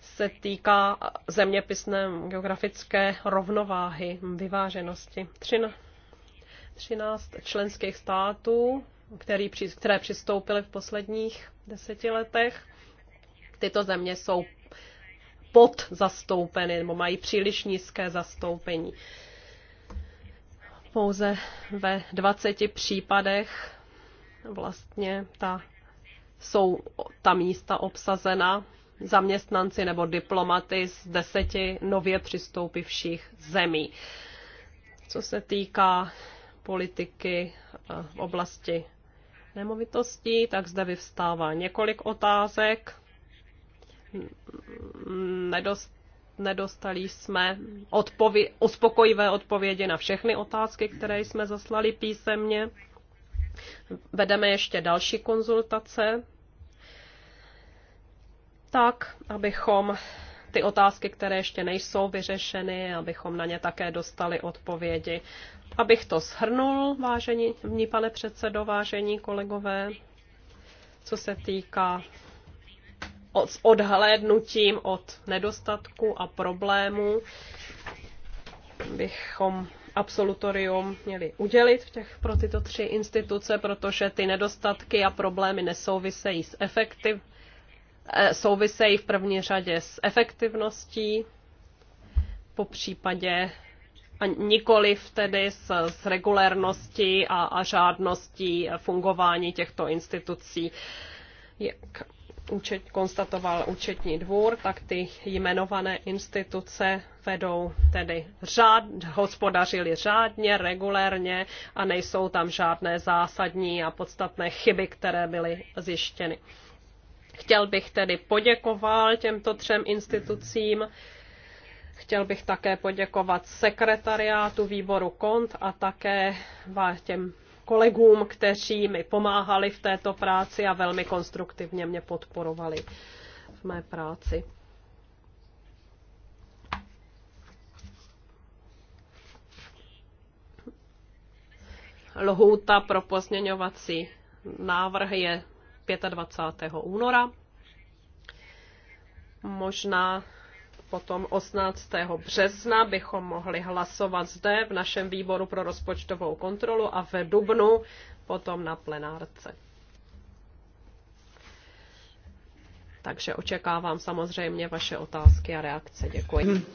se týká zeměpisné geografické rovnováhy, vyváženosti. 13 členských států, který, které přistoupily v posledních deseti letech, tyto země jsou podzastoupeny nebo mají příliš nízké zastoupení. Pouze ve 20 případech vlastně ta, jsou ta místa obsazena zaměstnanci nebo diplomaty z deseti nově přistoupivších zemí. Co se týká politiky eh, v oblasti nemovitostí, tak zde vyvstává několik otázek nedost, nedostali jsme odpově- uspokojivé odpovědi na všechny otázky, které jsme zaslali písemně. Vedeme ještě další konzultace, tak abychom ty otázky, které ještě nejsou vyřešeny, abychom na ně také dostali odpovědi. Abych to shrnul, vážení, pane předsedo, vážení kolegové, co se týká s odhlédnutím od nedostatku a problémů bychom absolutorium měli udělit v těch, pro tyto tři instituce, protože ty nedostatky a problémy nesouvisejí s efektiv, eh, souvisejí v první řadě s efektivností, po případě a nikoliv tedy s, s regulérností a, a řádností fungování těchto institucí. Jak konstatoval účetní dvůr, tak ty jmenované instituce vedou tedy řád, hospodařili řádně, regulérně a nejsou tam žádné zásadní a podstatné chyby, které byly zjištěny. Chtěl bych tedy poděkoval těmto třem institucím. Chtěl bych také poděkovat sekretariátu výboru KONT a také těm kolegům, kteří mi pomáhali v této práci a velmi konstruktivně mě podporovali v mé práci. Lhůta pro pozměňovací návrh je 25. února. Možná potom 18. března bychom mohli hlasovat zde v našem výboru pro rozpočtovou kontrolu a v dubnu potom na plenárce. Takže očekávám samozřejmě vaše otázky a reakce. Děkuji.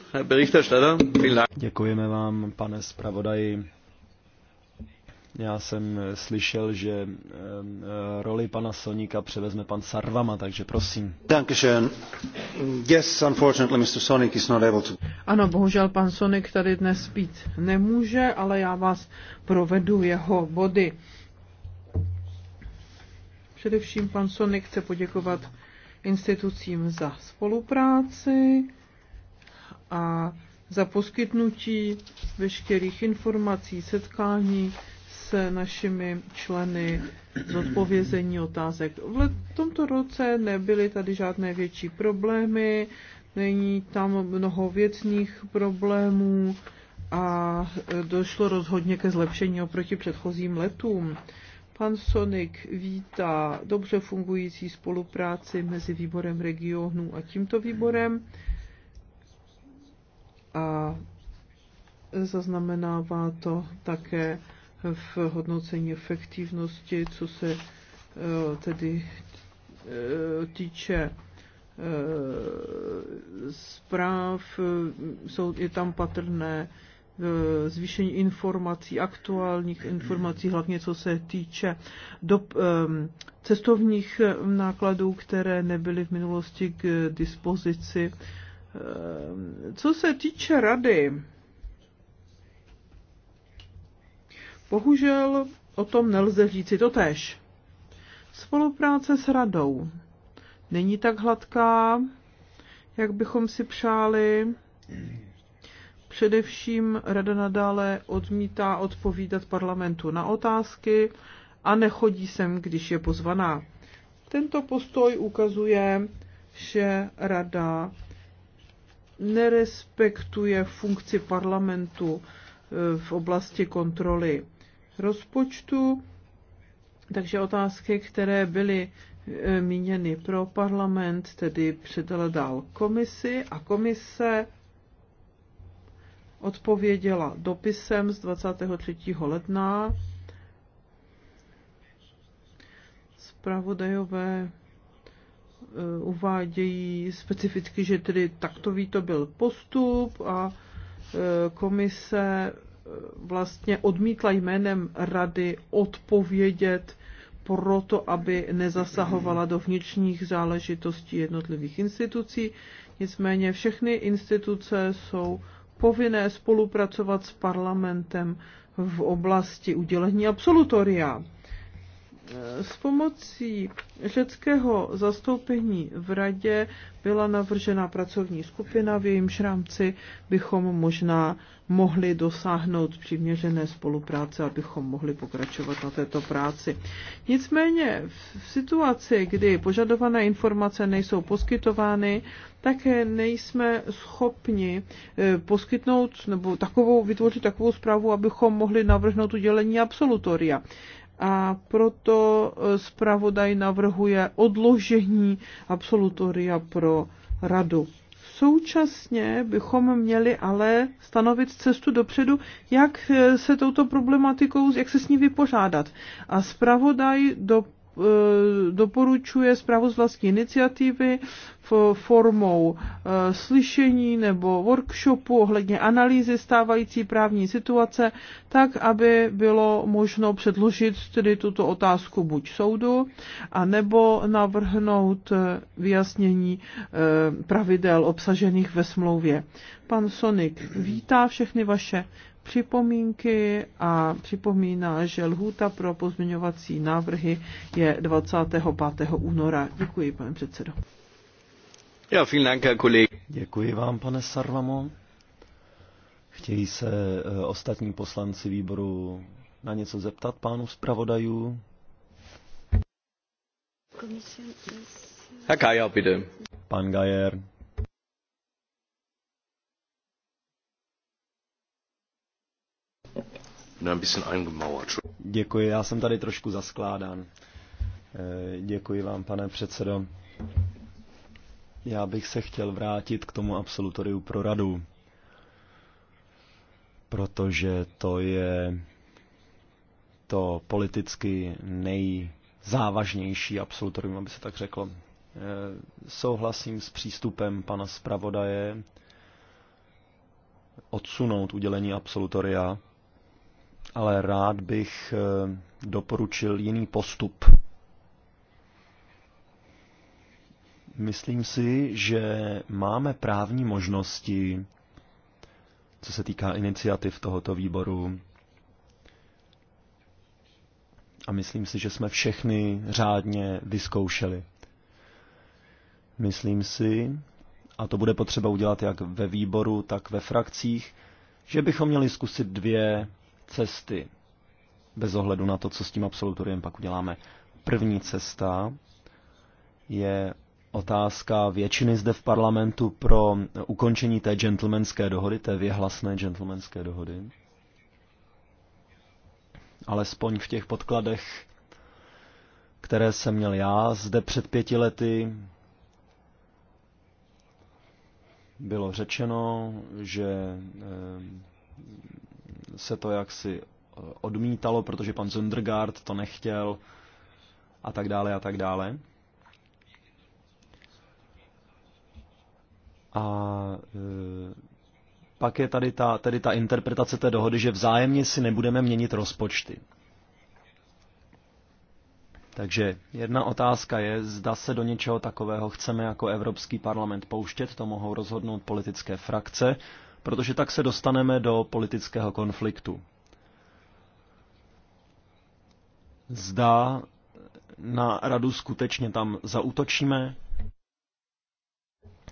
Děkujeme vám, pane zpravodaji. Já jsem eh, slyšel, že eh, eh, roli pana Sonika převezme pan Sarvama, takže prosím. Yes, unfortunately, Mr. Sonic is not able to... Ano, bohužel pan Sonik tady dnes být nemůže, ale já vás provedu jeho body. Především pan Sonik chce poděkovat institucím za spolupráci a za poskytnutí veškerých informací, setkání s našimi členy zodpovězení otázek. V tomto roce nebyly tady žádné větší problémy, není tam mnoho věcných problémů a e, došlo rozhodně ke zlepšení oproti předchozím letům. Pan Sonik vítá dobře fungující spolupráci mezi výborem regionů a tímto výborem a zaznamenává to také v hodnocení efektivnosti, co se eh, tedy eh, týče eh, zpráv, jsou, je tam patrné zvýšení informací, aktuálních informací, hlavně co se týče do, ehm, cestovních ehm, nákladů, které nebyly v minulosti k dispozici. Ehm, co se týče rady, Bohužel o tom nelze říci tež. Spolupráce s radou není tak hladká, jak bychom si přáli. Především rada nadále odmítá odpovídat parlamentu na otázky a nechodí sem, když je pozvaná. Tento postoj ukazuje, že rada nerespektuje funkci parlamentu eh, v oblasti kontroly rozpočtu. Takže otázky, které byly e, míněny pro parlament, tedy předala dál komisi a komise odpověděla dopisem z 23. ledna. Zpravodajové e, uvádějí specificky, že tedy takto to byl postup a e, komise vlastně odmítla jménem rady odpovědět proto, aby nezasahovala do vnitřních záležitostí jednotlivých institucí. Nicméně všechny instituce jsou povinné spolupracovat s parlamentem v oblasti udělení absolutoria. S pomocí řeckého zastoupení v radě byla navržena pracovní skupina, v jejímž rámci bychom možná mohli dosáhnout přiměřené spolupráce, abychom mohli pokračovat na této práci. Nicméně v situaci, kdy požadované informace nejsou poskytovány, také nejsme schopni eh, poskytnout nebo takovou, vytvořit takovou zprávu, abychom mohli navrhnout udělení absolutoria a proto eh, zpravodaj navrhuje odložení absolutoria pro radu. Současně bychom měli ale stanovit cestu dopředu, jak eh, se touto problematikou, jak se s ní vypořádat. A zpravodaj do Eh, doporučuje zprávu z vlastní iniciativy formou eh, slyšení nebo workshopu ohledně analýzy stávající právní situace, tak, aby bylo možno předložit tedy tuto otázku buď soudu, a nebo navrhnout eh, vyjasnění pravidel obsažených ve smlouvě. Pan Sonik vítá všechny vaše připomínky a připomíná, že lhůta pro pozměňovací návrhy je 25. února. Děkuji, pane předsedo. Ja, vielen Dank, Herr Děkuji vám, pane Sarvamo. Chtějí se e, ostatní poslanci výboru na něco zeptat pánu zpravodajů? Herr Kajer, bitte. Pan Gajer. Děkuji, já jsem tady trošku zaskládán. Eh, děkuji vám, pane předsedo. Já bych se chtěl vrátit k tomu absolutoriu pro radu, protože to je to politicky nejzávažnější absolutorium, aby se tak řeklo. Eh, souhlasím s přístupem pana zpravodaje odsunout udělení absolutoria ale rád bych eh, doporučil jiný postup. Myslím si, že máme právní možnosti, co se týká iniciativ tohoto výboru. A myslím si, že jsme všechny řádně vyzkoušeli. Myslím si, a to bude potřeba udělat jak ve výboru, tak ve frakcích, že bychom měli zkusit dvě cesty, bez ohledu na to, co s tím absolutoriem pak uděláme. První cesta je otázka většiny zde v parlamentu pro ukončení té gentlemanské dohody, té věhlasné gentlemanské dohody. Alespoň v těch podkladech, které jsem měl já zde před pěti lety, bylo řečeno, že eh, se to jaksi eh, odmítalo, protože pan Zundergaard to nechtěl a tak dále a tak dále. A e, pak je tady ta, tady ta interpretace té dohody, že vzájemně si nebudeme měnit rozpočty. Takže jedna otázka je, zda se do něčeho takového chceme jako Evropský parlament pouštět, to mohou rozhodnout politické frakce, protože tak se dostaneme do politického konfliktu. Zdá na radu skutečně tam zautočíme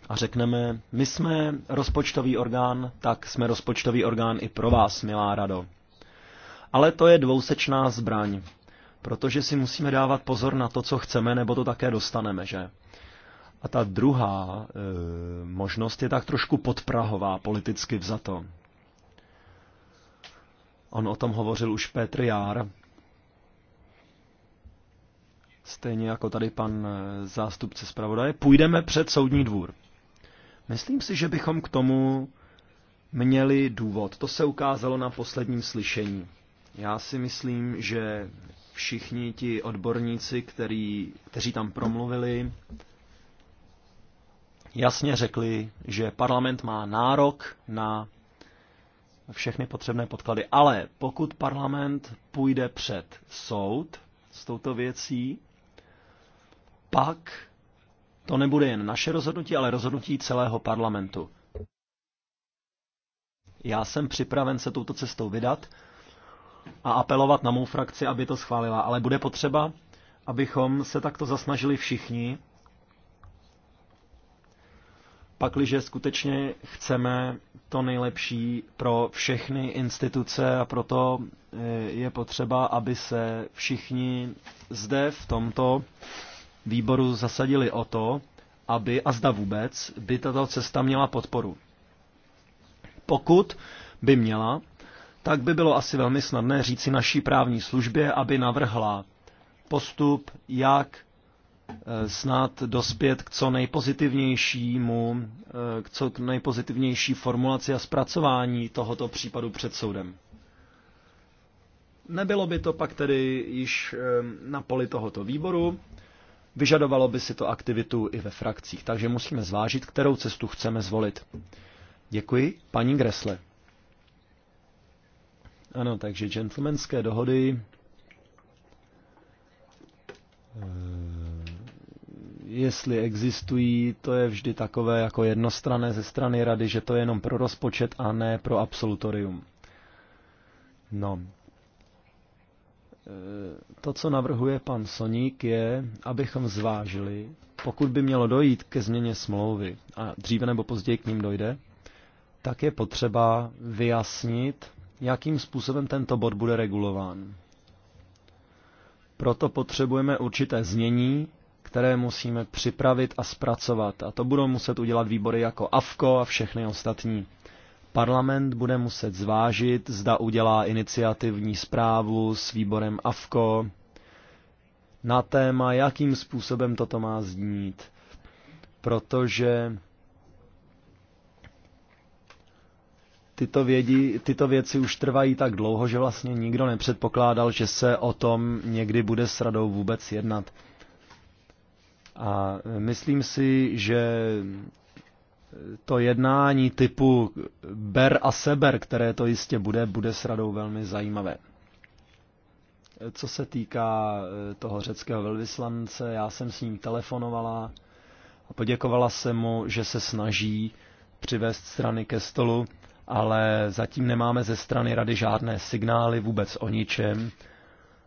a řekneme, my jsme rozpočtový orgán, tak jsme rozpočtový orgán i pro vás, milá rado. Ale to je dvousečná zbraň, protože si musíme dávat pozor na to, co chceme, nebo to také dostaneme, že? A ta druhá e, možnost je tak trošku podprahová, politicky vzato. On o tom hovořil už Petr Jár, stejně jako tady pan e, zástupce zpravodaje, půjdeme před soudní dvůr. Myslím si, že bychom k tomu měli důvod. To se ukázalo na posledním slyšení. Já si myslím, že všichni ti odborníci, který, kteří tam promluvili, jasně řekli, že parlament má nárok na všechny potřebné podklady. Ale pokud parlament půjde před soud s touto věcí, pak to nebude jen naše rozhodnutí, ale rozhodnutí celého parlamentu. Já jsem připraven se touto cestou vydat a apelovat na mou frakci, aby to schválila, ale bude potřeba, abychom se takto zasnažili všichni pakliže skutečně chceme to nejlepší pro všechny instituce a proto eh, je potřeba, aby se všichni zde v tomto výboru zasadili o to, aby, a zda vůbec, by tato cesta měla podporu. Pokud by měla, tak by bylo asi velmi snadné říci naší právní službě, aby navrhla postup, jak Eh, snad dospět k co nejpozitivnějšímu, eh, k co nejpozitivnější formulaci a zpracování tohoto případu před soudem. Nebylo by to pak tedy již eh, na poli tohoto výboru, vyžadovalo by si to aktivitu i ve frakcích, takže musíme zvážit, kterou cestu chceme zvolit. Děkuji, paní Gresle. Ano, takže gentlemanské dohody jestli existují, to je vždy takové jako jednostrané ze strany rady, že to je jenom pro rozpočet a ne pro absolutorium. No. E, to, co navrhuje pan Soník, je, abychom zvážili, pokud by mělo dojít ke změně smlouvy, a dříve nebo později k ním dojde, tak je potřeba vyjasnit, jakým způsobem tento bod bude regulován. Proto potřebujeme určité znění, které musíme připravit a zpracovat. A to budou muset udělat výbory jako AFKO a všechny ostatní. Parlament bude muset zvážit, zda udělá iniciativní zprávu s výborem AFKO na téma, jakým způsobem toto má znít. Protože tyto, vědi, tyto věci už trvají tak dlouho, že vlastně nikdo nepředpokládal, že se o tom někdy bude s radou vůbec jednat. A myslím si, že to jednání typu ber a seber, které to jistě bude, bude s radou velmi zajímavé. Co se týká eh, toho řeckého velvyslance, já jsem s ním telefonovala a poděkovala jsem mu, že se snaží přivést strany ke stolu, ale zatím nemáme ze strany rady žádné signály vůbec o ničem.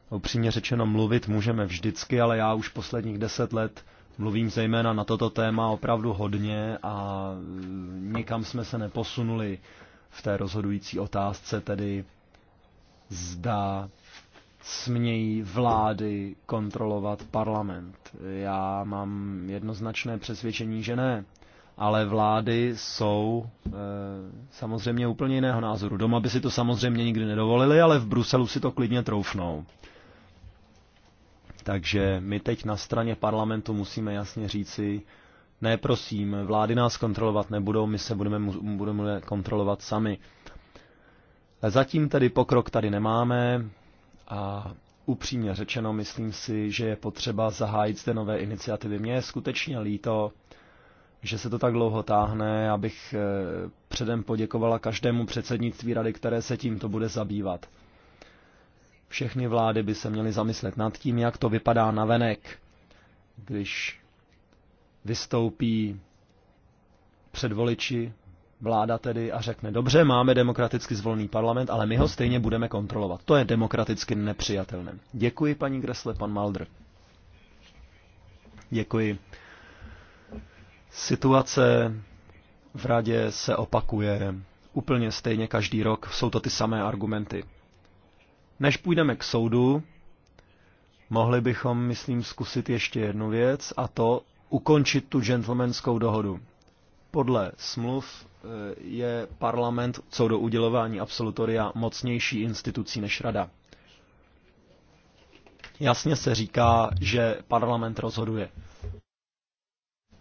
Upřímně řečeno mluvit můžeme vždycky, ale já už posledních deset let Mluvím zejména na toto téma opravdu hodně a mm, nikam jsme se neposunuli v té rozhodující otázce, tedy zda smějí vlády kontrolovat parlament. Já mám jednoznačné přesvědčení, že ne. Ale vlády jsou e, samozřejmě úplně jiného názoru. Doma by si to samozřejmě nikdy nedovolili, ale v Bruselu si to klidně troufnou. Takže my teď na straně parlamentu musíme jasně říci, ne prosím, vlády nás kontrolovat nebudou, my se budeme, budeme kontrolovat sami. Zatím tedy pokrok tady nemáme a upřímně řečeno myslím si, že je potřeba zahájit zde nové iniciativy. Mně je skutečně líto, že se to tak dlouho táhne, abych eh, předem poděkovala každému předsednictví rady, které se tímto bude zabývat. Všechny vlády by se měly zamyslet nad tím, jak to vypadá na venek, když vystoupí před voliči vláda tedy a řekne, dobře, máme demokraticky zvolený parlament, ale my ho stejně budeme kontrolovat. To je demokraticky nepřijatelné. Děkuji, paní Gresle, pan Maldr. Děkuji. Situace v radě se opakuje úplně stejně každý rok. Jsou to ty samé argumenty. Než půjdeme k soudu, mohli bychom, myslím, zkusit ještě jednu věc, a to ukončit tu gentlemanskou dohodu. Podle smluv eh, je parlament co do udělování absolutoria mocnější institucí než rada. Jasně se říká, že parlament rozhoduje.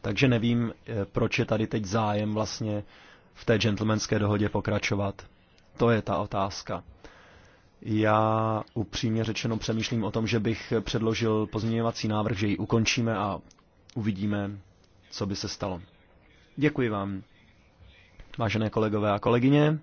Takže nevím, eh, proč je tady teď zájem vlastně v té gentlemanské dohodě pokračovat. To je ta otázka. Já upřímně řečeno přemýšlím o tom, že bych předložil pozměňovací návrh, že ji ukončíme a uvidíme, co by se stalo. Děkuji vám, vážené kolegové a kolegyně.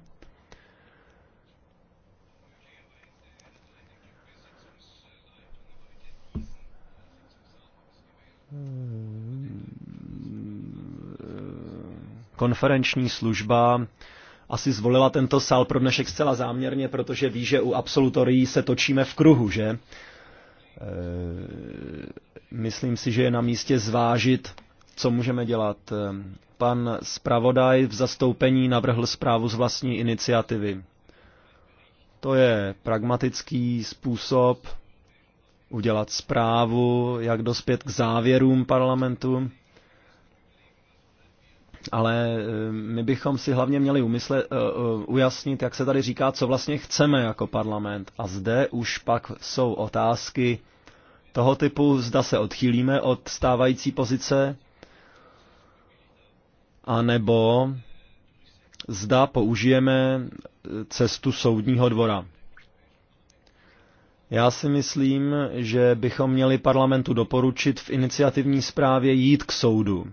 Konferenční služba asi zvolila tento sál pro dnešek zcela záměrně, protože ví, že u absolutorií se točíme v kruhu, že? E, myslím si, že je na místě zvážit, co můžeme dělat. E, pan zpravodaj v zastoupení navrhl zprávu z vlastní iniciativy. To je pragmatický způsob udělat zprávu, jak dospět k závěrům parlamentu ale eh, my bychom si hlavně měli umysle, uh, ujasnit, jak se tady říká, co vlastně chceme jako parlament. A zde už pak jsou otázky toho typu, zda se odchýlíme od stávající pozice, anebo zda použijeme cestu soudního dvora. Já si myslím, že bychom měli parlamentu doporučit v iniciativní zprávě jít k soudu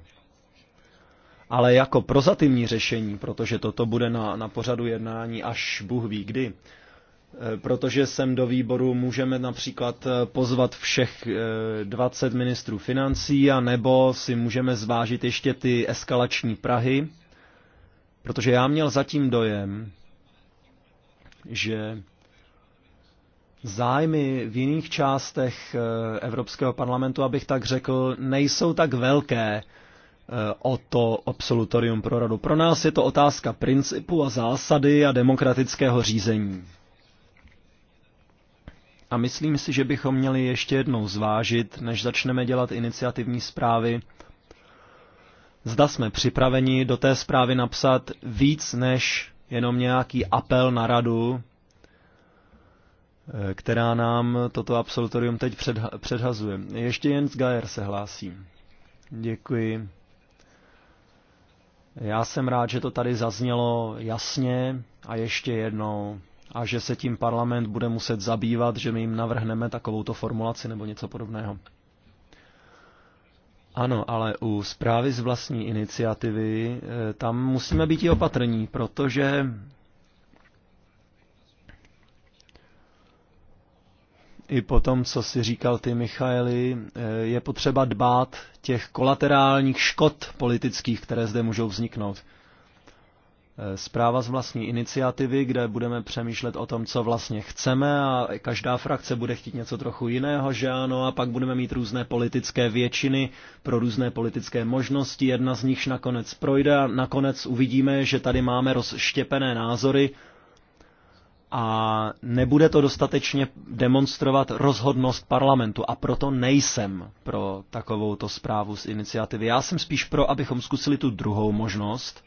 ale jako prozatímní řešení, protože toto bude na, na pořadu jednání až Bůh ví kdy, e, protože sem do výboru můžeme například e, pozvat všech 20 e, ministrů financí a nebo si můžeme zvážit ještě ty eskalační Prahy, protože já měl zatím dojem, že zájmy v jiných částech Evropského parlamentu, abych tak řekl, nejsou tak velké, Eh, o to absolutorium pro radu. Pro nás je to otázka principu a zásady a demokratického řízení. A myslím si, že bychom měli ještě jednou zvážit, než začneme dělat iniciativní zprávy, zda jsme připraveni do té zprávy napsat víc než jenom nějaký apel na radu, eh, která nám toto absolutorium teď předha- předhazuje. Ještě Jens Geier se hlásí. Děkuji. Já jsem rád, že to tady zaznělo jasně a ještě jednou a že se tím parlament bude muset zabývat, že my jim navrhneme takovouto formulaci nebo něco podobného. Ano, ale u zprávy z vlastní iniciativy eh, tam musíme být i opatrní, protože i po tom, co si říkal ty, Michaeli, eh, je potřeba dbát těch kolaterálních škod politických, které zde můžou vzniknout. Eh, zpráva z vlastní iniciativy, kde budeme přemýšlet o tom, co vlastně chceme a každá frakce bude chtít něco trochu jiného, že ano, a pak budeme mít různé politické většiny pro různé politické možnosti, jedna z nich nakonec projde a nakonec uvidíme, že tady máme rozštěpené názory a nebude to dostatečně demonstrovat rozhodnost parlamentu a proto nejsem pro takovouto zprávu z iniciativy. Já jsem spíš pro, abychom zkusili tu druhou možnost.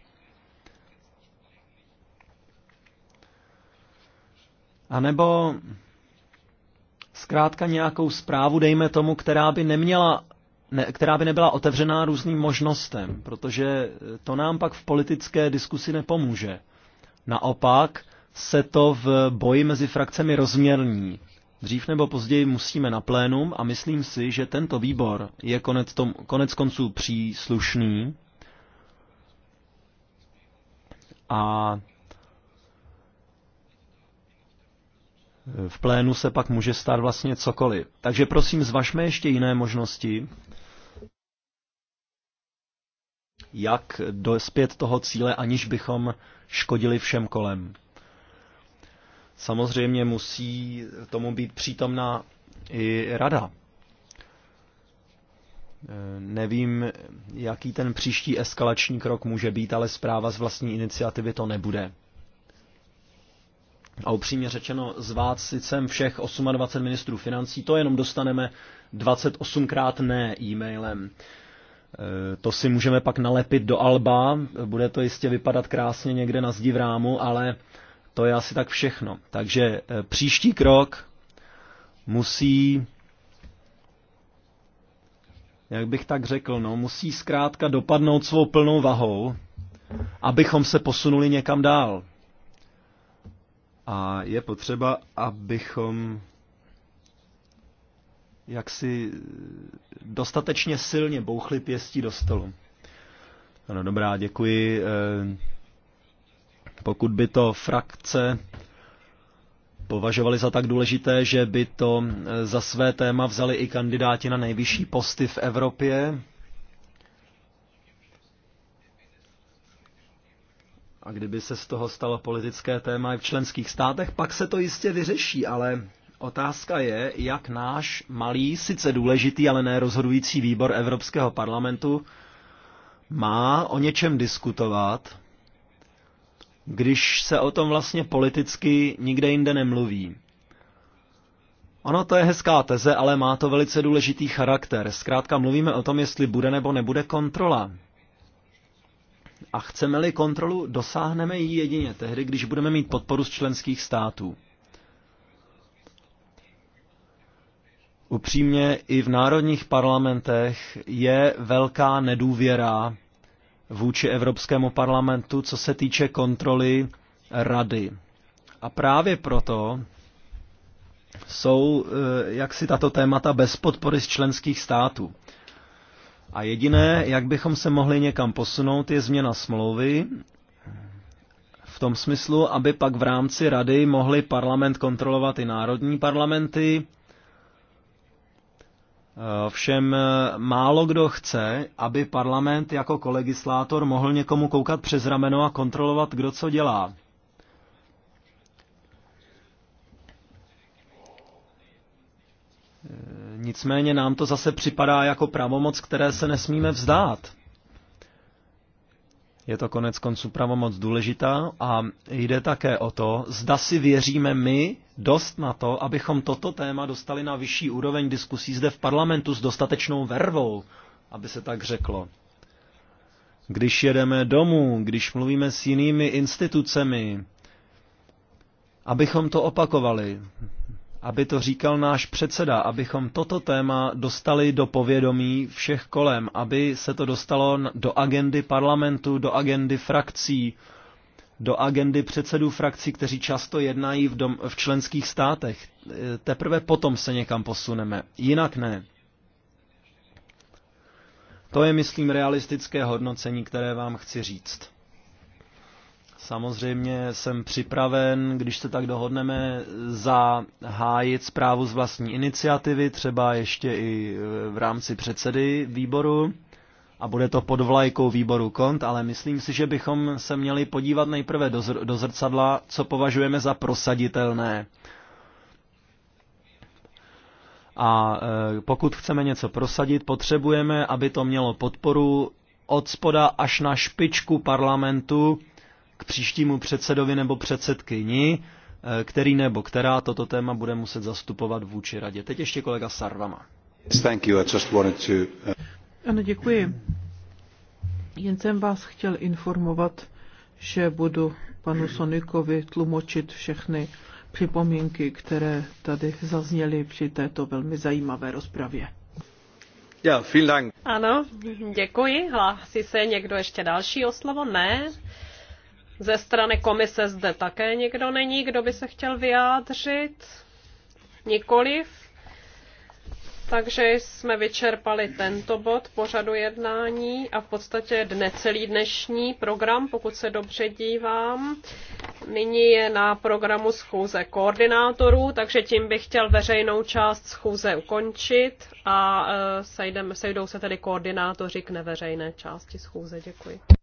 A nebo zkrátka nějakou zprávu, dejme tomu, která by neměla ne, která by nebyla otevřená různým možnostem, protože to nám pak v politické diskusi nepomůže. Naopak, se to v boji mezi frakcemi rozměrní. Dřív nebo později musíme na plénum a myslím si, že tento výbor je konec, tom, konec konců příslušný a v plénu se pak může stát vlastně cokoliv. Takže prosím, zvažme ještě jiné možnosti, jak dospět toho cíle, aniž bychom škodili všem kolem. Samozřejmě musí tomu být přítomná i rada. Eh, nevím, jaký ten příští eskalační krok může být, ale zpráva z vlastní iniciativy to nebude. A upřímně řečeno, zvát si sem všech 28 ministrů financí, to jenom dostaneme 28krát ne e-mailem. Eh, to si můžeme pak nalepit do alba, bude to jistě vypadat krásně někde na zdi v rámu, ale to je asi tak všechno. Takže eh, příští krok musí, jak bych tak řekl, no, musí zkrátka dopadnout svou plnou vahou, abychom se posunuli někam dál. A je potřeba, abychom jaksi dostatečně silně bouchli pěstí do stolu. No dobrá, děkuji. Eh, pokud by to frakce považovali za tak důležité, že by to e, za své téma vzali i kandidáti na nejvyšší posty v Evropě, A kdyby se z toho stalo politické téma i v členských státech, pak se to jistě vyřeší, ale otázka je, jak náš malý, sice důležitý, ale ne rozhodující výbor Evropského parlamentu má o něčem diskutovat, když se o tom vlastně politicky nikde jinde nemluví. Ono to je hezká teze, ale má to velice důležitý charakter. Zkrátka mluvíme o tom, jestli bude nebo nebude kontrola. A chceme-li kontrolu, dosáhneme ji jedině tehdy, když budeme mít podporu z členských států. Upřímně, i v národních parlamentech je velká nedůvěra vůči Evropskému parlamentu, co se týče kontroly rady. A právě proto jsou eh, jaksi tato témata bez podpory z členských států. A jediné, jak bychom se mohli někam posunout, je změna smlouvy v tom smyslu, aby pak v rámci rady mohli parlament kontrolovat i národní parlamenty Eh, Všem eh, málo kdo chce, aby parlament jako kolegislátor mohl někomu koukat přes rameno a kontrolovat, kdo co dělá. Eh, nicméně nám to zase připadá jako pravomoc, které se nesmíme vzdát. Je to konec konců pravomoc důležitá a jde také o to, zda si věříme my dost na to, abychom toto téma dostali na vyšší úroveň diskusí zde v parlamentu s dostatečnou vervou, aby se tak řeklo. Když jedeme domů, když mluvíme s jinými institucemi, abychom to opakovali aby to říkal náš předseda, abychom toto téma dostali do povědomí všech kolem, aby se to dostalo do agendy parlamentu, do agendy frakcí, do agendy předsedů frakcí, kteří často jednají v, dom- v členských státech. E, teprve potom se někam posuneme, jinak ne. To je, myslím, realistické hodnocení, které vám chci říct. Samozřejmě jsem připraven, když se tak dohodneme, zahájit zprávu z vlastní iniciativy, třeba ještě i e, v rámci předsedy výboru. A bude to pod vlajkou výboru kont, ale myslím si, že bychom se měli podívat nejprve do, zr- do zrcadla, co považujeme za prosaditelné. A e, pokud chceme něco prosadit, potřebujeme, aby to mělo podporu od spoda až na špičku parlamentu, k příštímu předsedovi nebo předsedkyni, eh, který nebo která toto téma bude muset zastupovat vůči radě. Teď ještě kolega Sarvama. thank you. I just wanted to... Uh, ano, děkuji. Jen jsem vás chtěl informovat, že budu panu Sonikovi tlumočit všechny připomínky, které tady zazněly při této velmi zajímavé rozpravě. Ja, vielen Dank. Ano, děkuji. Hlásí se někdo ještě další o slovo? Ne. Ze strany komise zde také někdo není, kdo by se chtěl vyjádřit? Nikoliv. Takže jsme vyčerpali tento bod pořadu jednání a v podstatě dne celý dnešní program, pokud se dobře dívám. Nyní je na programu schůze koordinátorů, takže tím bych chtěl veřejnou část schůze ukončit a e, sejdeme, sejdou se tedy koordinátoři k neveřejné části schůze. Děkuji.